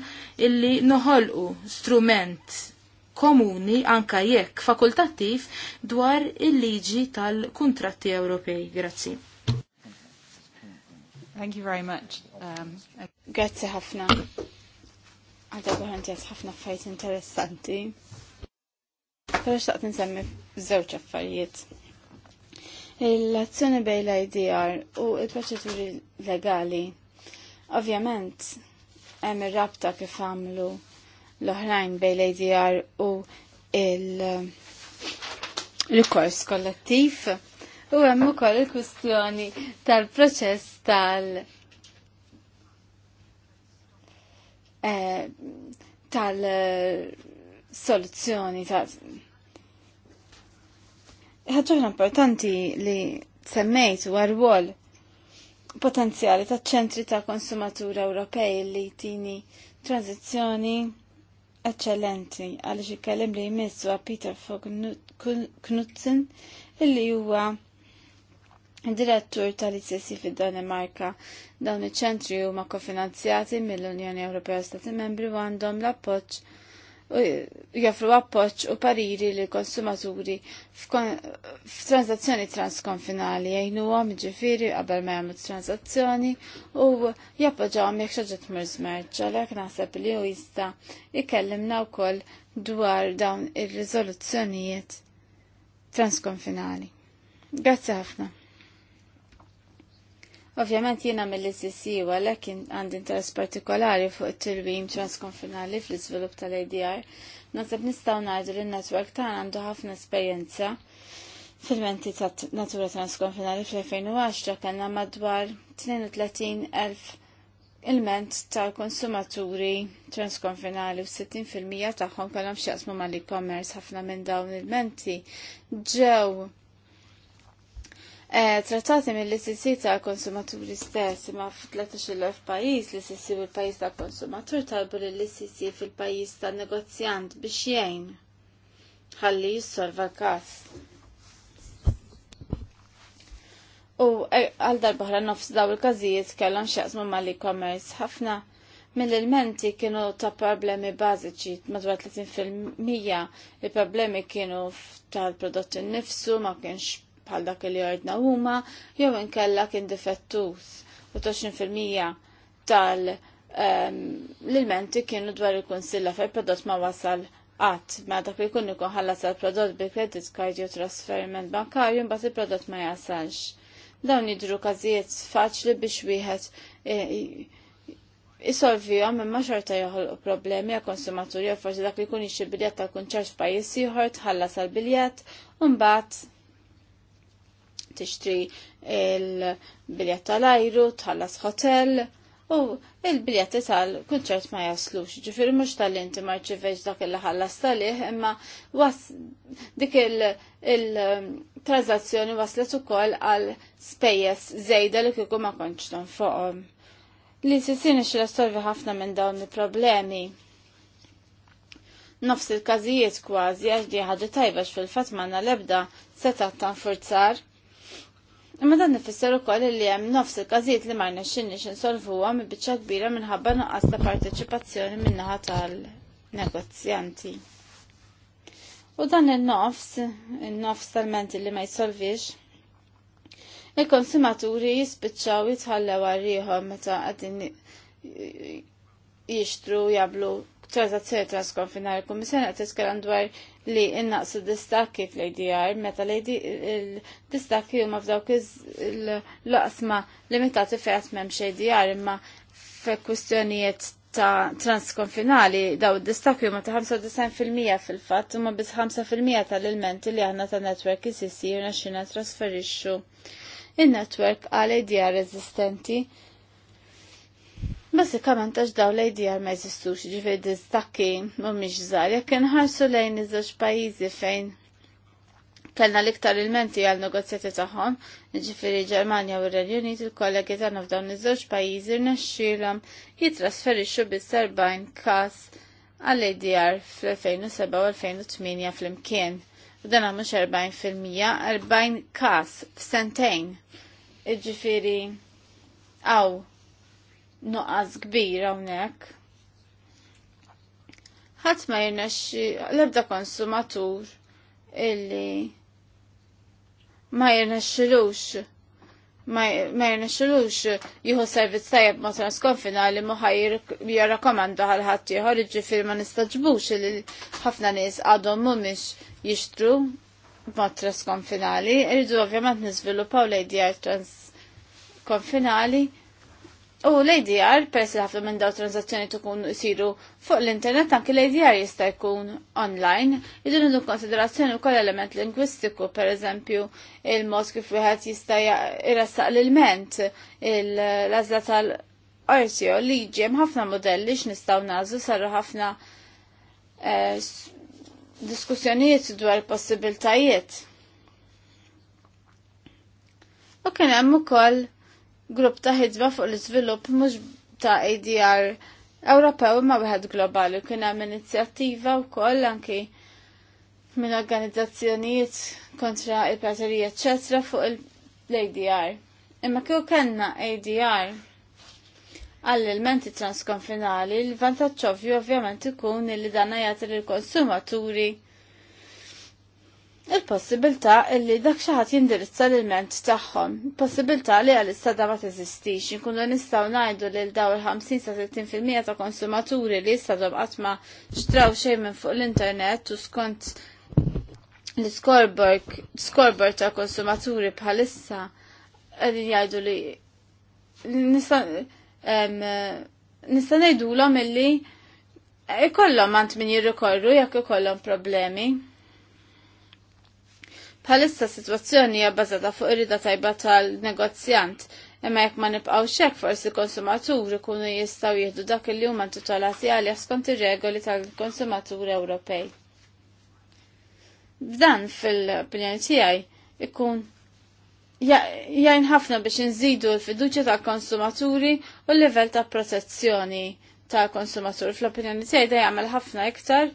Speaker 1: illi noħolqu strument komuni anka jekk fakultattiv dwar il-liġi tal-kuntratti Ewropej. Grazzi.
Speaker 2: Thank you very much. Um, Grazie ħafna. Għadda għanġet ħafna fajt interessanti. Pero xtaqt nsemmi żewġ affarijiet. Il-azzjoni bej l-IDR u il-proċeduri legali, ovvjament, hemm ir-rabta kif għamlu l-oħrajn bej l-IDR u il-rikors kollettiv u hemm ukoll il-kwistjoni tal-proċess tal-, -proċess eh, tal tal soluzzjoni ta' ħagġa importanti li semmejt u għarwol potenzjali ta' ċentri ta' konsumatura Ewropej li tini tranzizjoni eccellenti għalix ikkellim li jmissu għa Peter Fogg Knudsen illi huwa direttur tal icsi fid danimarka dawn iċ-ċentri huma kofinanzjati mill-Unjoni Ewropea u Stati Membri u għandhom l-appoġġ joffru appoġġ u pariri li konsumaturi f'transazzjoni transkonfinali jgħinuhom ġifiri qabel ma jagħmlu transazzjoni u jappoġġawhom jekk xi ġiet mirżmerġ għalhekk naħseb li hu jista' u wkoll dwar dawn ir rizoluzzjonijiet transkonfinali. Grazzi ħafna. Ovvjament jiena mill-ICC għalhekk għandi interess partikolari fuq it-tilwim transkonfinali fl-iżvilupp tal-ADR. Naħseb nistgħu ngħidu li n-netwerk tagħna għandu ħafna esperjenza fil-menti ta' natura transkonfinali fl-2010 kellna madwar 32,000 il-ment tal-konsumaturi transkonfinali u 60% tagħhom kellhom x'jaqsmu mal-e-commerce ħafna minn dawn il-menti ġew Eh, trattati mill sissi tal-konsumaturi stess ma f-13.000 pajis l sissi fil pajis ta' konsumatur talbu l sissi fil-pajis ta' negozjant biex jgħin ħalli jissolva l-kas. U eh, għal darbaħra nofs daw il-kazijiet kellhom xaqsmu mal e-commerce ħafna mill-elementi kienu ta' problemi bażiċi madwar 30% il-problemi kienu tal-prodotti nifsu ma kienx bħal dak li ordna huma jew inkella kien difettuż u fil-mija tal l menti kienu dwar il-konsilla fej prodott ma wasal għat ma dak li kun ikun ħallas għal-prodott bi credit card jew trasferiment bankarju mbagħad il-prodott ma jasalx. Dawn jidru każijiet faċli biex wieħed isolvi għom imma xorta joħolqu problemi għal konsumaturi għal forsi dak li kun ixi biljett tal kunċert f'pajjiż ieħor tħallas għal biljett u mbagħad tixtri il-biljet tal-ajru, tħallas hotel u il-biljetti tal-kunċert ma jaslux. Ġifir mux tal-inti marċiveġ dak il ħallas tal-ih, imma was dik il trazazzjoni waslet ukoll għal spejjes zejda li kiku ma konċ fuqhom. Li sissini xil solvi ħafna minn dawn il-problemi nofs il-kazijiet kważi għax di tajbax fil-fat manna lebda setat tan forzar. Imma dan nifisser ukoll li hemm nofs il-każijiet li ma rnexxinniex insolvuha mibiċċa kbira minħabba nuqqas ta' parteċipazzjoni min-naħa tal-negozjanti. U dan in-nofs, in-nofs tal-menti li ma jsolvix, il-konsumaturi jispiċċaw jitħallew għarriħom meta qegħdin jixtru jablu transazzjoni transkonfinar kummissjoni qed titkellem dwar li innaqsu distakki fl-ADR meta l-distakki huma f'dawk l-laqsma limitati fejt m'hemmx ADR imma kustjonijiet ta' transkonfinali daw distakki huma ta' 95% fil-fatt huma bis 5% tal-ilmenti li aħna ta' netwerk jisissi jirna xina trasferixxu in-netwerk għal ADR eżistenti kamen għax daw l-IDR ma jesistux ġifir distakki mumiex żgħar, jekk inħarsu lejn iż-żewġ pajjiżi fejn kellna l-iktar il-menti għal negozjati tagħhom, ġifieri Ġermanja u r-Renju Unit il-kollegi tagħna f'dawn iż-żewġ pajjiżi rnexxielhom jitrasferixxu bis 40 każ għall adr fl-2007 u 2008 fl-imkien. U dan mhux 40 fil-mija, 40 każ f'sentejn. Ġifieri hawn noqas kbir hawnhekk. Ħadd ma jirnexxi l-ebda konsumatur illi ma lux ma lux jieħu servizz tajjeb ma trasconfina li moħaj jirrakomanda għal ħadd ieħor iġifieri ma nistaġbux li ħafna nies għadhom mhumiex jixtru mod trasconfinali, irridu ovvjament niżviluppaw l trans transkonfinali U l-ADR, pers ħafna minn daw tranzazzjoni tkun siru fuq l-internet, anki l-ADR jista' jkun online. Idun idu konsiderazzjoni wkoll element lingwistiku, per eżempju, il-mod kif wieħed jista' jressaq l-ilment l-għażla tal-orsio li ġiem ħafna modelli x'nistgħu nażu saru ħafna eh, diskussjonijiet dwar possibiltajiet. U kien hemm ukoll grupp ta' ħidba fuq l-iżvilupp mhux ta' ADR Ewropew ma' wieħed globali kien hemm inizjattiva wkoll anki minn organizzazzjonijiet kontra il paterija eċċetra fuq l-ADR. Imma kieku kellna ADR għall-elementi transkonfinali, l-vantaġġ ovvju ovvjament ikun li dan jagħti lill-konsumaturi il-possibilità illi dak xi ħadd jindirizza l-ment tagħhom. Possibilità li għalissa da ma teżistix, inkunu nistgħu ngħidu l daw il-50 60 ta' konsumaturi li jistadhom qatt ma xtraw xejn minn fuq l-internet u skont l-scoreboard ta' konsumaturi bħalissa għedin jgħidu li nista' ngħidulhom illi ikollhom għand min jirrikorru jekk ikollhom problemi. Palissa situazzjoni hija bbażata fuq irrida tajba tal-negozjant, imma jekk ma nibqgħu xekk forsi konsumaturi kunu jistgħu jieħdu dak li huma intitolati għalih skont ir-regoli tal-konsumatur Ewropej. B'dan fil-opinjoni tiegħi ikun jgħin ħafna biex nżidu l-fiduċja tal-konsumaturi u l-livell ta' protezzjoni tal-konsumatur. Fl-opinjoni tiegħi da jagħmel ħafna iktar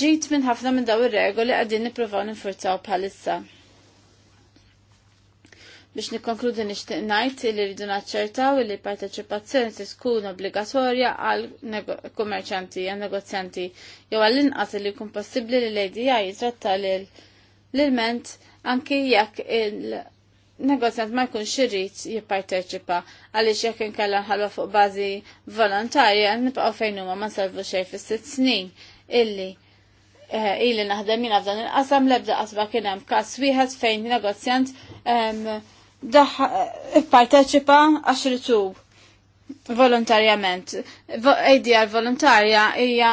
Speaker 2: ġit minn ħafna minn daw ir-regoli għadin nippruvaw ninfurzaw bħalissa. Biex nikkonkludi nixtieq ngħid li rridu naċċertaw li parteċipazzjoni se tkun obbligatorja għal kummerċanti għal negozjanti jew għall-inqas li jkun possibbli li l-ADI jitratta l-ilment anki jekk il- negozjant ma jkunx xirrit jipparteċipa għaliex jekk inkella nħallwa fuq bażi volontarja nibqgħu fejn huma ma nsalvu xejn fis-sitt snin illi eh, illi naħdem jina f'dan il-qasam lebda qasba kien hemm każ wieħed fejn negozjant eh, ipparteċipa għax ritub volontarjament. ADR volontarja hija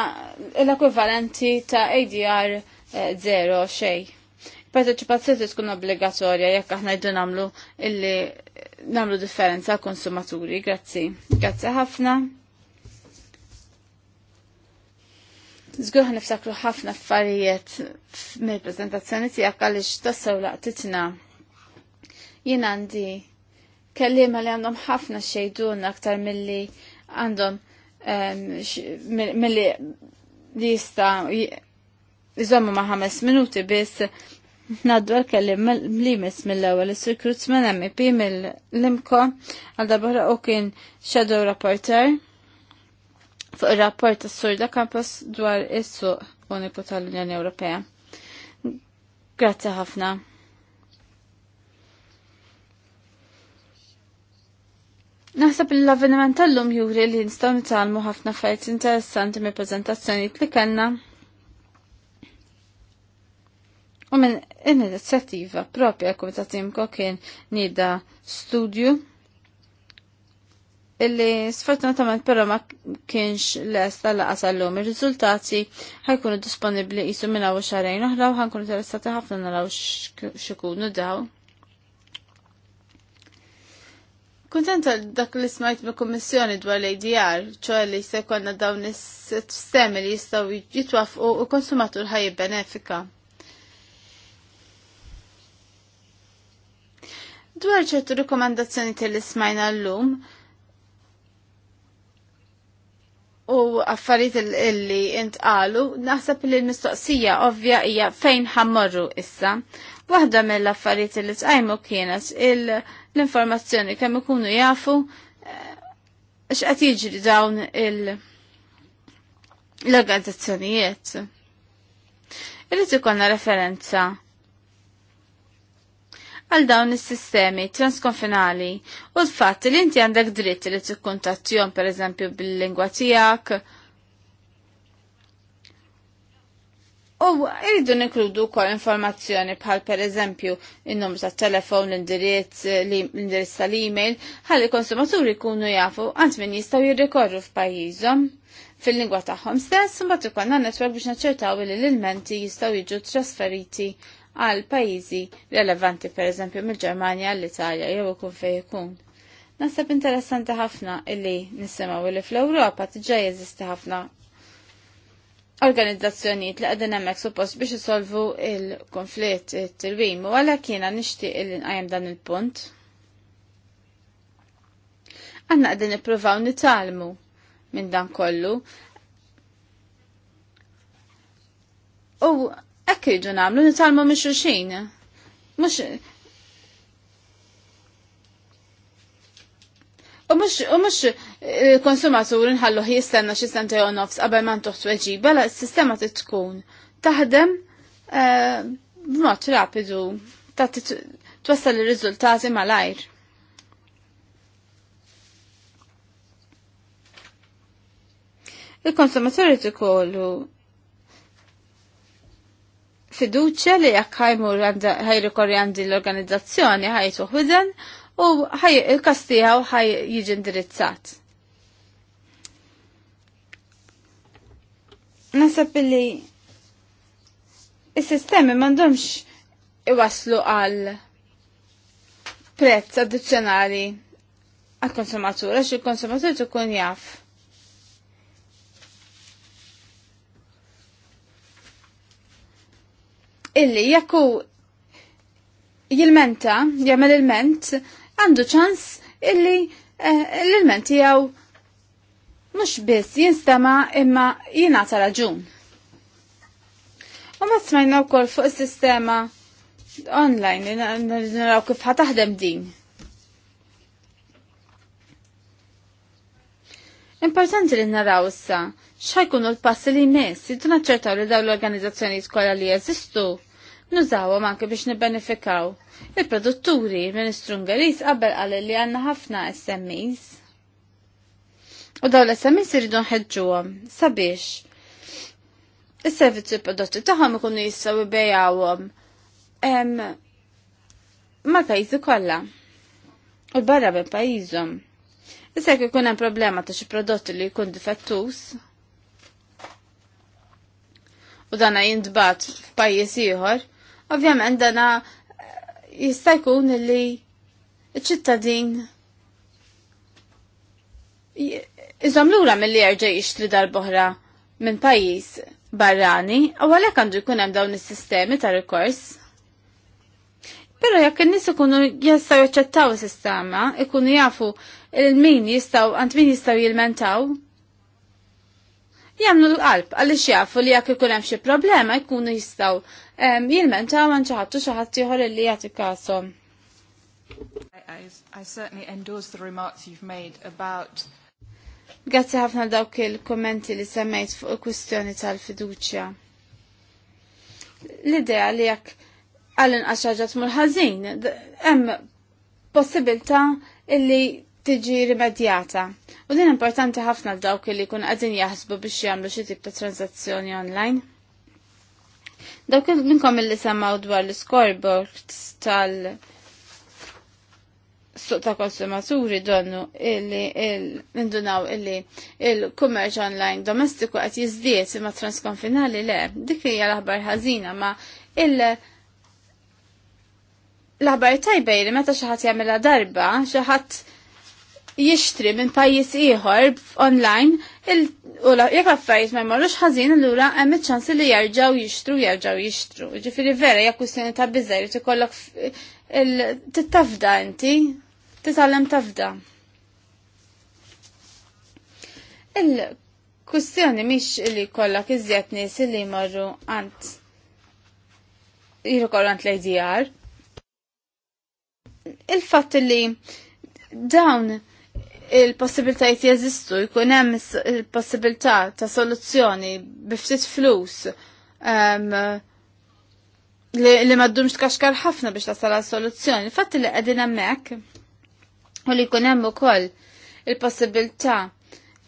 Speaker 2: l-ekwivalenti ta' ADR eh, zero xej. Parteċipazzjoni tkun obbligatorja jekk aħna jdu nagħmlu illi nagħmlu differenza konsumaturi. Grazzi. Grazzi ħafna. Zgur ħan niftakru ħafna affarijiet mill-prezentazzjoni tiegħek għaliex tassew laqtitna. Jien għandi kellima li għandhom ħafna xejdun aktar milli għandhom milli li jista jizommu ma' ħames minuti bis Naddu għal-kellim mlimis mill-ewel, s-sirkruzman Kruzman e mill-Limko, għal-dabara u kien Shadow Reporter fuq ir-rapport tas sur da dwar is-suq uniku tal-Unjoni Ewropea. Grazzi ħafna. Naħseb l-avveniment tal-lum juri li nistaw nitalmu ħafna fajt interessanti me preżentazzjoni li kellna. U minn in-inizjattiva propja kumitatim kumitat kien nida studju illi sfortunatament però ma kienx lest tal-laqas għallum. Il-rizultati ħajkunu disponibli jisu minna u xarajn uħra u ħankunu interessati ħafna naraw xikunu daw. Kontenta dak li smajt me kommissjoni dwar l-ADR, ċoħe li sekonna dawn is-sistemi li jistaw jitwaf u konsumatur ħaj benefika. Dwar ċertu rikomandazzjoni tal-ismajna l-lum, u affarijiet illi intqalu, naħseb li l-mistoqsija ovvja hija fejn ħammorru issa. Waħda mill-affarijiet li tqajmu kienet l-informazzjoni kemm ikunu jafu eh, x'qed jiġri dawn l-organizzazzjonijiet. Irrid ikollna referenza għal dawn is-sistemi transkonfinali u l-fatt li inti għandek dritt li per pereżempju bil-lingwa tiegħek. U irridu nikludu kol informazzjoni bħal per eżempju il-numru ta' telefon, l-indirizz, tal-email, ħalli konsumaturi kunu jafu għant minn jistaw jirrikorru f'pajjiżhom fil-lingwa tagħhom stess, mbagħad ikollna netwerk biex naċċertaw li l elementi jistgħu jiġu trasferiti għal pajizi relevanti per eżempju mill-Ġermanja għall-Italja jew ikun fej ikun. Nasab interessanti ħafna illi nisimaw li fl-Ewropa tiġa jeżisti ħafna organizzazzjonijiet li għadden hemmhekk suppost biex isolvu il-konflitt it-tilwim u għalhekk jiena nixtieq illi nqajjem dan il-punt. Għanna qegħdin nippruvaw nitalmu minn dan kollu. U Ekk iġu namlu, nitalmu minn xulxin. Mux. U mux, u mux eh, konsumatur nħallu jistenna xi sente jew nofs qabel ma ntuħt weġib, bella s-sistema tkun taħdem eh, b'mod rapidu ta' twassal ir-riżultati malajr. Il-konsumatur kollu fiduċa li jekk ħajmur ħajru korjandi l-organizzazzjoni ħajtu ħudan u ħaj il-kastijaw ħaj jiġi indirizzat. Nasab li il-sistemi mandomx iwaslu għal prezz addizzjonali għal konsumatur għax il-konsumatur tkun jaf illi jekku jilmenta, jagħmel il-ment, għandu ċans illi eh, l-ment tiegħu mhux biss jinstama imma jingħata raġun. U ma u wkoll fuq is-sistema online li naraw kif ħataħdem din. Importanti li naraw issa xajkunu l-passi li jmiss, jiddu naċċertaw li dawn l-organizzazzjoni kollha li jeżistu, nużawhom anke biex nibbenefikaw. Il-produtturi Ministru Ngaris, qabel qal li għandna ħafna SMEs. U dawn l-SMEs iridu nħeġġuhom sabiex is-servizzi prodotti tagħhom ikunu jistgħu jbejjawhom ma pajjiżi kollha u l-barra minn pajjiżhom. Issa jekk ikun hemm problema ta' xi prodotti li jkun difettus, u dana jindbat f'pajjiż ieħor, ovvjament dana eh, jista' jkun li ċ-ċittadin iżom lura mill-li jerġa' jixtri darb'oħra minn pajjiż barrani, u għalhekk għandu jkun hemm dawn is-sistemi ta' rikors. Però jekk in-nies ikunu jistgħu jaċċettaw is-sistema, ikunu jafu il-min jistgħu għand min jistgħu jilmentaw, Jamnu l-qalb għaliex jafu li jekk ikun hemm xi problema jkunu jistgħu jilmentaw għan xi ħadd xi ħadd ieħor li jagħti kasom. I certainly endorse the remarks you've made about Grazzi ħafna dawk il-kommenti li semmejt fuq il-kwistjoni tal-fiduċja. L-idea li jekk għallin għaxħaġa tmur ħażin, hemm possibilità illi tiġi rimedjata. U din importanti ħafna l-dawk li kun għadin jaħsbu biex jagħmlu xi tip ta' tranzazzjoni online. Dawk minnkom li semmaw dwar l-scoreboards tal- suq ta' konsumaturi donnu illi nindunaw illi il-kummerċ online domestiku qed jiżdied imma transkonfinali le, dik hija l-aħbar ħażina ma il- l-aħbar tajbej li meta xi ħadd jagħmilha darba, xi ħadd jixtri minn pajjiż ieħor online u jekk affarijiet ma jmorrux ħażin allura hemm iċ-ċans li jerġgħu jixtru jerġgħu jixtru. Ġifiri vera hija kwistjoni ta' kollok ikollok tafda inti, titgħallem tafda. Il-kwistjoni mhix li jkollok iżjed nies li jmorru għand jirkollu għant l-IDR. il fat li dawn il-possibilitajiet jeżistu, jkun hemm il-possibilità ta' soluzzjoni biftit flus um, li, li maddumx tkaxkar ħafna biex tasal soluzzjoni. Il-fatt li qegħdin hemmhekk u li jkun hemm ukoll il-possibilità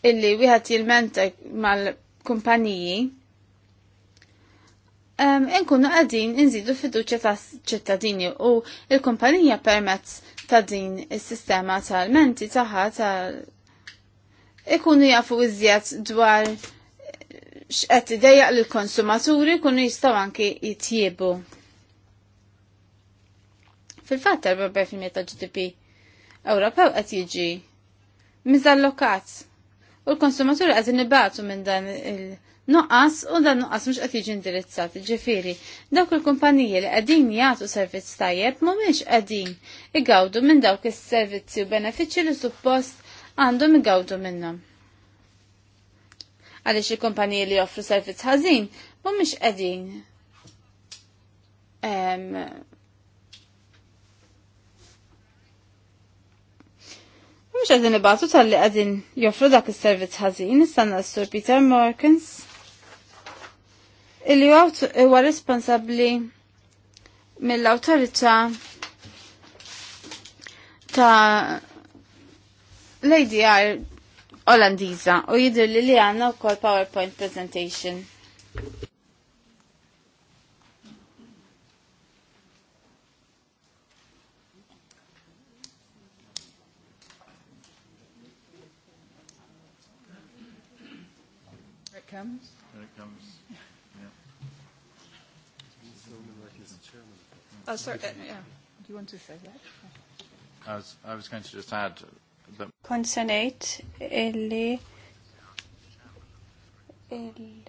Speaker 2: illi wieħed jilmenta mal-kumpaniji um, inkunu qegħdin inżidu fiduċja ta' ċittadini u il-kumpanija permezz ta' din is-sistema tal-menti taħħa tal ikunu jafu iżjed dwar x'qed idejjaq lill konsumaturi kunu jistgħu anke jitjiebu. Fil-fatt 44% ta' GDP Ewropew qed jiġi miżallokat u l-konsumaturi qed nibatu minn dan il- nuqqas u dan nuqqas mhux qed jiġi indirizzat. Ġifieri, dawk il-kumpaniji li qegħdin jagħtu servizz tajjeb mhumiex qegħdin igawdu minn dawk is-servizzi u benefiċċji li suppost għandhom igawdu minnhom. Għaliex il-kumpaniji li joffru servizz ħażin mhumiex qegħdin Mux għadin ibatu tal-li għadin joffru dak il-servizz ħazin, istanna s-sur Peter Morkins illi huwa responsabbli mill-awtorità ta' l-ADR Olandiza u jidir li li għanna u PowerPoint presentation.
Speaker 1: Oh, sorry, uh, yeah.
Speaker 2: Do you want to say
Speaker 3: that?
Speaker 1: I was, I was going to just add that...
Speaker 3: Konsenate illi il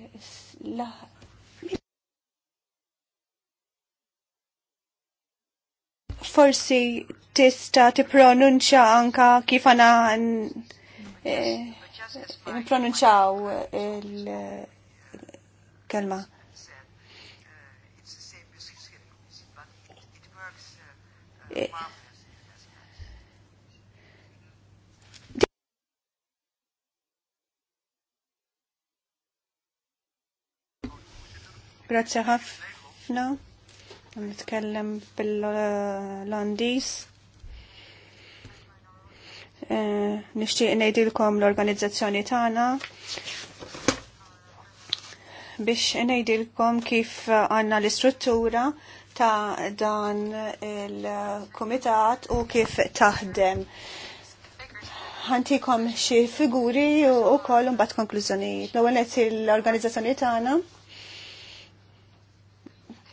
Speaker 3: forsi tista tipronunċa anka kif għana nipronunċaw eh, il-kelma. Grazie ħafna. Nitkellem bil-Landis. Eh, nixtieq ngħidilkom l-organizzazzjoni tagħna biex ngħidilkom kif għandna l-istruttura ta' dan il-komitat u kif taħdem. Ħantikom xi figuri u koll mbagħad konklużjonijiet. l il l-organizzazzjoni tagħna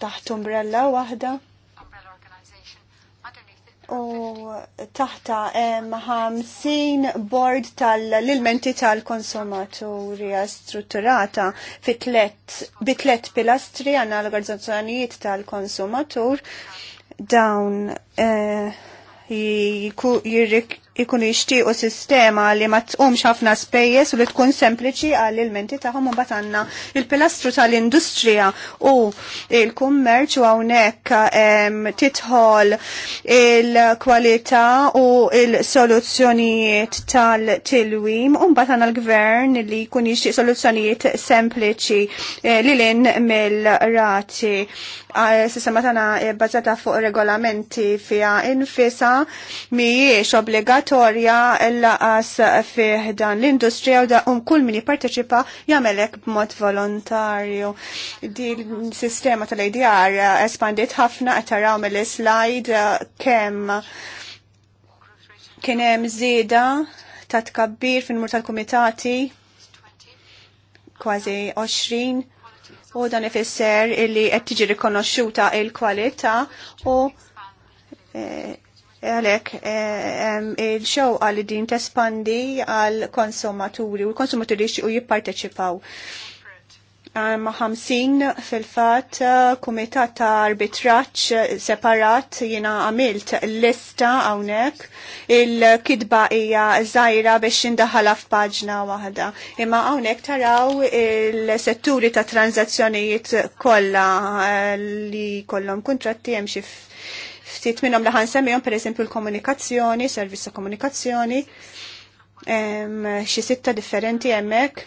Speaker 3: taħt umbrella waħda u taħta ħamsin board tal-ilmenti tal-konsumaturi strutturata bitlet pilastri għanna l-organizzazzjonijiet tal-konsumatur dawn eh, jirrik ikunu jixtiequ sistema li ma tqum ħafna spejjeż u li tkun sempliċi għall il-menti tagħhom u għandna il-pilastru tal-industrija u il-kummerċ u hawnhekk titħol il-kwalità u il-soluzzjonijiet tal-tilwim u batanna l-gvern li jkun jixtieq soluzzjonijiet sempliċi eh, li l-in mill-rati sistema tagħna bbażata fuq regolamenti fiha infisa mhijiex obbligat obbligatorja l-laqas fih dan l-industrija u um kull min jipparteċipa jagħmelek b'mod volontarju. Di l-sistema tal idr espandit ħafna qed taraw mill-slide kemm kien hemm żieda ta' tkabbir fin-mur tal-kumitati kważi 20 u dan ifisser illi qed tiġi rikonoxxuta il-kwalità u eh, għalek eh, il-xow għal din tespandi għal konsumaturi u l-konsumaturi u jipparteċipaw. Ma' 50 fil-fat eh, kumitat ta' arbitraċ separat jina għamilt lista għawnek il-kidba hija zaħira biex indaħala f'paġna waħda. Imma għawnek taraw il-setturi ta' tranzazzjonijiet kolla eh, li kollom kontratti jemxif ftit minnhom semmijom per pereżempju l-komunikazzjoni, servizza ta' komunikazzjoni, xi sitta differenti hemmhekk.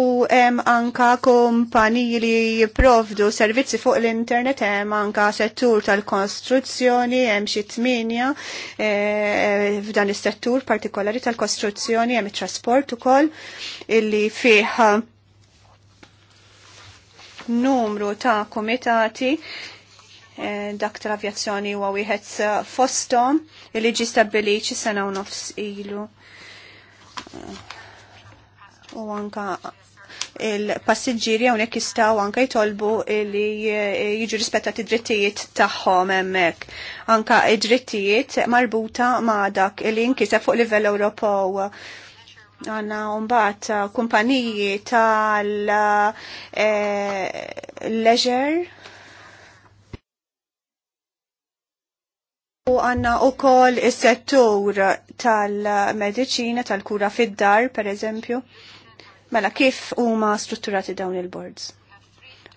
Speaker 3: U hemm anka kumpaniji li jipprovdu servizzi fuq l-internet hemm anka settur tal-kostruzzjoni hemm xi tminja eh, eh, f'dan is-settur partikolari tal-kostruzzjoni hemm it-trasport koll, illi fih eh, numru ta' komitati Eh, dak tal-avjazzjoni huwa wieħed eh, fosthom li ġi stabbilit sena u nofs ilu. Eh, u anka il-passiġġieri hawnhekk jistgħu anke jtolbu li jiġu rispettati d-drittijiet tagħhom hemmhekk. Anka d-drittijiet marbuta ma' dak li jinkiseb fuq livell Ewropew għanna unbat kumpaniji tal-leisure U għanna u kol il-settur tal-medicina, tal-kura fid-dar, per eżempju. Mela, kif huma strutturati dawn il-boards?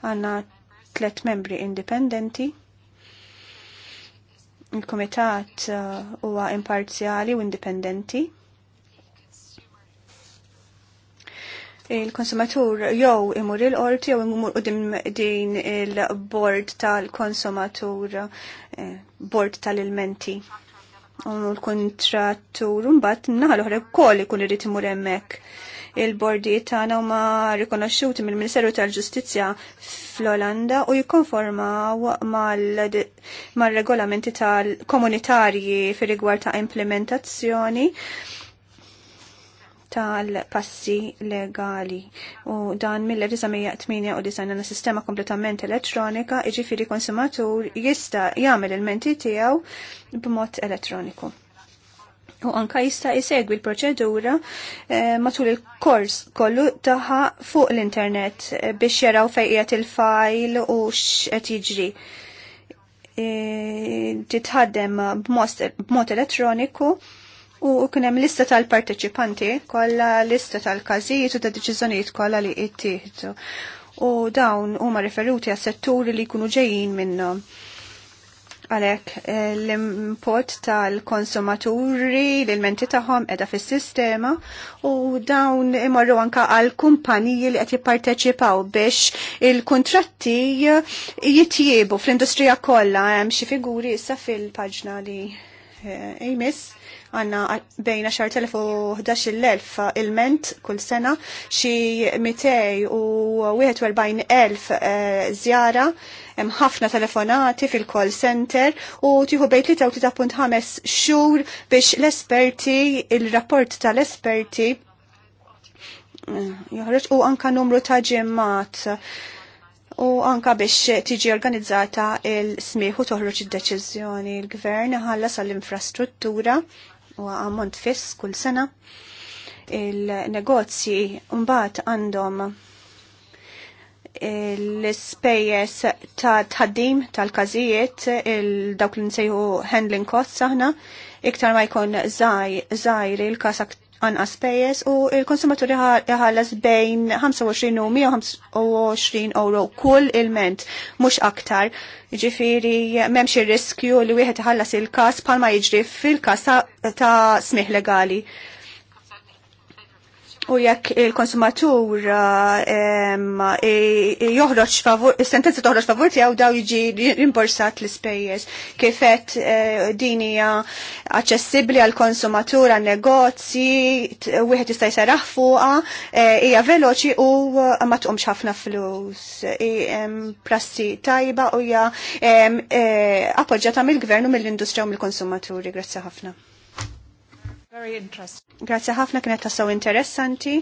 Speaker 3: Għanna tlet membri indipendenti. Il-komitat uh, huwa uh, imparzjali u indipendenti. il-konsumatur jew imur il-qorti jew imur din il-bord tal-konsumatur Eh, bord tal-ilmenti. U l-kontrattur mbagħad naħa l-oħra wkoll ikun irid imur hemmhekk. Il-bordi tagħna huma rikonoxxuti mill-Ministeru tal-Ġustizzja fl-Olanda u jikkonformaw mal-regolamenti tal-komunitarji fir rigwar ta' implementazzjoni tal-passi legali. U dan mill-1998 għanna sistema kompletament elettronika, iġifiri konsumatur jista jagħmel il-menti tiegħu b'mod elettroniku. U anka jista jisegwi l-proċedura eh, matul il-kors kollu taħa fuq l-internet eh, biex jaraw fejqiet il-fajl u x'qed jiġri eh, titħaddem b'mod elettroniku U kunem lista tal-parteċipanti, kolla lista tal-kazijiet u ta' deċiżjonijiet kolla li jittieħdu. U dawn huma riferuti għas setturi li jkunu ġejjin minnhom. Għalek eh, l-import tal-konsumaturi, l-menti tagħhom edha fis-sistema u dawn imorru anka għal kumpaniji li qed jipparteċipaw biex il-kontratti jitjiebu fl-industrija kollha hemm xi figuri issa fil-paġna li eh, jmiss għanna bejn 10.000 u 11.000 il-ment kull sena, xi 200 u 41.000 eh, zjara, hemm ħafna telefonati fil-call center u tieħu bejn ħames xhur biex l-esperti, il-rapport tal-esperti eh, joħroġ u anka numru ta' ġemmat u anka biex tiġi organizzata il-smiħu toħroġ id-deċiżjoni. Il-gvern ħallas għall-infrastruttura u għamont fiss kull sena. Il-negozji mbagħad għandhom l-spejjes ta' tħaddim tal-każijiet il-dawk li nsejħu handling costs aħna iktar ma jkun zaħir il-kas anqas pejjeż u il konsumaturi jħallas bejn 25 u 125 euro kull il-ment, mhux aktar. Ġifiri, m'hemmx ir-riskju li wieħed iħallas il-każ bħalma jiġri fil-każ ta' smih legali u jekk il-konsumatur eh, joħroġ favur, sentenza toħroġ favur tijaw daw jiġi rimborsat l-ispejjeż. Kifet eh, din hija aċċessibbli għal konsumatur għan negozji, wieħed jista' jseraħ fuqha, eh, hija veloċi u ma tqumx ħafna flus. Prassi tajba u hija appoġġjata mill-gvern u mill-industrija u mill-konsumaturi. Grazzi ħafna. Very interesting. Grazie ħafna kienet tassaw interessanti.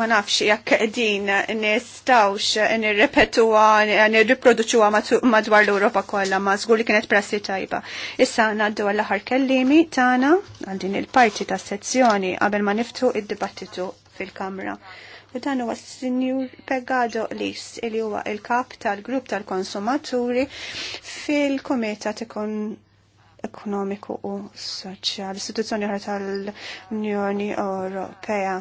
Speaker 3: ma nafx jekk din nistawx nirrepetuha nirriproduċuha madwar l-Ewropa kollha ma żgur li kienet prassi tajba. Issa ngħaddu għall aħħar kellimi tagħna għal din il-parti tas-sezzjoni qabel ma niftu id-dibattitu fil-Kamra. U dan huwa Sinjur Pegado Lis li huwa il-kap tal-grupp tal-konsumaturi fil-Kumitat ikun ekonomiku u soċjali, istituzzjoni oħra tal-Unjoni Ewropea.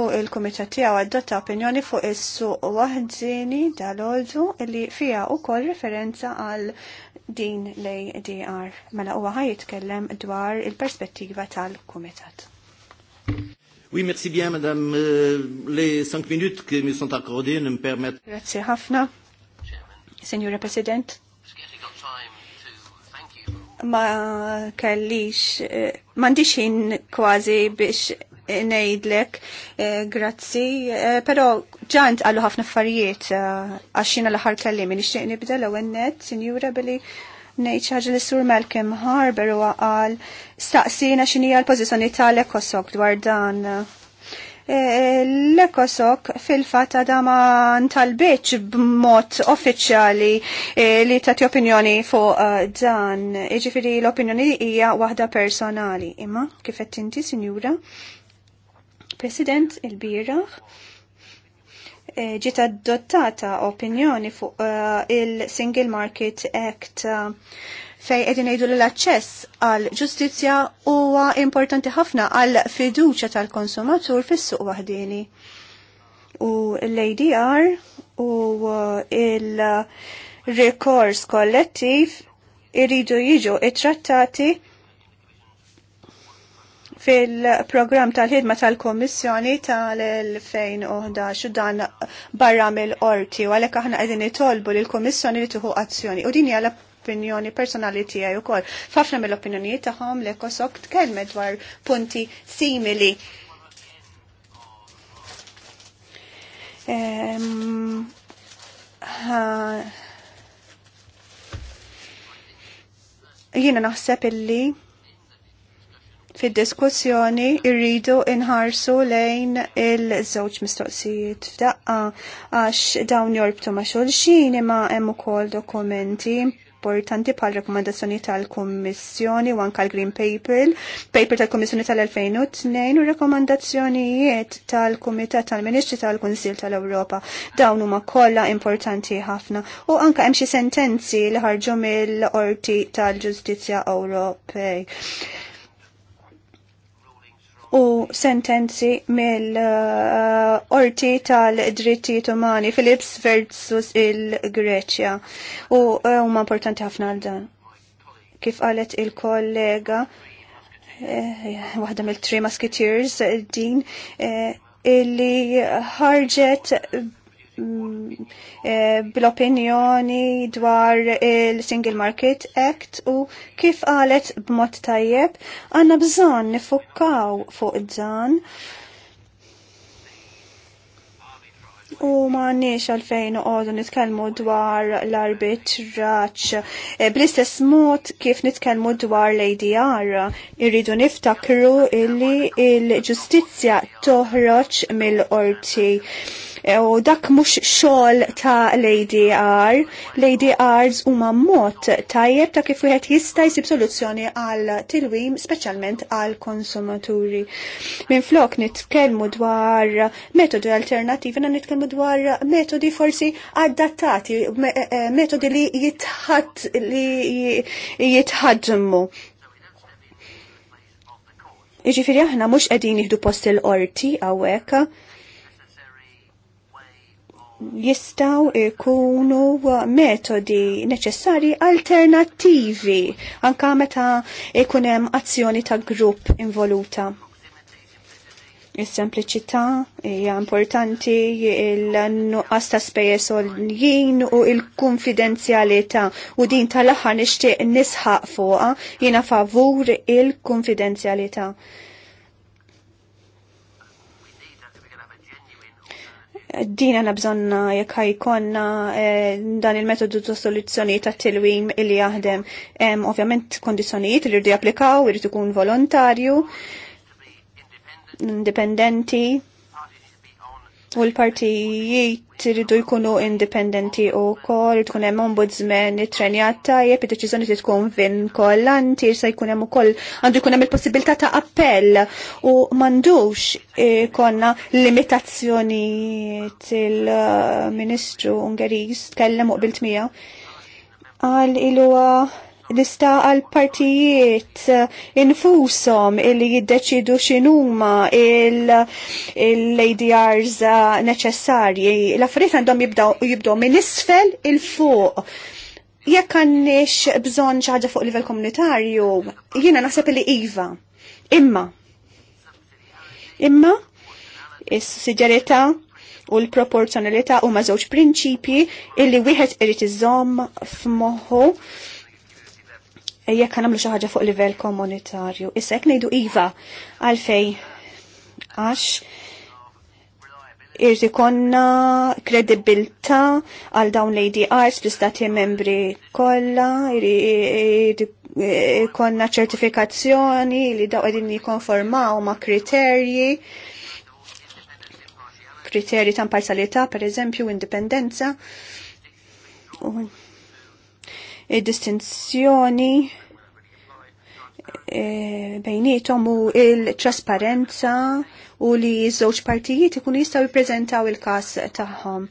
Speaker 3: U il-Kumitat tiegħu adotta opinjoni fuq is-suq waħdini dal-għodu li fija wkoll referenza għal din l-ADR. Mela huwa ħaj jitkellem dwar il-perspettiva tal-Kumitat. Oui, merci bien, madame. Euh, les cinq minutes qui me sont accordées ne me permettent... Grazie, ħafna. Signora President, ma kellix, eh, mandiċ ħin kważi biex nejdlek, eh, grazzi, eh, pero ġant għallu ħafna affarijiet għaxina l-ħar kellim minn nibda l-għennet, sinjura billi nejċ ħagġa li sur Malcolm Harbour u għal staqsina xinija l pozizjoni tal-ekosok dwar dan Eh, l-ekosok fil-fat għada ma b b'mod uffiċjali eh, li tati opinjoni fuq eh, dan. Iġifiri l-opinjoni hija waħda personali. Imma kifet inti, sinjura? President il-biraħ ġiet adottata opinjoni fuq il-Single Market Act fej edin ejdu l-aċċess għal ġustizja huwa importanti ħafna għal fiduċa tal-konsumatur fis-suq waħdini. U l-ADR u uh, il-rekors kollettiv iridu jiġu it-trattati fil-program tal-ħidma tal-Komissjoni tal-2011 dan barra mill-qorti u għalek aħna għedin nitolbu l-Komissjoni li tuħu azzjoni. U din hija opinjoni personali tiegħi kol. Fafna mill-opinjonijiet tagħhom li Kosok tkelme dwar punti simili. Um, jiena naħseb illi fid-diskussjoni irridu inħarsu lejn il-żewġ mistoqsijiet f'daqqa għax dawn jorbtu ma' xulxin imma hemm ukoll dokumenti importanti bħal rekomendazzjoni tal-Kummissjoni u anka l-Green Paper, paper tal-Kummissjoni tal-2002 u rekomendazzjonijiet tal-Kumitat tal-Ministri tal-Kunsil tal-Ewropa. Dawn huma kollha importanti ħafna u anka hemm xi sentenzi li ħarġu mill-Qorti tal-Ġustizzja Ewropej u sentenzi mill-orti tal-drittijiet umani Philips versus il-Greċja u eh, huma importanti ħafna għal dan. Kif qalet il-kollega eh, waħda mill tri Musketeers eh, din eh, illi ħarġet Mm, eh, bil-opinjoni dwar il-Single Market Act u kif qalet b'mod tajjeb għanna bżon nifukkaw fuq dan u ma nix għalfejn għodu nitkelmu dwar l-arbitraċ eh, bl-istess mod kif nitkelmu dwar l-ADR irridu niftakru illi il-ġustizja toħroċ mill-orti Eh, u dak mhux xogħol ta' Lady R. Lady adrs huma mod tajjeb ta' kif wieħed jista' jsib soluzzjoni għal tilwim speċjalment għal konsumaturi. Minflok nitkellmu dwar metodi alternattivi, na nitkellmu dwar metodi forsi adattati, eh, eh, metodi li jitħad li jitħadmu. Iġifiri aħna mux qegħdin jihdu post il-qorti għawek, jistaw ikunu metodi neċessari alternativi anka meta ikunem azzjoni ta' grupp involuta. Is-sempliċità hija importanti il-nuqqas ta' spejjeż jien u il-konfidenzjalità u din tal-aħħar nixtieq nisħaq fuqha jiena favur il-konfidenzjalità. il konfidenzjalità Din għanna bżonna eh, jekk ħajkonna eh, dan il-metodu ta' soluzzjoni ta' tilwim li jaħdem. Ovvjament kondizjonijiet li rridu japplikaw, irridu ikun volontarju, indipendenti U l-partijiet iridu jkunu indipendenti u kol, tkun hemm ombudsman it trenjata tajjeb, id-deċiżjoni li tkun vinkollanti, se jkun hemm ukoll għandu jkun hemm il-possibilità ta' appell u m'għandux eh, konna limitazzjonijiet il-Ministru Ungeriż tkellem u qbilt miegħu. Għal iluwa nista għal partijiet eh, infusom illi jiddeċidu xinuma il-ADRs il eh, neċessarji. L-affarijiet għandhom jibdow minn isfel il-fuq jekk għandix bżonn xi ħaġa fuq livell komunitarju, jiena naħseb li iva. Imma. Imma is-siġerità u l-proporzjonalità huma żewġ prinċipji illi wieħed irid iżomm f'moħħu jek nagħmlu xi ħaġa fuq livell komunitarju. Issa jekk ngħidu iva għalfej għax irrid konna kredibilità għal dawn Lady Arts bl istati membri kollha, irrid konna ċertifikazzjoni li daw għedin jikkonformaw ma' kriterji kriterji ta' imparzjalità, per eżempju, indipendenza id-distinzjoni eh, bejnietom u il-trasparenza u li żewġ partijiet ikun jistgħu jippreżentaw il-każ tagħhom.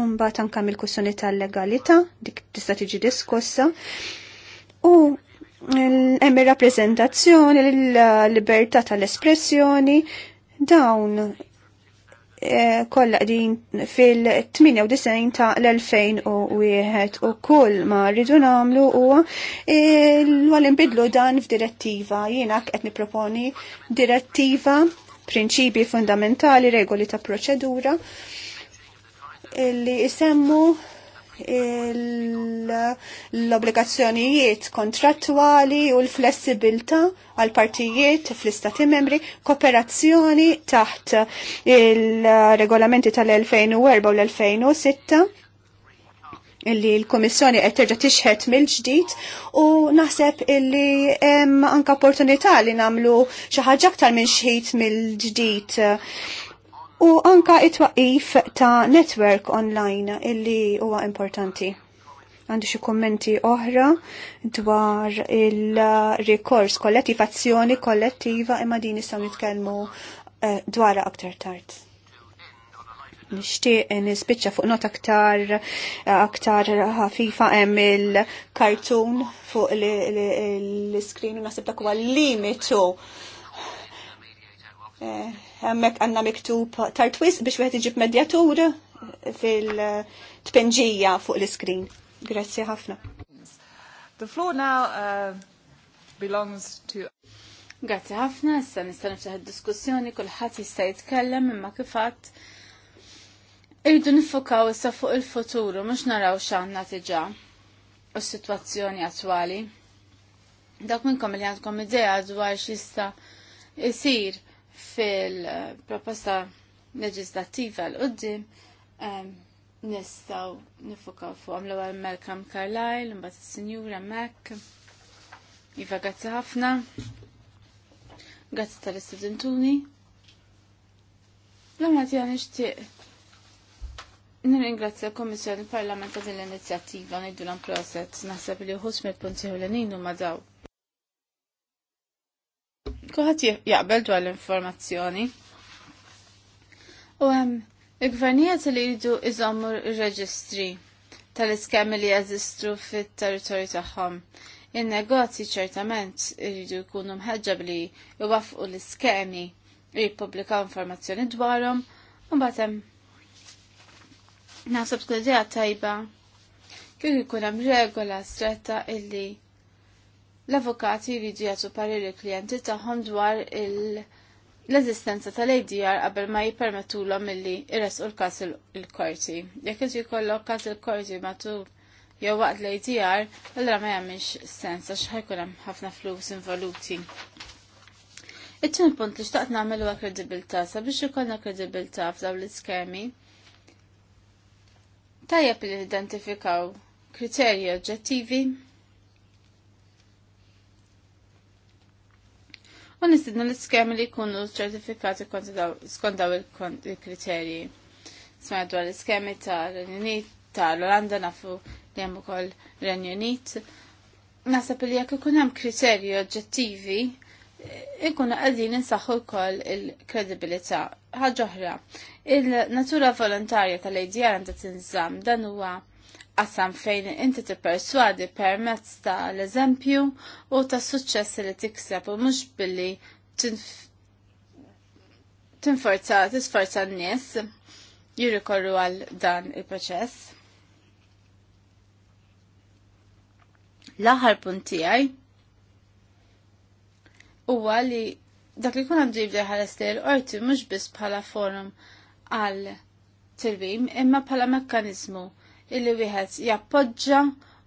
Speaker 3: Umba tankam il-kussjoni tal-legalità, dik tista' tiġi diskussa. U hemm ir-rappreżentazzjoni, l-libertà tal-espressjoni, dawn kollha din fil-98 ta' l-2001 u kull ma rridu nagħmlu huwa e, l bidlu dan f'direttiva. Jiena qed proponi direttiva, prinċipi fundamentali, regoli ta' proċedura li isemmu l-obbligazzjonijiet kontrattwali u l-flessibilta għal partijiet fl-istati membri, kooperazzjoni taħt il-regolamenti tal-2004 u l-2006 illi l-Komissjoni qed terġa' tixħed mill-ġdid u naħseb illi hemm anke opportunità li nagħmlu xi ħaġa aktar minn xħid mill-ġdid u anka it-twaqif ta' network online illi huwa importanti. Għandu xi kummenti oħra dwar il-rikors kollettiv, azzjoni kollettiva imma din issa nitkelmu eh, dwar aktar tard nishtiq nispiċċa fuq not aktar aktar ħafifa hemm il-kartun fuq l-iskrin u nasib dak huwa limitu. Eh, hemmhekk għandna miktub tartwis biex wieħed iġib medjatur fil-tpenġija fuq l-iskrin. Grazzi ħafna. The floor now
Speaker 2: uh, belongs to Grazzi ħafna, issa nista' niftaħ id-diskussjoni, kulħadd jista' jitkellem imma kif kifatt irridu nifokaw issa fuq il-futuru mhux naraw x'għandna diġà u s-sitwazzjoni attwali. Dak minnkom li għandkom idea dwar x'jista' jsir fil-proposta leġislativa l-qoddim um, nistaw nifukaw fuq għamlu għal Malcolm Carlyle, mbagħad is-Sinjura Mac, Iva grazzi ħafna, grazzi tal-istudentuni. L-għamma tijan ixtieq Nirringrazzja l-Kommissjoni Parlament ta' din l-inizjattiva ngħidu l proset naħseb li uħus mill-punti ħulenin huma daw kulħadd jaqbel dwar l-informazzjoni. U hemm il-gvernijiet li jridu iżommu r-reġistri tal-iskemi li jeżistru fit-territorju tagħhom. In-negozji ċertament jridu jkunu mħeġġab li jwafqu l-iskemi jippubblikaw informazzjoni dwarhom u batem. hemm Naħseb tkun idea tajba kif ikun hemm regola stretta illi l-avukati jridu jagħtu pariri klijenti tagħhom dwar l-eżistenza tal-ADR qabel ma jippermettulhom milli jresqu l-każ il-korti. Jekk inti jkollok każ il-korti matul jew waqt l-ADR, allura ma jagħmilx sens għax ħajkun hemm ħafna flus involuti. Iċċen punt li xtaqt namel huwa kredibilità, sabiex ikollna kredibilità f'dawn l-iskemi. Tajjeb li identifikaw kriterji oġġettivi u nistidna l-iskemi li jkunu ċertifikati skont il-kriterji. Sma dwar l-iskemi ta' l-Unit, ta' l-Olanda nafu li hemm ukoll l-Unit. Nasab li jekk ikun hemm kriterji oġġettivi, eh, ikun qegħdin insaħħu wkoll il-kredibilità. Ħaġa oħra, il-natura volontarja tal-ADR għandha tinżamm dan huwa qasam fejn inti tipperswadi permezz ta' l-eżempju u ta' suċċess li tikseb u mhux billi tinforza tisforza n-nies jirrikorru għal dan il-proċess. L-aħħar punt tiegħi huwa li dak li kun għandu jibda ħares li qorti mhux biss bħala forum għal tirbim imma bħala mekkaniżmu illi wieħed jappoġġa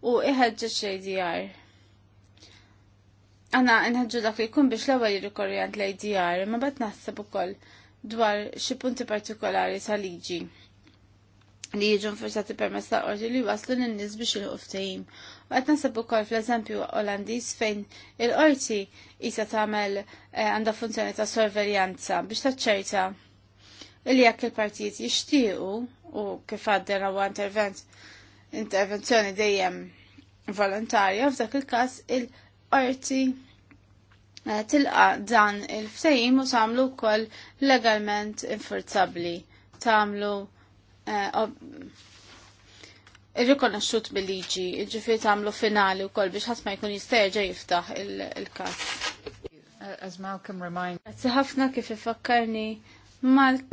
Speaker 2: u iħeġġeġ l djar. Għana nħedġu dak li jkun biex l-ewwel jirrikorjant lej l-ADR, ma bad naħseb ukoll dwar xi punti partikolari ta' liġi li jiġu nfursati permess ta' qorti li waslu n-nis biex il-uftajim. U naħseb ukoll fl-eżempju Olandiż fejn il-qorti jisa tagħmel eh, għandha funzjoni ta' sorveljanza biex taċċerta li jekk il-partijiet jixtiequ u kif għadden għu intervent intervenzjoni dejjem volontarja f'dak il-każ il-qorti eh, tilqa dan il-ftehim u tagħmlu wkoll legalment infurzabbli tagħmlu eh, irrikonoxxut bil-liġi, ġifieri tagħmlu finali wkoll biex ħadd ma jkun jista' jiftaħ il-każ. As Malcolm remind. Grazzi ħafna kif ifakkarni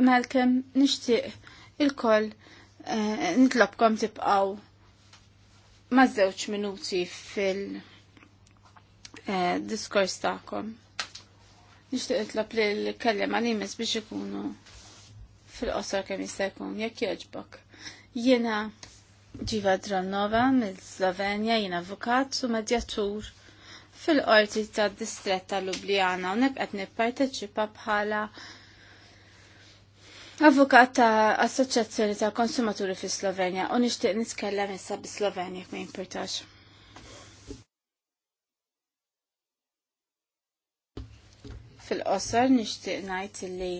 Speaker 2: Malcolm nixtieq il-koll eh, nitlobkom tibqgħu ma' żewġ minuti fil-diskors eh, tagħkom. Nixtieq itlob li l-kellem għal biex ikunu fil-qosor kemm jista' jkun, jekk jogħġbok. Jiena Ġiva Dranova mill-Slovenja, jiena avukat u medjatur fil-qorti tad distretta ta' Ljubljana u qed nipparteċipa bħala Avukat ta' Assoċjazzjoni ta' Konsumaturi fi Slovenja u nixtieq nitkellem issa bi Slovenja ma jimpurtax. Fil-qosor nixtieq ngħid li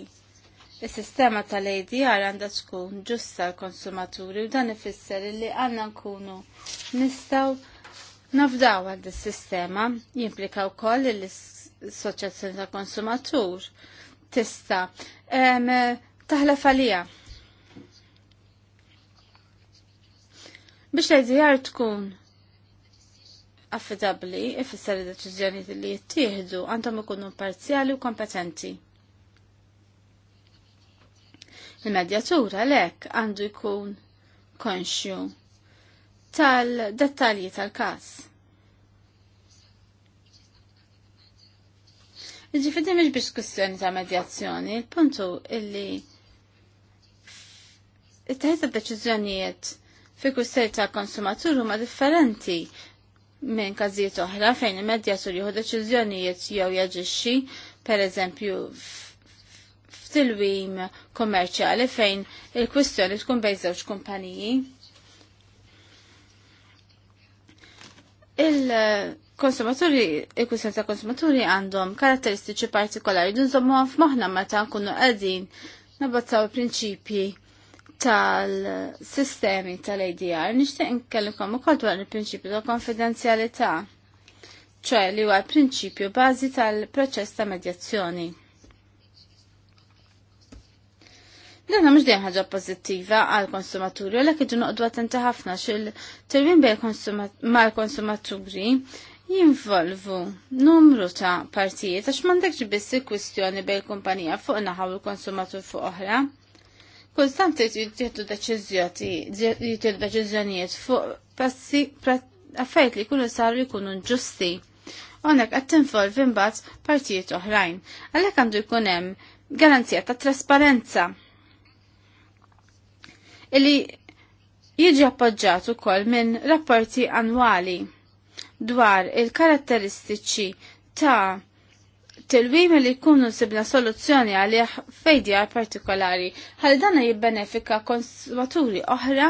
Speaker 2: is-sistema tal-ADR għandha tkun ġusta l-konsumaturi u dan ifisser li għandna nkunu nistgħu nafdaw għal is-sistema jimplika wkoll l-Assoċjazzjoni ta' Konsumatur tista' taħla għalija. Biex l-IDR tkun affidabli, ifisser id-deċizjoni li jittieħdu għandhom ikunu parzjali u kompetenti. Il-medjatura lek għandu jkun konxju tal-dettalji tal-kas. Ġifidi miex biex kussjoni ta' medjazzjoni, il-puntu illi it-teħet ta' deċiżjonijiet fi kussell ta' konsumatur huma differenti minn każijiet oħra fejn il-medjatur jieħu deċiżjonijiet jew jaġixxi pereżempju f'tilwim kommerċjali fejn il-kwistjoni tkun bejn żewġ kumpaniji. Il-konsumaturi, il-kwistjoni ta' konsumaturi għandhom karatteristiċi partikolari dinżommu għaf maħna meta nkunu qegħdin nabbazzaw il-prinċipji tal-sistemi tal-ADR nixtieq nkellimkom ukoll dwar il-prinċipju ta' konfidenzjalità, ċe li huwa l-prinċipju bażi tal-proċess ta' medjazzjoni. Dan mhux dejjem ħaġa pożittiva għall konsumaturi għalhekk iġu noqdu attenti ħafna x'il-termin mal-konsumaturi jinvolvu numru ta' partijiet għax m'għandekx biss il-kwistjoni bejn kumpanija fuq naħaw il-konsumatur fuq oħra. Konstant jittieħdu deċiżjonijiet fuq passi affajt li jkunu saru jkunu ġusti. Onek qed tinvolvi mbagħad partijiet oħrajn. Għalhekk għandu jkun hemm garanzija ta' trasparenza. Illi jiġi appoġġat ukoll minn rapporti annwali dwar il-karatteristiċi ta' tilwim li jkunu sibna soluzzjoni għalih fejdja partikolari, ħalli dana jibbenefika konsumaturi oħra,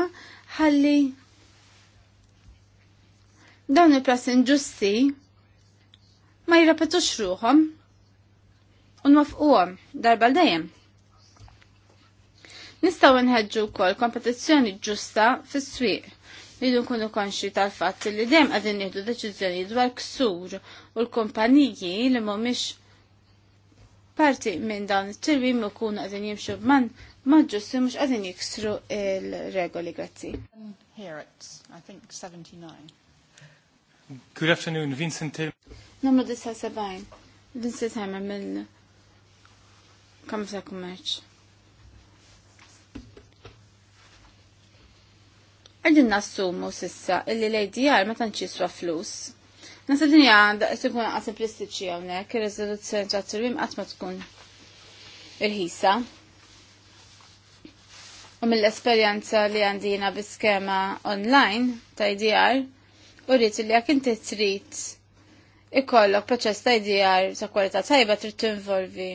Speaker 2: ħalli dawn il-pras inġusti ma jirrapetux ruhom u nwafquhom darba dejjem. Nistaw nħedġu kol kompetizzjoni ġusta fis-swieq jdu nkunu konxi tal-fatt li dejjem qegħdin nieħdu deċiżjoni dwar ksur u l-kumpaniji li mhumiex parti minn dawn it ma ikunu qegħdin jimxu b'man ma ġusti mhux qegħdin jiksru il-regoli grazzi.
Speaker 1: Good afternoon, Vincent
Speaker 2: Tim. Numru 79. Vincent Hammer mill Kamsa Kummerċ. Għadin nassumu sissa illi lejdi għar ma tantx flus. Nasib da s tkun għan simplistiċi għonek, il-rezoluzzjoni ta' t-turbim għatma tkun il-ħisa. U mill-esperienza li għandina b skema online ta' IDR, u rrit li għak inti trit ikollok proċess ta' IDR ta' kwalità tajba trid tinvolvi.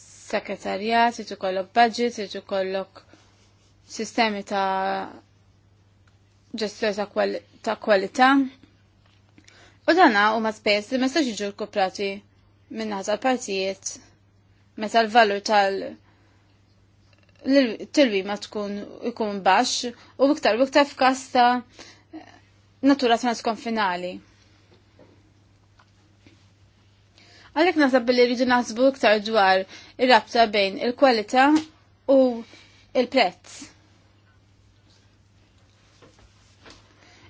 Speaker 2: Sekretarjat, trid ikollok budget, trid ikollok sistemi ta' ġestjoni ta' kwalità. U dana huma spess li ma jistax jiġu rkuprati minn tal-partijiet meta l-valur tal- l-tilwi ma tkun ikun baxx u biktar u iktar f'kasta natura finali. Għalek nasab li rridu nasbu iktar dwar ir-rabta bejn il-kwalità u il-prezz.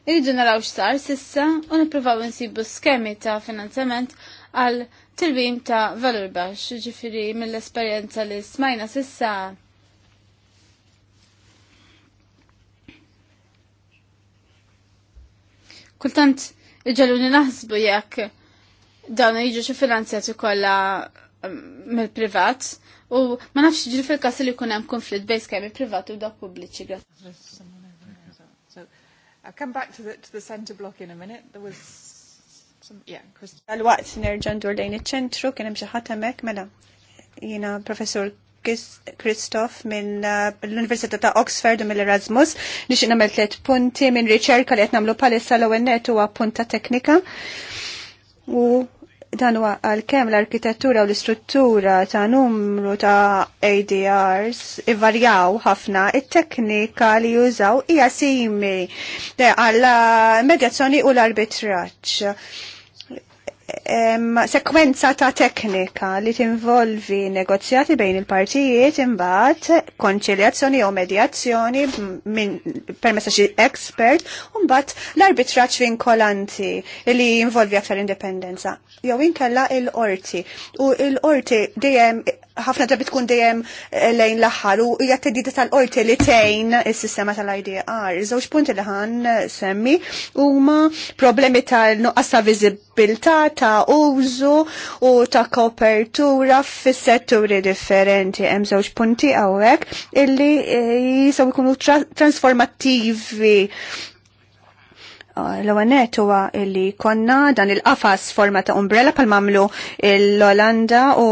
Speaker 2: Irridu naraw x'sar sissa u nippruvaw insibu skemi ta' finanzament għal tilbim ta' valur bax, ġifiri mill-esperjenza li smajna sissa. Kultant iġaluni naħsbu jekk dawn jiġu xi finanzjati kollha mm, mill-privat u ma nafx ġifir fil-kas li jkun hemm konflitt bejn skemi privat u dak pubbliċi.
Speaker 3: I'll come back to the, to the center block in a minute. There was some, yeah, Christine. Għal-waqt nerġan dur lejn iċ-ċentru kien hemm xi ħadd hemmhekk mela. Jiena professor Kristof minn uh, l-Università ta' Oxford u mill-Erasmus nix namel tliet punti minn riċerka li qed nagħmlu palissa l-ewwel net huwa punta teknika u dan huwa għalkemm l-arkitettura u l-istruttura ta' numru ta' ADRs ivarjaw ħafna, it-teknika li jużaw hija simili għall medjazzjoni u l-arbitraġġ sekwenza ta' teknika li tinvolvi negozjati bejn il-partijiet imbagħad konċiljazzjoni jew medjazzjoni minn permessa xi expert u mbagħad l-arbitraġġ vinkolanti li jinvolvi aktar indipendenza jew inkella il-qorti u il-qorti dejjem ħafna drabi tkun dejjem eh, lejn l-aħħar u hija teddida tal-qorti li tejn is-sistema tal-IDR. Żewġ punti li ħan eh, semmi huma problemi tal-nuqqas ta' viżibilità ta' użu u ta' kopertura fis-setturi differenti. Hemm żewġ punti hawnhekk illi eh, jisaw jkunu transformattivi l-għanet huwa li konna dan il-qafas forma ta' umbrella pal mamlu l-Olanda u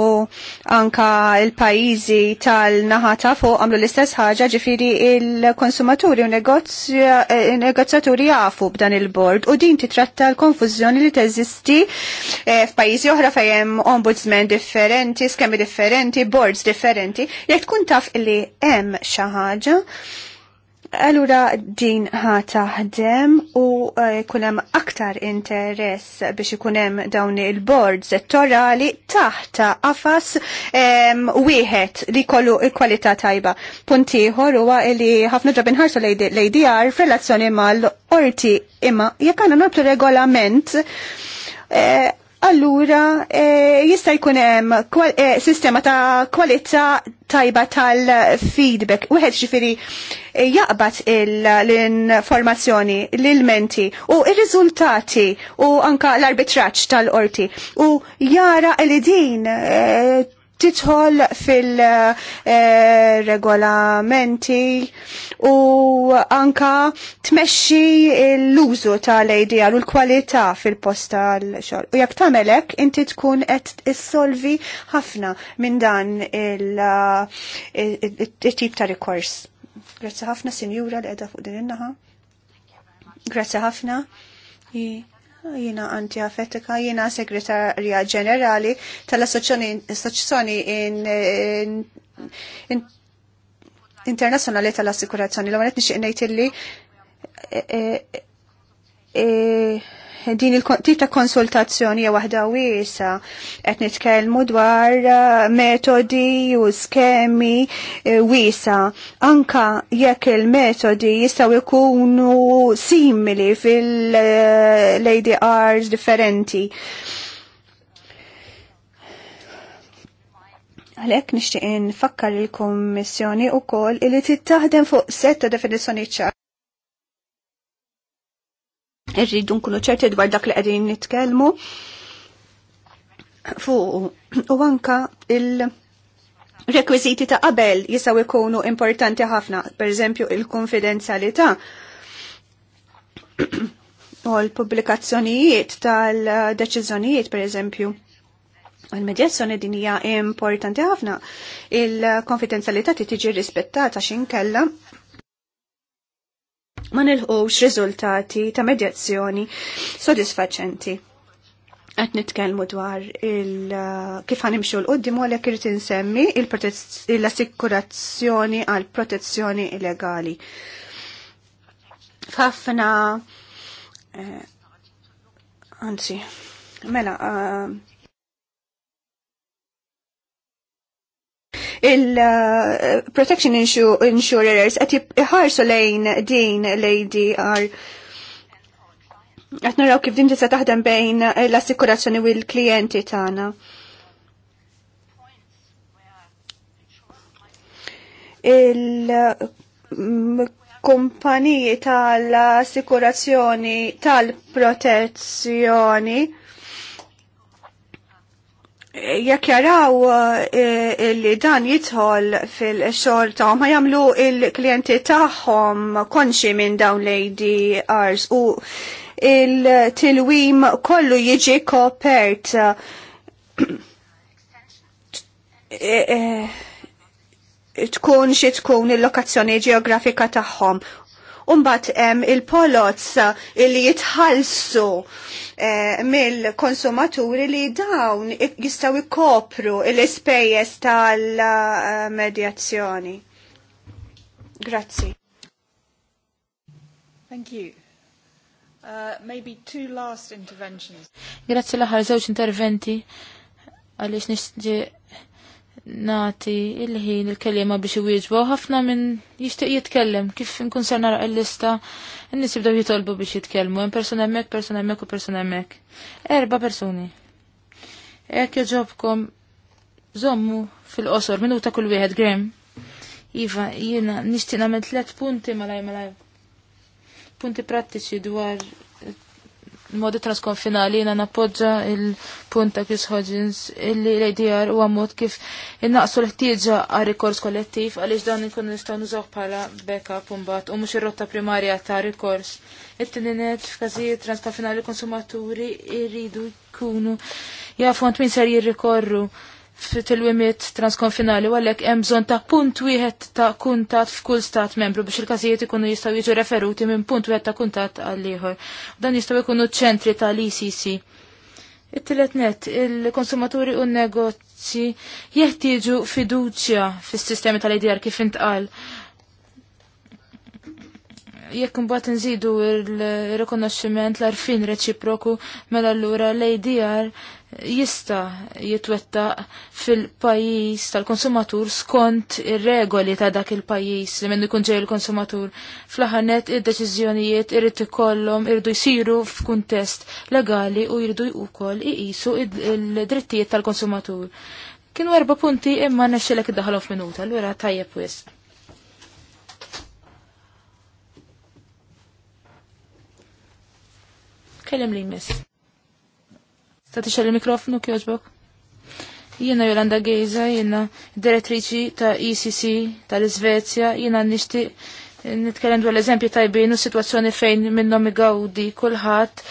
Speaker 3: anka il-pajizi tal-naħata fuq għamlu l-istess ħaġa ġifiri il-konsumaturi u eh, negozjaturi jafu b'dan il-bord u din titratta l-konfuzjoni li teżisti eh, f'pajizi oħra fejem ombudsman differenti, skemi differenti, boards differenti, jek tkun taf li hemm xi ħaġa Allura din ħa taħdem u uh, kunem aktar interess biex ikunem dawn il bord settorali taħta għafas wieħed li kollu kwalità tajba. Puntiħor huwa li ħafna ġabin ħarsu l-ADR f'relazzjoni mal-orti imma jekk għandna regolament eh, allura e, jista' jkun hemm e, sistema ta' kwalità tajba tal-feedback. Wieħed ġifieri e, jaqbad l-informazzjoni, l-ilmenti u r-riżultati u anka l-arbitraġġ tal-qorti u jara li din titħol fil-regolamenti u anka tmexxi l-użu tal-ADR u l-kwalità fil-post tal-xogħol. U jekk tagħmelek inti tkun qed issolvi ħafna minn dan il-tip ta' rikors. Grazzi ħafna sinjura li qiegħda fuq din in-naħa. Grazzi ħafna jina għanti għafetika, jina segretarja ġenerali tal-Assoċjoni in, in, in, Internazzjonali tal-Assikurazzjoni. L-għanet nixin nejtilli e, e, e, din il-tip ta' konsultazzjoni hija waħda wiesa qed nitkellmu dwar eh, metodi u skemi eh, wiesa anka jekk il-metodi jistgħu jkunu simili fil eh, arts differenti. Għalek nishtiqin fakkar il-Kommissjoni u kol illi tittaħdem fuq setta definizjoni ċar. Irridu nkunu ċerti dwar dak li qegħdin nitkellmu fuq u anka il- Rekwiziti ta' qabel jisaw ikunu importanti ħafna, per eżempju il-konfidenzjalità u l-pubblikazzjonijiet tal-deċiżjonijiet, per eżempju. Il-medjazzjoni din hija importanti ħafna. Il-konfidenzjalità tiġi rispettata x'inkella ma nilħux riżultati ta' medjazzjoni sodisfaċenti għat nitkelmu dwar uh, kif għanimxu l qoddimu għalek irrit insemmi l-assikurazzjoni għal protezzjoni illegali. Fafna eh, anzi, mela, uh, il-protection insurers qed iħarsu lejn din l-ADR. Qed naraw kif din tista' taħdem bejn l-assikurazzjoni u l-klijenti tagħna. il kumpaniji tal-assikurazzjoni tal-protezzjoni jekk jaraw eh, eh, li dan jidħol fil xol tagħhom ma jagħmlu il-klijenti tagħhom konxi minn dawn Lady Ars u il-tilwim kollu jiġi kopert. Eh, tkun xi tkun il-lokazzjoni ġeografika tagħhom Umbat il-polots eh, li jitħalsu eh, mill-konsumaturi li dawn jistaw ikopru l-ispejjeż tal-medjazzjoni. Eh, Grazzi. Thank
Speaker 2: you. Uh, maybe two last interventions.
Speaker 1: Grazzi l ħar żewġ interventi għaliex nixtieq nati il-ħin il-kelima biex iwieġbu ħafna minn jixtieq jitkellem kif nkun ser nara il-lista n nis jibdaw jitolbu biex jitkellmu hemm persona hemmhekk, persona hemmhekk u persona hemmhekk. Erba' persuni. Ek joġobkom żommu fil-qosor minuta kull wieħed grem. Iva, jiena nixtieq nagħmel tliet punti malaj malaj. Punti prattiċi dwar modi transkonfinali jina nappoġġa il-punt ta' Chris Hodgins illi l-IDR u għamot kif innaqsu l-ħtieġa għal rikors kollettiv għaliex dan nkun nistgħu nużaw bħala backup pumbat, u mhux ir-rotta primarja ta' rikors. It-tininet f'każijiet transkonfinali konsumaturi jridu jkunu jafu min ser jirrikorru fit-tilwimiet transkonfinali għalek hemm bżonn ta' punt wieħed ta' kuntat f'kull stat membru biex il-każijiet ikunu jistgħu jiġu referuti minn punt wieħed ta' kuntat għal ieħor. Dan jistgħu jkunu ċentri tal-ICC. It-tielet net, il-konsumaturi u negozji jeħtieġu fiduċja fis-sistemi tal-IDR kif intqal. Jekk imbagħad nżidu il-rikonoxximent l-arfin reċiproku mela allura l-IDR jista jitwettaq fil-pajis tal-konsumatur skont ir-regoli ta' dak il-pajis li minn ikun ġej il-konsumatur. Fl-ħanet id-deċiżjonijiet irid ikollhom irdu jsiru f'kuntest legali u jirdu wkoll iqisu il-drittijiet tal-konsumatur. Kienu erba punti imma nexxilek id-daħalhom f'minuta, allura tajjeb wis. Kellem li jmiss. Ta' tixel il-mikrofonu kjoġbok. Jiena Jolanda Gejza, jiena direttriċi ta' ECC tal-Svezja, jiena nishti nitkellem dwar l-eżempju tajbin u situazzjoni fejn minnhom igawdi kulħadd.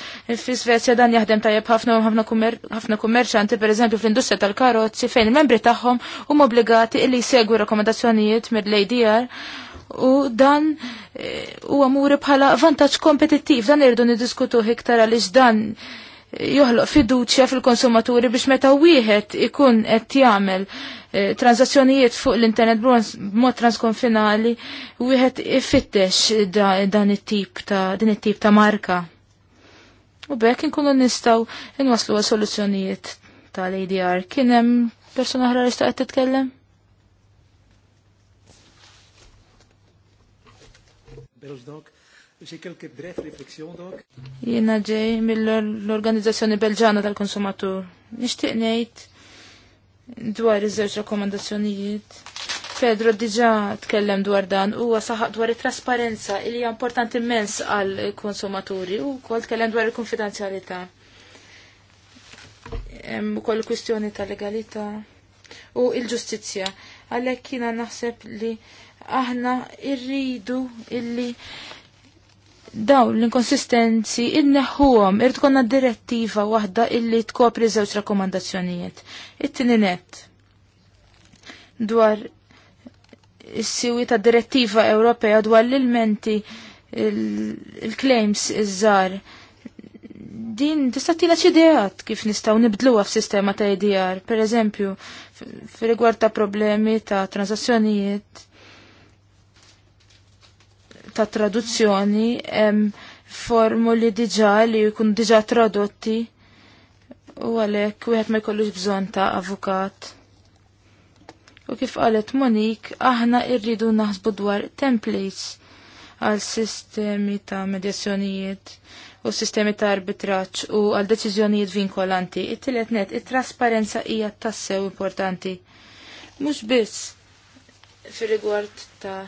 Speaker 1: Fi Svezja dan jaħdem tajjeb ħafna ħafna ħafna kummerċanti pereżempju fl-industrija tal-karozzi fejn il-membri tagħhom huma obbligati li jsegwu rakkomandazzjonijiet mill-ADR u dan eh, huwa e, muri bħala vantaġġ kompetittiv dan irdu niddiskutuh iktar għaliex dan joħloq fiduċja fil-konsumaturi biex meta wieħed ikun qed jagħmel eh, transazzjonijiet fuq l-internet b'mod transkonfinali wieħed ifittex dan it-tip ta' din it-tip ta' marka. U bekk inkunu nistgħu inwaslu għal soluzzjonijiet tal-ADR. Kien hemm persuna oħra li qed titkellem? Bill's dog. Dus ik bref
Speaker 3: reflexion dok.
Speaker 1: Jena ġej mill-Organizzazzjoni Belġana tal-Konsumatur. Nixtieq ngħid dwar iż-żewġ rakkomandazzjonijiet. Pedro diġa' tkellem dwar dan huwa saħaq dwar it-trasparenza li hija importanti immens għall konsumaturi u wkoll tkellem dwar il-konfidenzjalità. Hemm kwistjoni tal legalità u il-ġustizzja. Għalhekk jiena naħseb li aħna irridu illi daw l-inkonsistenzi inneħħuhom irid konna direttiva waħda illi tkopri żewġ rakkomandazzjonijiet. It-tieni net dwar is-siwi ta' direttiva Ewropea dwar l-ilmenti il-claims iż-żar. Din tista' tina ċideat kif nistgħu nibdluha f'sistema ta' IDR, per eżempju, f'rigward ta' problemi ta' transazzjonijiet ta' traduzzjoni hemm formuli diġà li jkun diġà tradotti u għalhekk wieħed ma jkollux bżonn ta' avukat. U kif qalet Monik, aħna irridu naħsbu dwar templates għal sistemi ta' medjazzjonijiet u sistemi ta' arbitraċ u għal deċiżjonijiet vinkolanti. It-tielet net, it-trasparenza hija tassew importanti. Mhux biss fir rigward ta'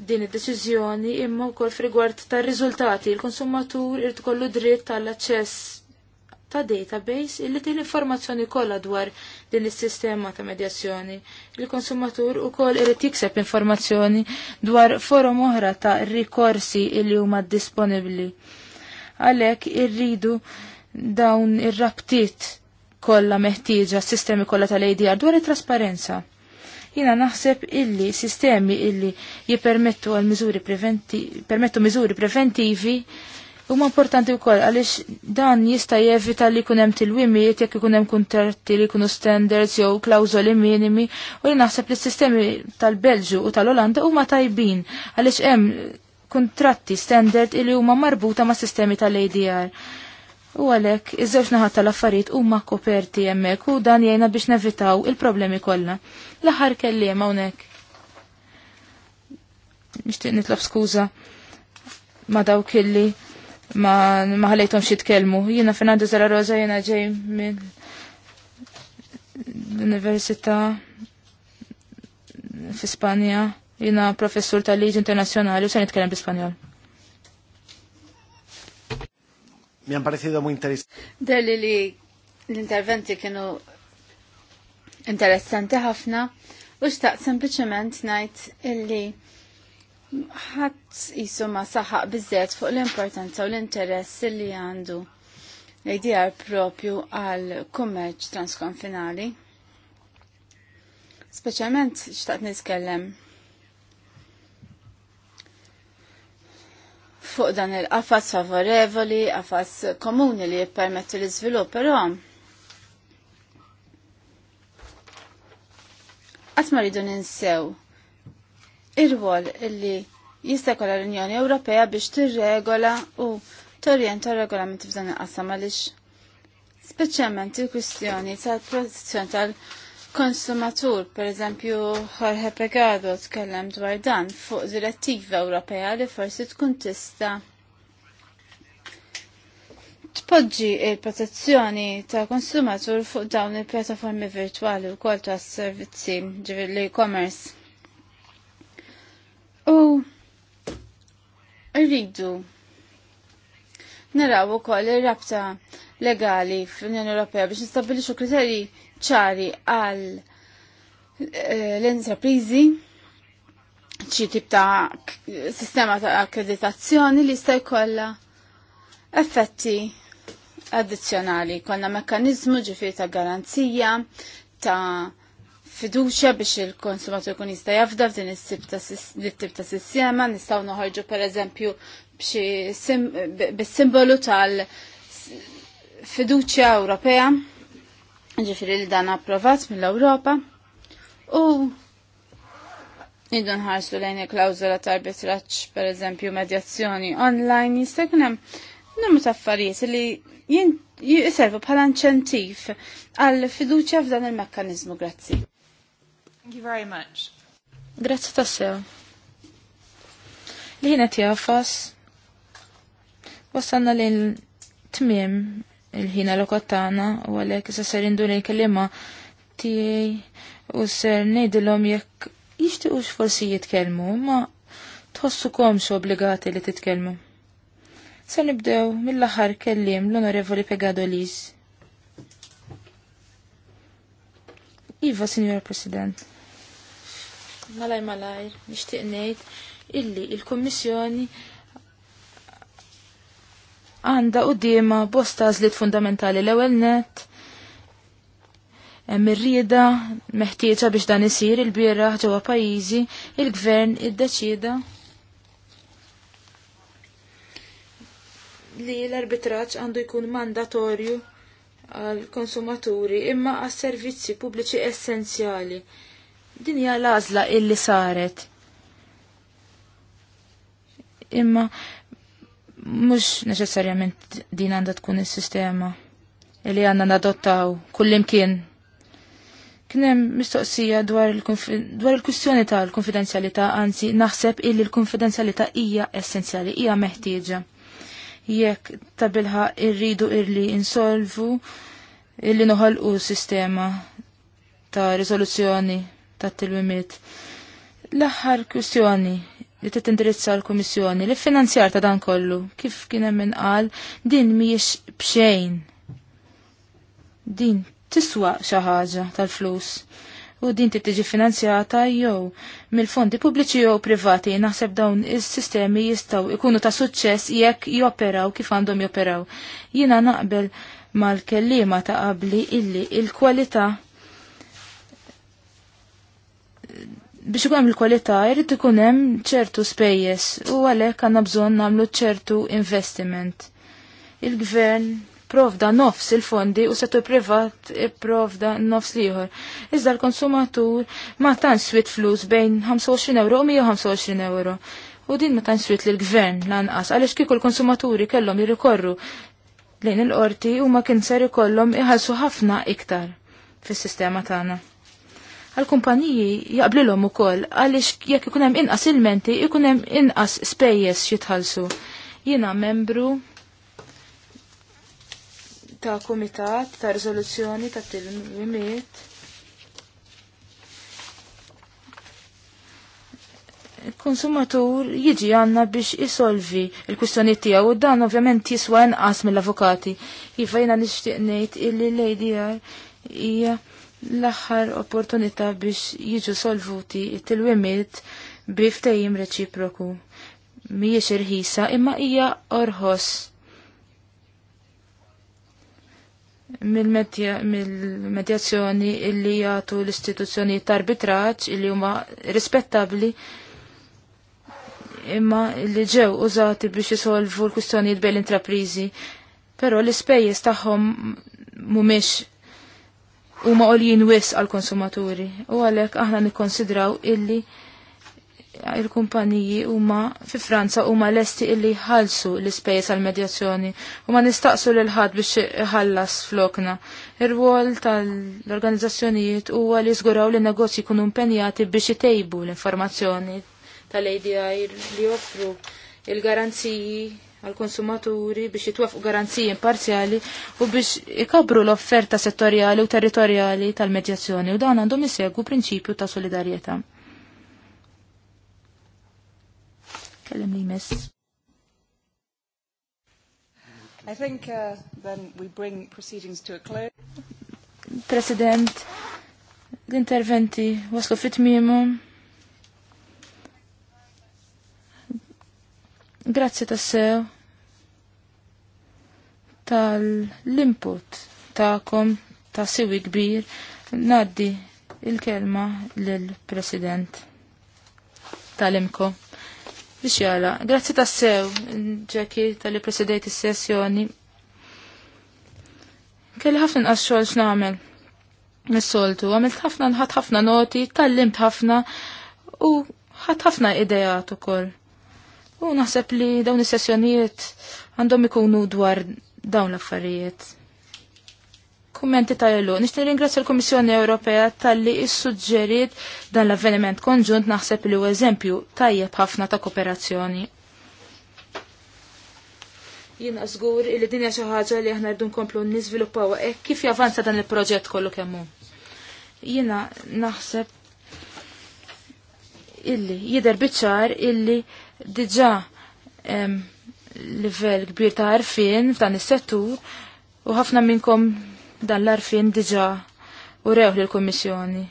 Speaker 1: din id-deċiżjoni imma wkoll f'rigward tar-riżultati l konsumatur irid kollu dritt tal-aċċess ta' database illi tin informazzjoni kollha dwar din is-sistema ta' medjazzjoni. Il-konsumatur ukoll irid jikseb informazzjoni dwar forum oħra ta' rikorsi illi huma disponibbli. Għalhekk irridu dawn ir-rabtiet kollha meħtieġa s-sistemi kollha tal-ADR dwar it-trasparenza. Jina naħseb illi sistemi illi jipermettu għal miżuri preventivi, permettu mizuri preventivi Huma importanti wkoll għaliex dan jista' jevita li jkun hemm tilwimiet jekk ikun hemm kuntratti li jkunu standards jew klawzoli minimi u jien naħseb li s-sistemi tal-Belġu u tal-Olanda huma tajbin għaliex hemm kuntratti standard li huma marbuta ma' sistemi tal-ADR. U għalek, iż-żewġ naħat tal-affarijiet huma koperti hemmhekk u dan jgħinha biex nevitaw il-problemi kollha. L-aħħar kelliem hawnhekk. Nixtieq nitlob skuża ma dawk illi ma ma ħalejthomx jitkellmu. Jiena Fernando Zara Rosa jiena ġej minn l-Università fi Spanja. Jiena professur tal-Liġi Internazzjonali u se nitkellem bl-Ispanjol.
Speaker 2: Mi han parecido muy interesante. Delli li l-interventi kienu interessanti ħafna u xtaqt sempliciment najt illi ħadd jisu ma saħaq biżżejjed fuq l-importanza u l-interess li għandu l-IDR propju għal kummerċ transkonfinali. Speċjalment xtaqt niskellem. fuq dan il-qafas favorevoli, qafas komuni li jippermettu l-iżvilupp, però qatt ma rridu ninsew ir-rwol illi jista' l-Unjoni Ewropea biex tirregola u torjenta regolamenti f'dan il-qasam għaliex speċjalment il-kwistjoni tal-protezzjoni tal-, -protezzjoni tal tal konsumatur, per eżempju, Jorge Pegado tkellem dwar dan fuq direttiva Ewropea li forsi tkun tista tpoġġi il-protezzjoni ta' konsumatur fuq dawn il-pjattaformi virtuali u kol ta' servizzi ġivir l-e-commerce. U rridu naraw ukoll ir-rabta legali fl-Unjoni Ewropea biex nistabilixu kriterji ċari għal eh, l enterprizi ċi tip ta' sistema ta' akkreditazzjoni li sta' jkolla effetti addizzjonali. Konna mekkanizmu ġifiri ta' garanzija ta' fiduċa biex il-konsumatur kun jista' jafda f'din is-tip ta' sistema, nistgħu noħorġu pereżempju bis-simbolu tal-fiduċja Ewropea ġifiri li dan approvat mill-Europa u idun nħarsu lejn il-klawzola ta' per eżempju medjazzjoni online jistegnem numru ta' affarijiet li jiservu bħala inċentiv għal fiduċja f'dan il-mekkanizmu. Grazzi. Thank you very much. Grazzi tassew. Li ħinet jafas
Speaker 1: wasanna lil tmiem il ħina għal-kottana u għalek sa ser induni l-kelima tijaj u ser nejdilom jekk ux forsi jitkelmu ma tħossu komx obbligati li titkelmu. Sa nibdew mill-axar kellim l-onorevoli Pegado Iva, Signor President. Malaj malaj, nishtiq nejt illi il-Kommissjoni il kommissjoni għanda u dima bosta zlit fundamentali l-ewel net, mirrida meħtieġa biex dan isir il-bira ġewwa pajjiżi, il-gvern iddeċida li l-arbitraġġ għandu jkun mandatorju għal konsumaturi imma għas servizzi pubbliċi essenzjali. Din hija l-għażla illi saret. Imma mux neċessarjament din għanda tkun il-sistema li għanna nadottaw kullimkien. Kienem mistoqsija dwar il-kustjoni ta' l-konfidenzjalità, anzi naħseb illi l-konfidenzjalità hija essenzjali, hija meħtieġa. Jekk tabilħa irridu illi insolvu illi noħolqu sistema ta' rizoluzzjoni ta' tilwimiet. L-aħħar kustjoni li trid tindirizza l-Kummissjoni li finanzjar ta' dan kollu kif kien hemm qal din mhijiex bxejn. Din tiswa xi ħaġa tal-flus u din trid tiġi finanzjata jew mill-fondi pubbliċi jew privati naħseb dawn is-sistemi jistgħu ikunu ta' suċċess jekk joperaw kif għandhom joperaw. Jiena naqbel mal-kellima ta' qabli illi il-kwalità biex ikun hemm il-kwalità jrid ikun hemm ċertu spejjeż u għalhekk għandna bżonn nagħmlu ċertu investiment. Il-gvern provda nofs il-fondi u settur privat provda nofs liħor. Iżda l-konsumatur ma tantx swit flus bejn 25 euro u 125 euro. U din ma tantx swit l-gvern lanqas għaliex kieku l-konsumaturi kellhom jirrikorru lejn il-qorti u ma kien ser ikollhom iħallsu ħafna iktar fis-sistema tagħna għal-kumpaniji jaqblilhom ukoll għaliex jekk ikun hemm inqas ilmenti ikun hemm inqas spejjeż jitħallsu. Jiena membru ta' kumitat ta' rezoluzzjoni, ta' tilmiet. konsumatur jiġi għanna biex isolvi il-kustjoni tijaw u dan ovvjament jiswa inqas mill-avokati. Iva, Jifajna nishtiqnejt nejt illi l hija l-aħħar opportunità biex jiġu solvuti it-tilwimiet ftejim reċiproku. Mhijiex irħisa imma hija orħos mill-medjazzjoni illi jagħtu l-istituzzjoni tarbitraċ arbitraġġ illi huma rispettabbli imma li ġew użati biex jisolvu l kustjoni bejn l-intraprizi, però l-ispejjeż tagħhom mhumiex u ma għoljien wis għal-konsumaturi. U għalek aħna nikkonsidraw illi il-kumpaniji huma fi Franza huma lesti illi ħalsu l-ispejjeż għal-medjazzjoni u ma nistaqsu lil ħadd biex ħallas flokna. Ir-rwol tal-organizzazzjonijiet huwa li żguraw li negozji kunu impenjati biex itejbu l-informazzjoni tal-ADI li joffru il-garanziji għal-konsumaturi biex jitwafqu garanziji imparzjali u biex ikabru l-offerta settorjali u territorjali tal-medjazzjoni u dan għandhom isegwu prinċipju ta' solidarieta. Kellem li mess.
Speaker 3: I think uh, then we bring proceedings to a close.
Speaker 1: President, l-interventi waslu fit mimum Grazzi tassew tal-input ta'kom ta' siwi kbir naddi il-kelma l-President tal-imko biex jala. Grazzi tassew, ġeki tal president il sessjoni Kelli ħafna nqas xogħol x'nagħmel. Mis-soltu, għamilt ħafna nħat ħafna noti, tal-limt ħafna u ħat ħafna idejat ukoll. U naħseb li dawn is-sessjonijiet għandhom ikunu dwar dawn l-affarijiet. Kummenti tajlu. Nishtin ringrazzja l-Komissjoni Ewropea tal-li is-sugġerit dan l-avveniment konġunt naħseb li u eżempju tajjeb ħafna ta' kooperazzjoni. Jina żgur li dinja xi ħaġa li aħna rdu nkomplu niżviluppaw hekk kif javanza dan il-proġett kollu kemm hu. Jiena naħseb illi jidher biċċar illi diġà livell kbir ta' arfin f'dan is-settur u ħafna minnkom dan l-arfin diġà u rewħ lill-Kummissjoni.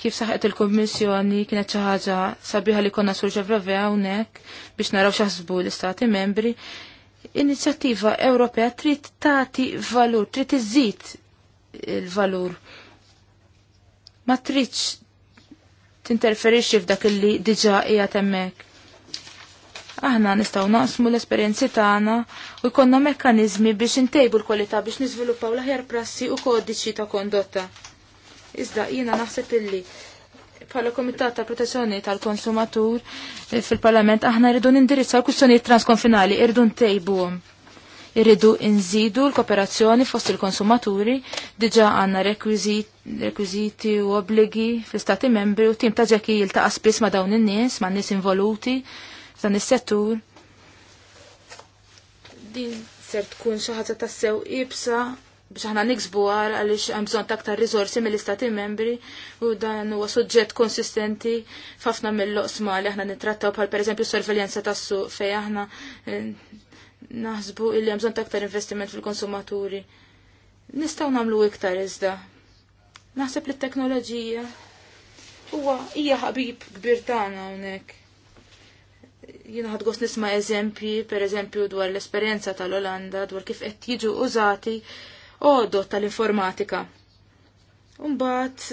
Speaker 1: Kif saħet il-Kummissjoni kienet xi ħaġa sabiħa li konna surġa ġevrovea hawnhekk biex naraw x'aħsbu l-Istati membri. Inizjattiva Ewropea trid tagħti valur, trid iżid il-valur. Ma tridx tinterferixxi f'dak illi diġà hija temmek aħna nistgħu naqsmu l-esperjenzi tagħna u jkollna mekkaniżmi biex intejbu l-kwalità biex niżviluppaw l-aħjar prassi u kodiċi ta' kondotta. Iżda jiena naħseb illi bħala Komitat ta' Protezzjoni tal-Konsumatur eh, fil-Parlament aħna rridu nindirizzaw kwistjonijiet transkonfinali, irridu ntejbuhom. Irridu nżidu l-kooperazzjoni fost il-konsumaturi, diġa għanna rekwiziti u obligi fl-Stati membri u tim ta' ġekijil ta' spiss ma' dawn in-nies, ma' nies involuti, f'dan is-settur din ser tkun xi ħaġa tassew ibsa biex aħna niksbu għar għaliex hemm bżonn aktar riżorsi mill-istati membri u dan huwa suġġett konsistenti f'ħafna mill-loqsma li aħna nittrattaw bħal pereżempju sorveljanza tas-suq fejn aħna eh, naħsbu illi hemm bżonn aktar investiment fil-konsumaturi. Nistgħu nagħmlu iktar iżda. Naħseb li t-teknoloġija huwa hija ħabib kbir tagħna hawnhekk Jina ħadgos nisma eżempji, per eżempju, dwar l-esperienza tal-Olanda, dwar kif qed jiġu użati għodot tal-informatika. Umbat,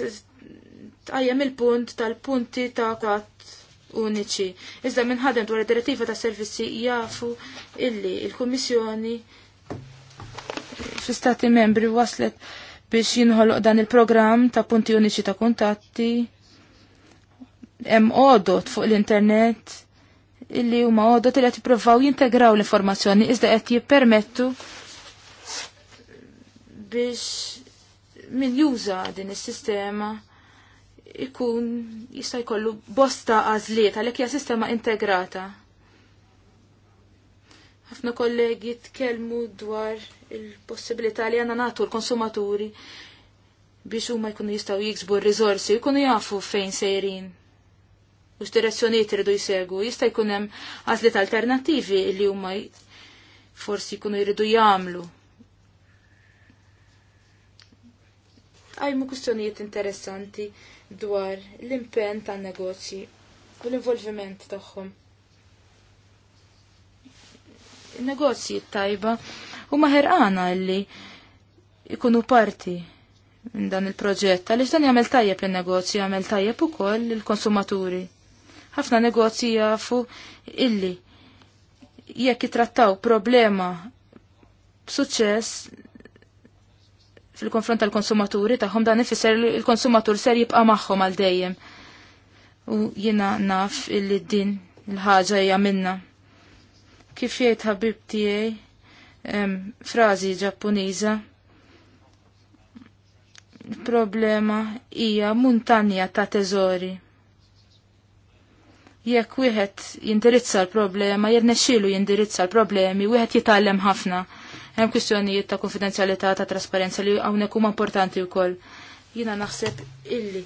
Speaker 1: għajem il-punt tal-punti ta' kat uniċi. Iżda minnħadem dwar id-direttiva ta' servizzi jafu illi il-Kummissjoni fl-Stati membri waslet biex jinħoloq dan il-programm ta' punti uniċi ta' kuntatti hemm għodot fuq l-internet illi huma għodot li qed jippruvaw jintegraw l-informazzjoni iżda qed jippermettu biex min juża din is-sistema ikun jista' jkollu bosta għażliet għalhekk hija sistema integrata. Ħafna kollegi tkellmu dwar il-possibilità li għandna nagħtu l-konsumaturi biex huma jkunu jistgħu jiksbu r-riżorsi, jkunu jafu fejn sejrin u x-direzzjoniet irridu jsegu, jista' jkun hemm għażliet alternattivi li huma forsi jkunu jridu jagħmlu. Għajmu kustjonijiet interessanti dwar l-impenn tan negozji u l-involviment tagħhom. Il-negozji tajba u għana li ikunu parti minn dan il-proġett, għaliex dan jagħmel tajjeb lin negozji jgħamil tajjeb ukoll il-konsumaturi ħafna negozji jafu illi jekk jitrattaw problema b'suċċess fil-konfront tal-konsumaturi tagħhom dan ifisser li l-konsumatur ser jibqa' magħhom għal dejjem. U jiena naf illi din il-ħaġa hija minna. Kif jgħid ħabib tiegħi frażi Ġappuniża problema hija muntanja ta' teżori jekk wieħed jindirizza l-problema, jirnexxielu jindirizza l-problemi, wieħed jitgħallem ħafna. Hemm kwistjonijiet ta' konfidenzjalità, ta' trasparenza li hawnhekk huma importanti wkoll. Jiena naħseb illi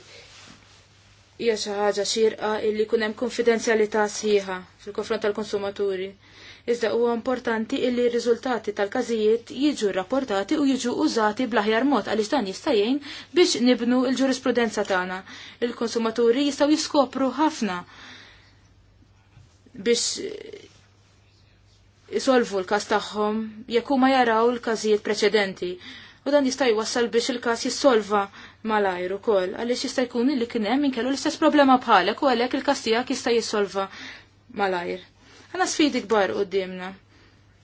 Speaker 1: hija xi ħaġa xirqa illi jkun hemm konfidenzjalità sħiħa fil-konfront tal-konsumaturi. Iżda huwa importanti illi r-riżultati tal-każijiet jiġu rrapportati u jiġu użati bl-aħjar mod għaliex dan jista' jgħin biex nibnu l-ġurisprudenza tagħna. Il-konsumaturi jistgħu jiskopru ħafna biex isolvu l-kas tagħhom jekk huma jaraw l-każijiet preċedenti. U dan jista' jwassal biex il-każ jissolva malajr ukoll għaliex jista' jkun li kien hemm inkellu l-istess problema bħalek u għalhekk il-każ tiegħek jista' jissolva malajr. Għana sfidi kbar qudiemna.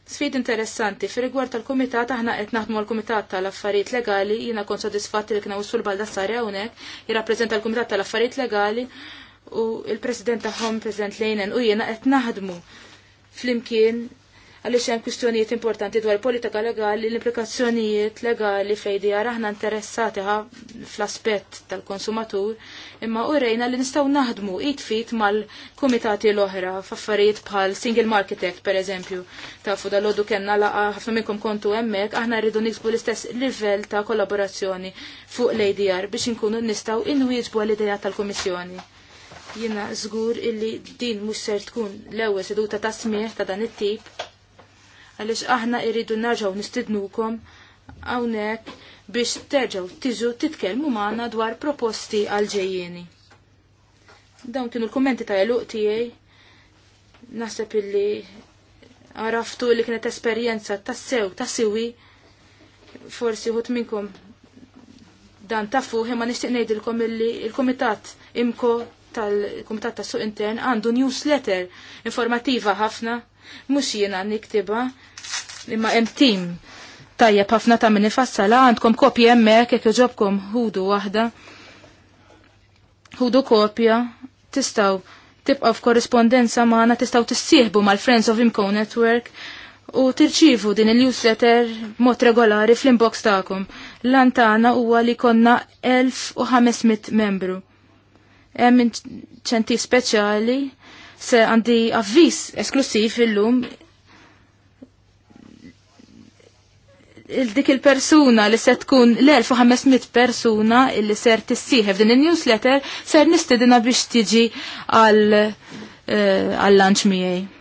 Speaker 1: Sfid interessanti, fi rigward tal-Kumitat aħna qed naħdmu l-Kumitat tal-Affarijiet Legali, jiena kont sodisfatti li kien hawn l baldassarja hawnhekk, jirrappreżenta l-Kumitat tal-Affarijiet Legali u il-president tagħhom prezent Lejnen u jiena qed naħdmu flimkien għaliex hemm kwistjonijiet importanti dwar politika legali, l-implikazzjonijiet legali fejdi aħna interessati fl-aspett tal-konsumatur, imma u rejna li nistgħu naħdmu id fit mal-kumitati l-oħra f'affarijiet bħal Single Market Act pereżempju. Tafu l-oddu kellna laqa ħafna minnkom kontu hemmhekk, aħna rridu nixbu l-istess livell ta' kollaborazzjoni fuq l-ADR biex inkunu nistgħu inwieġbu għall-idea tal-Kummissjoni Jina żgur illi din mhux ser tkun l-ewwel seduta ta' smieħ ta' dan it-tip. Għaliex aħna irridu narġgħu nistidnukom hawnhekk biex terġgħu tiżu titkellmu magħna dwar proposti għal ġejjieni. Dawn kienu l-kummenti ta' eluq tiegħi. Naħseb illi għaraftu li kienet esperjenza ta' siwi forsi ħut minnkom dan tafu, ma nixtieq ngħidilkom illi il-komitat imko tal-Kumitat ta' Suq Intern għandu newsletter informativa ħafna, mhux jena niktiba imma hemm tim tajjeb ħafna ta' min ifassala għandkom kopja hemmhekk jekk iġobkom ħudu waħda. Ħudu kopja tistgħu tibqa' f'korrispondenza magħna tistgħu tissieħbu mal-Friends of Imco Network u tirċivu din il-newsletter mod regolari fl-inbox tagħkom. Lantana huwa li konna 1500 membru hemm inċentiv speċjali se għandi avviż esklusiv illum il dik il-persuna li se tkun l-1500 persuna illi ser tissiħe din il-newsletter ser nistedina biex tiġi għal-lanċ eh, miegħi.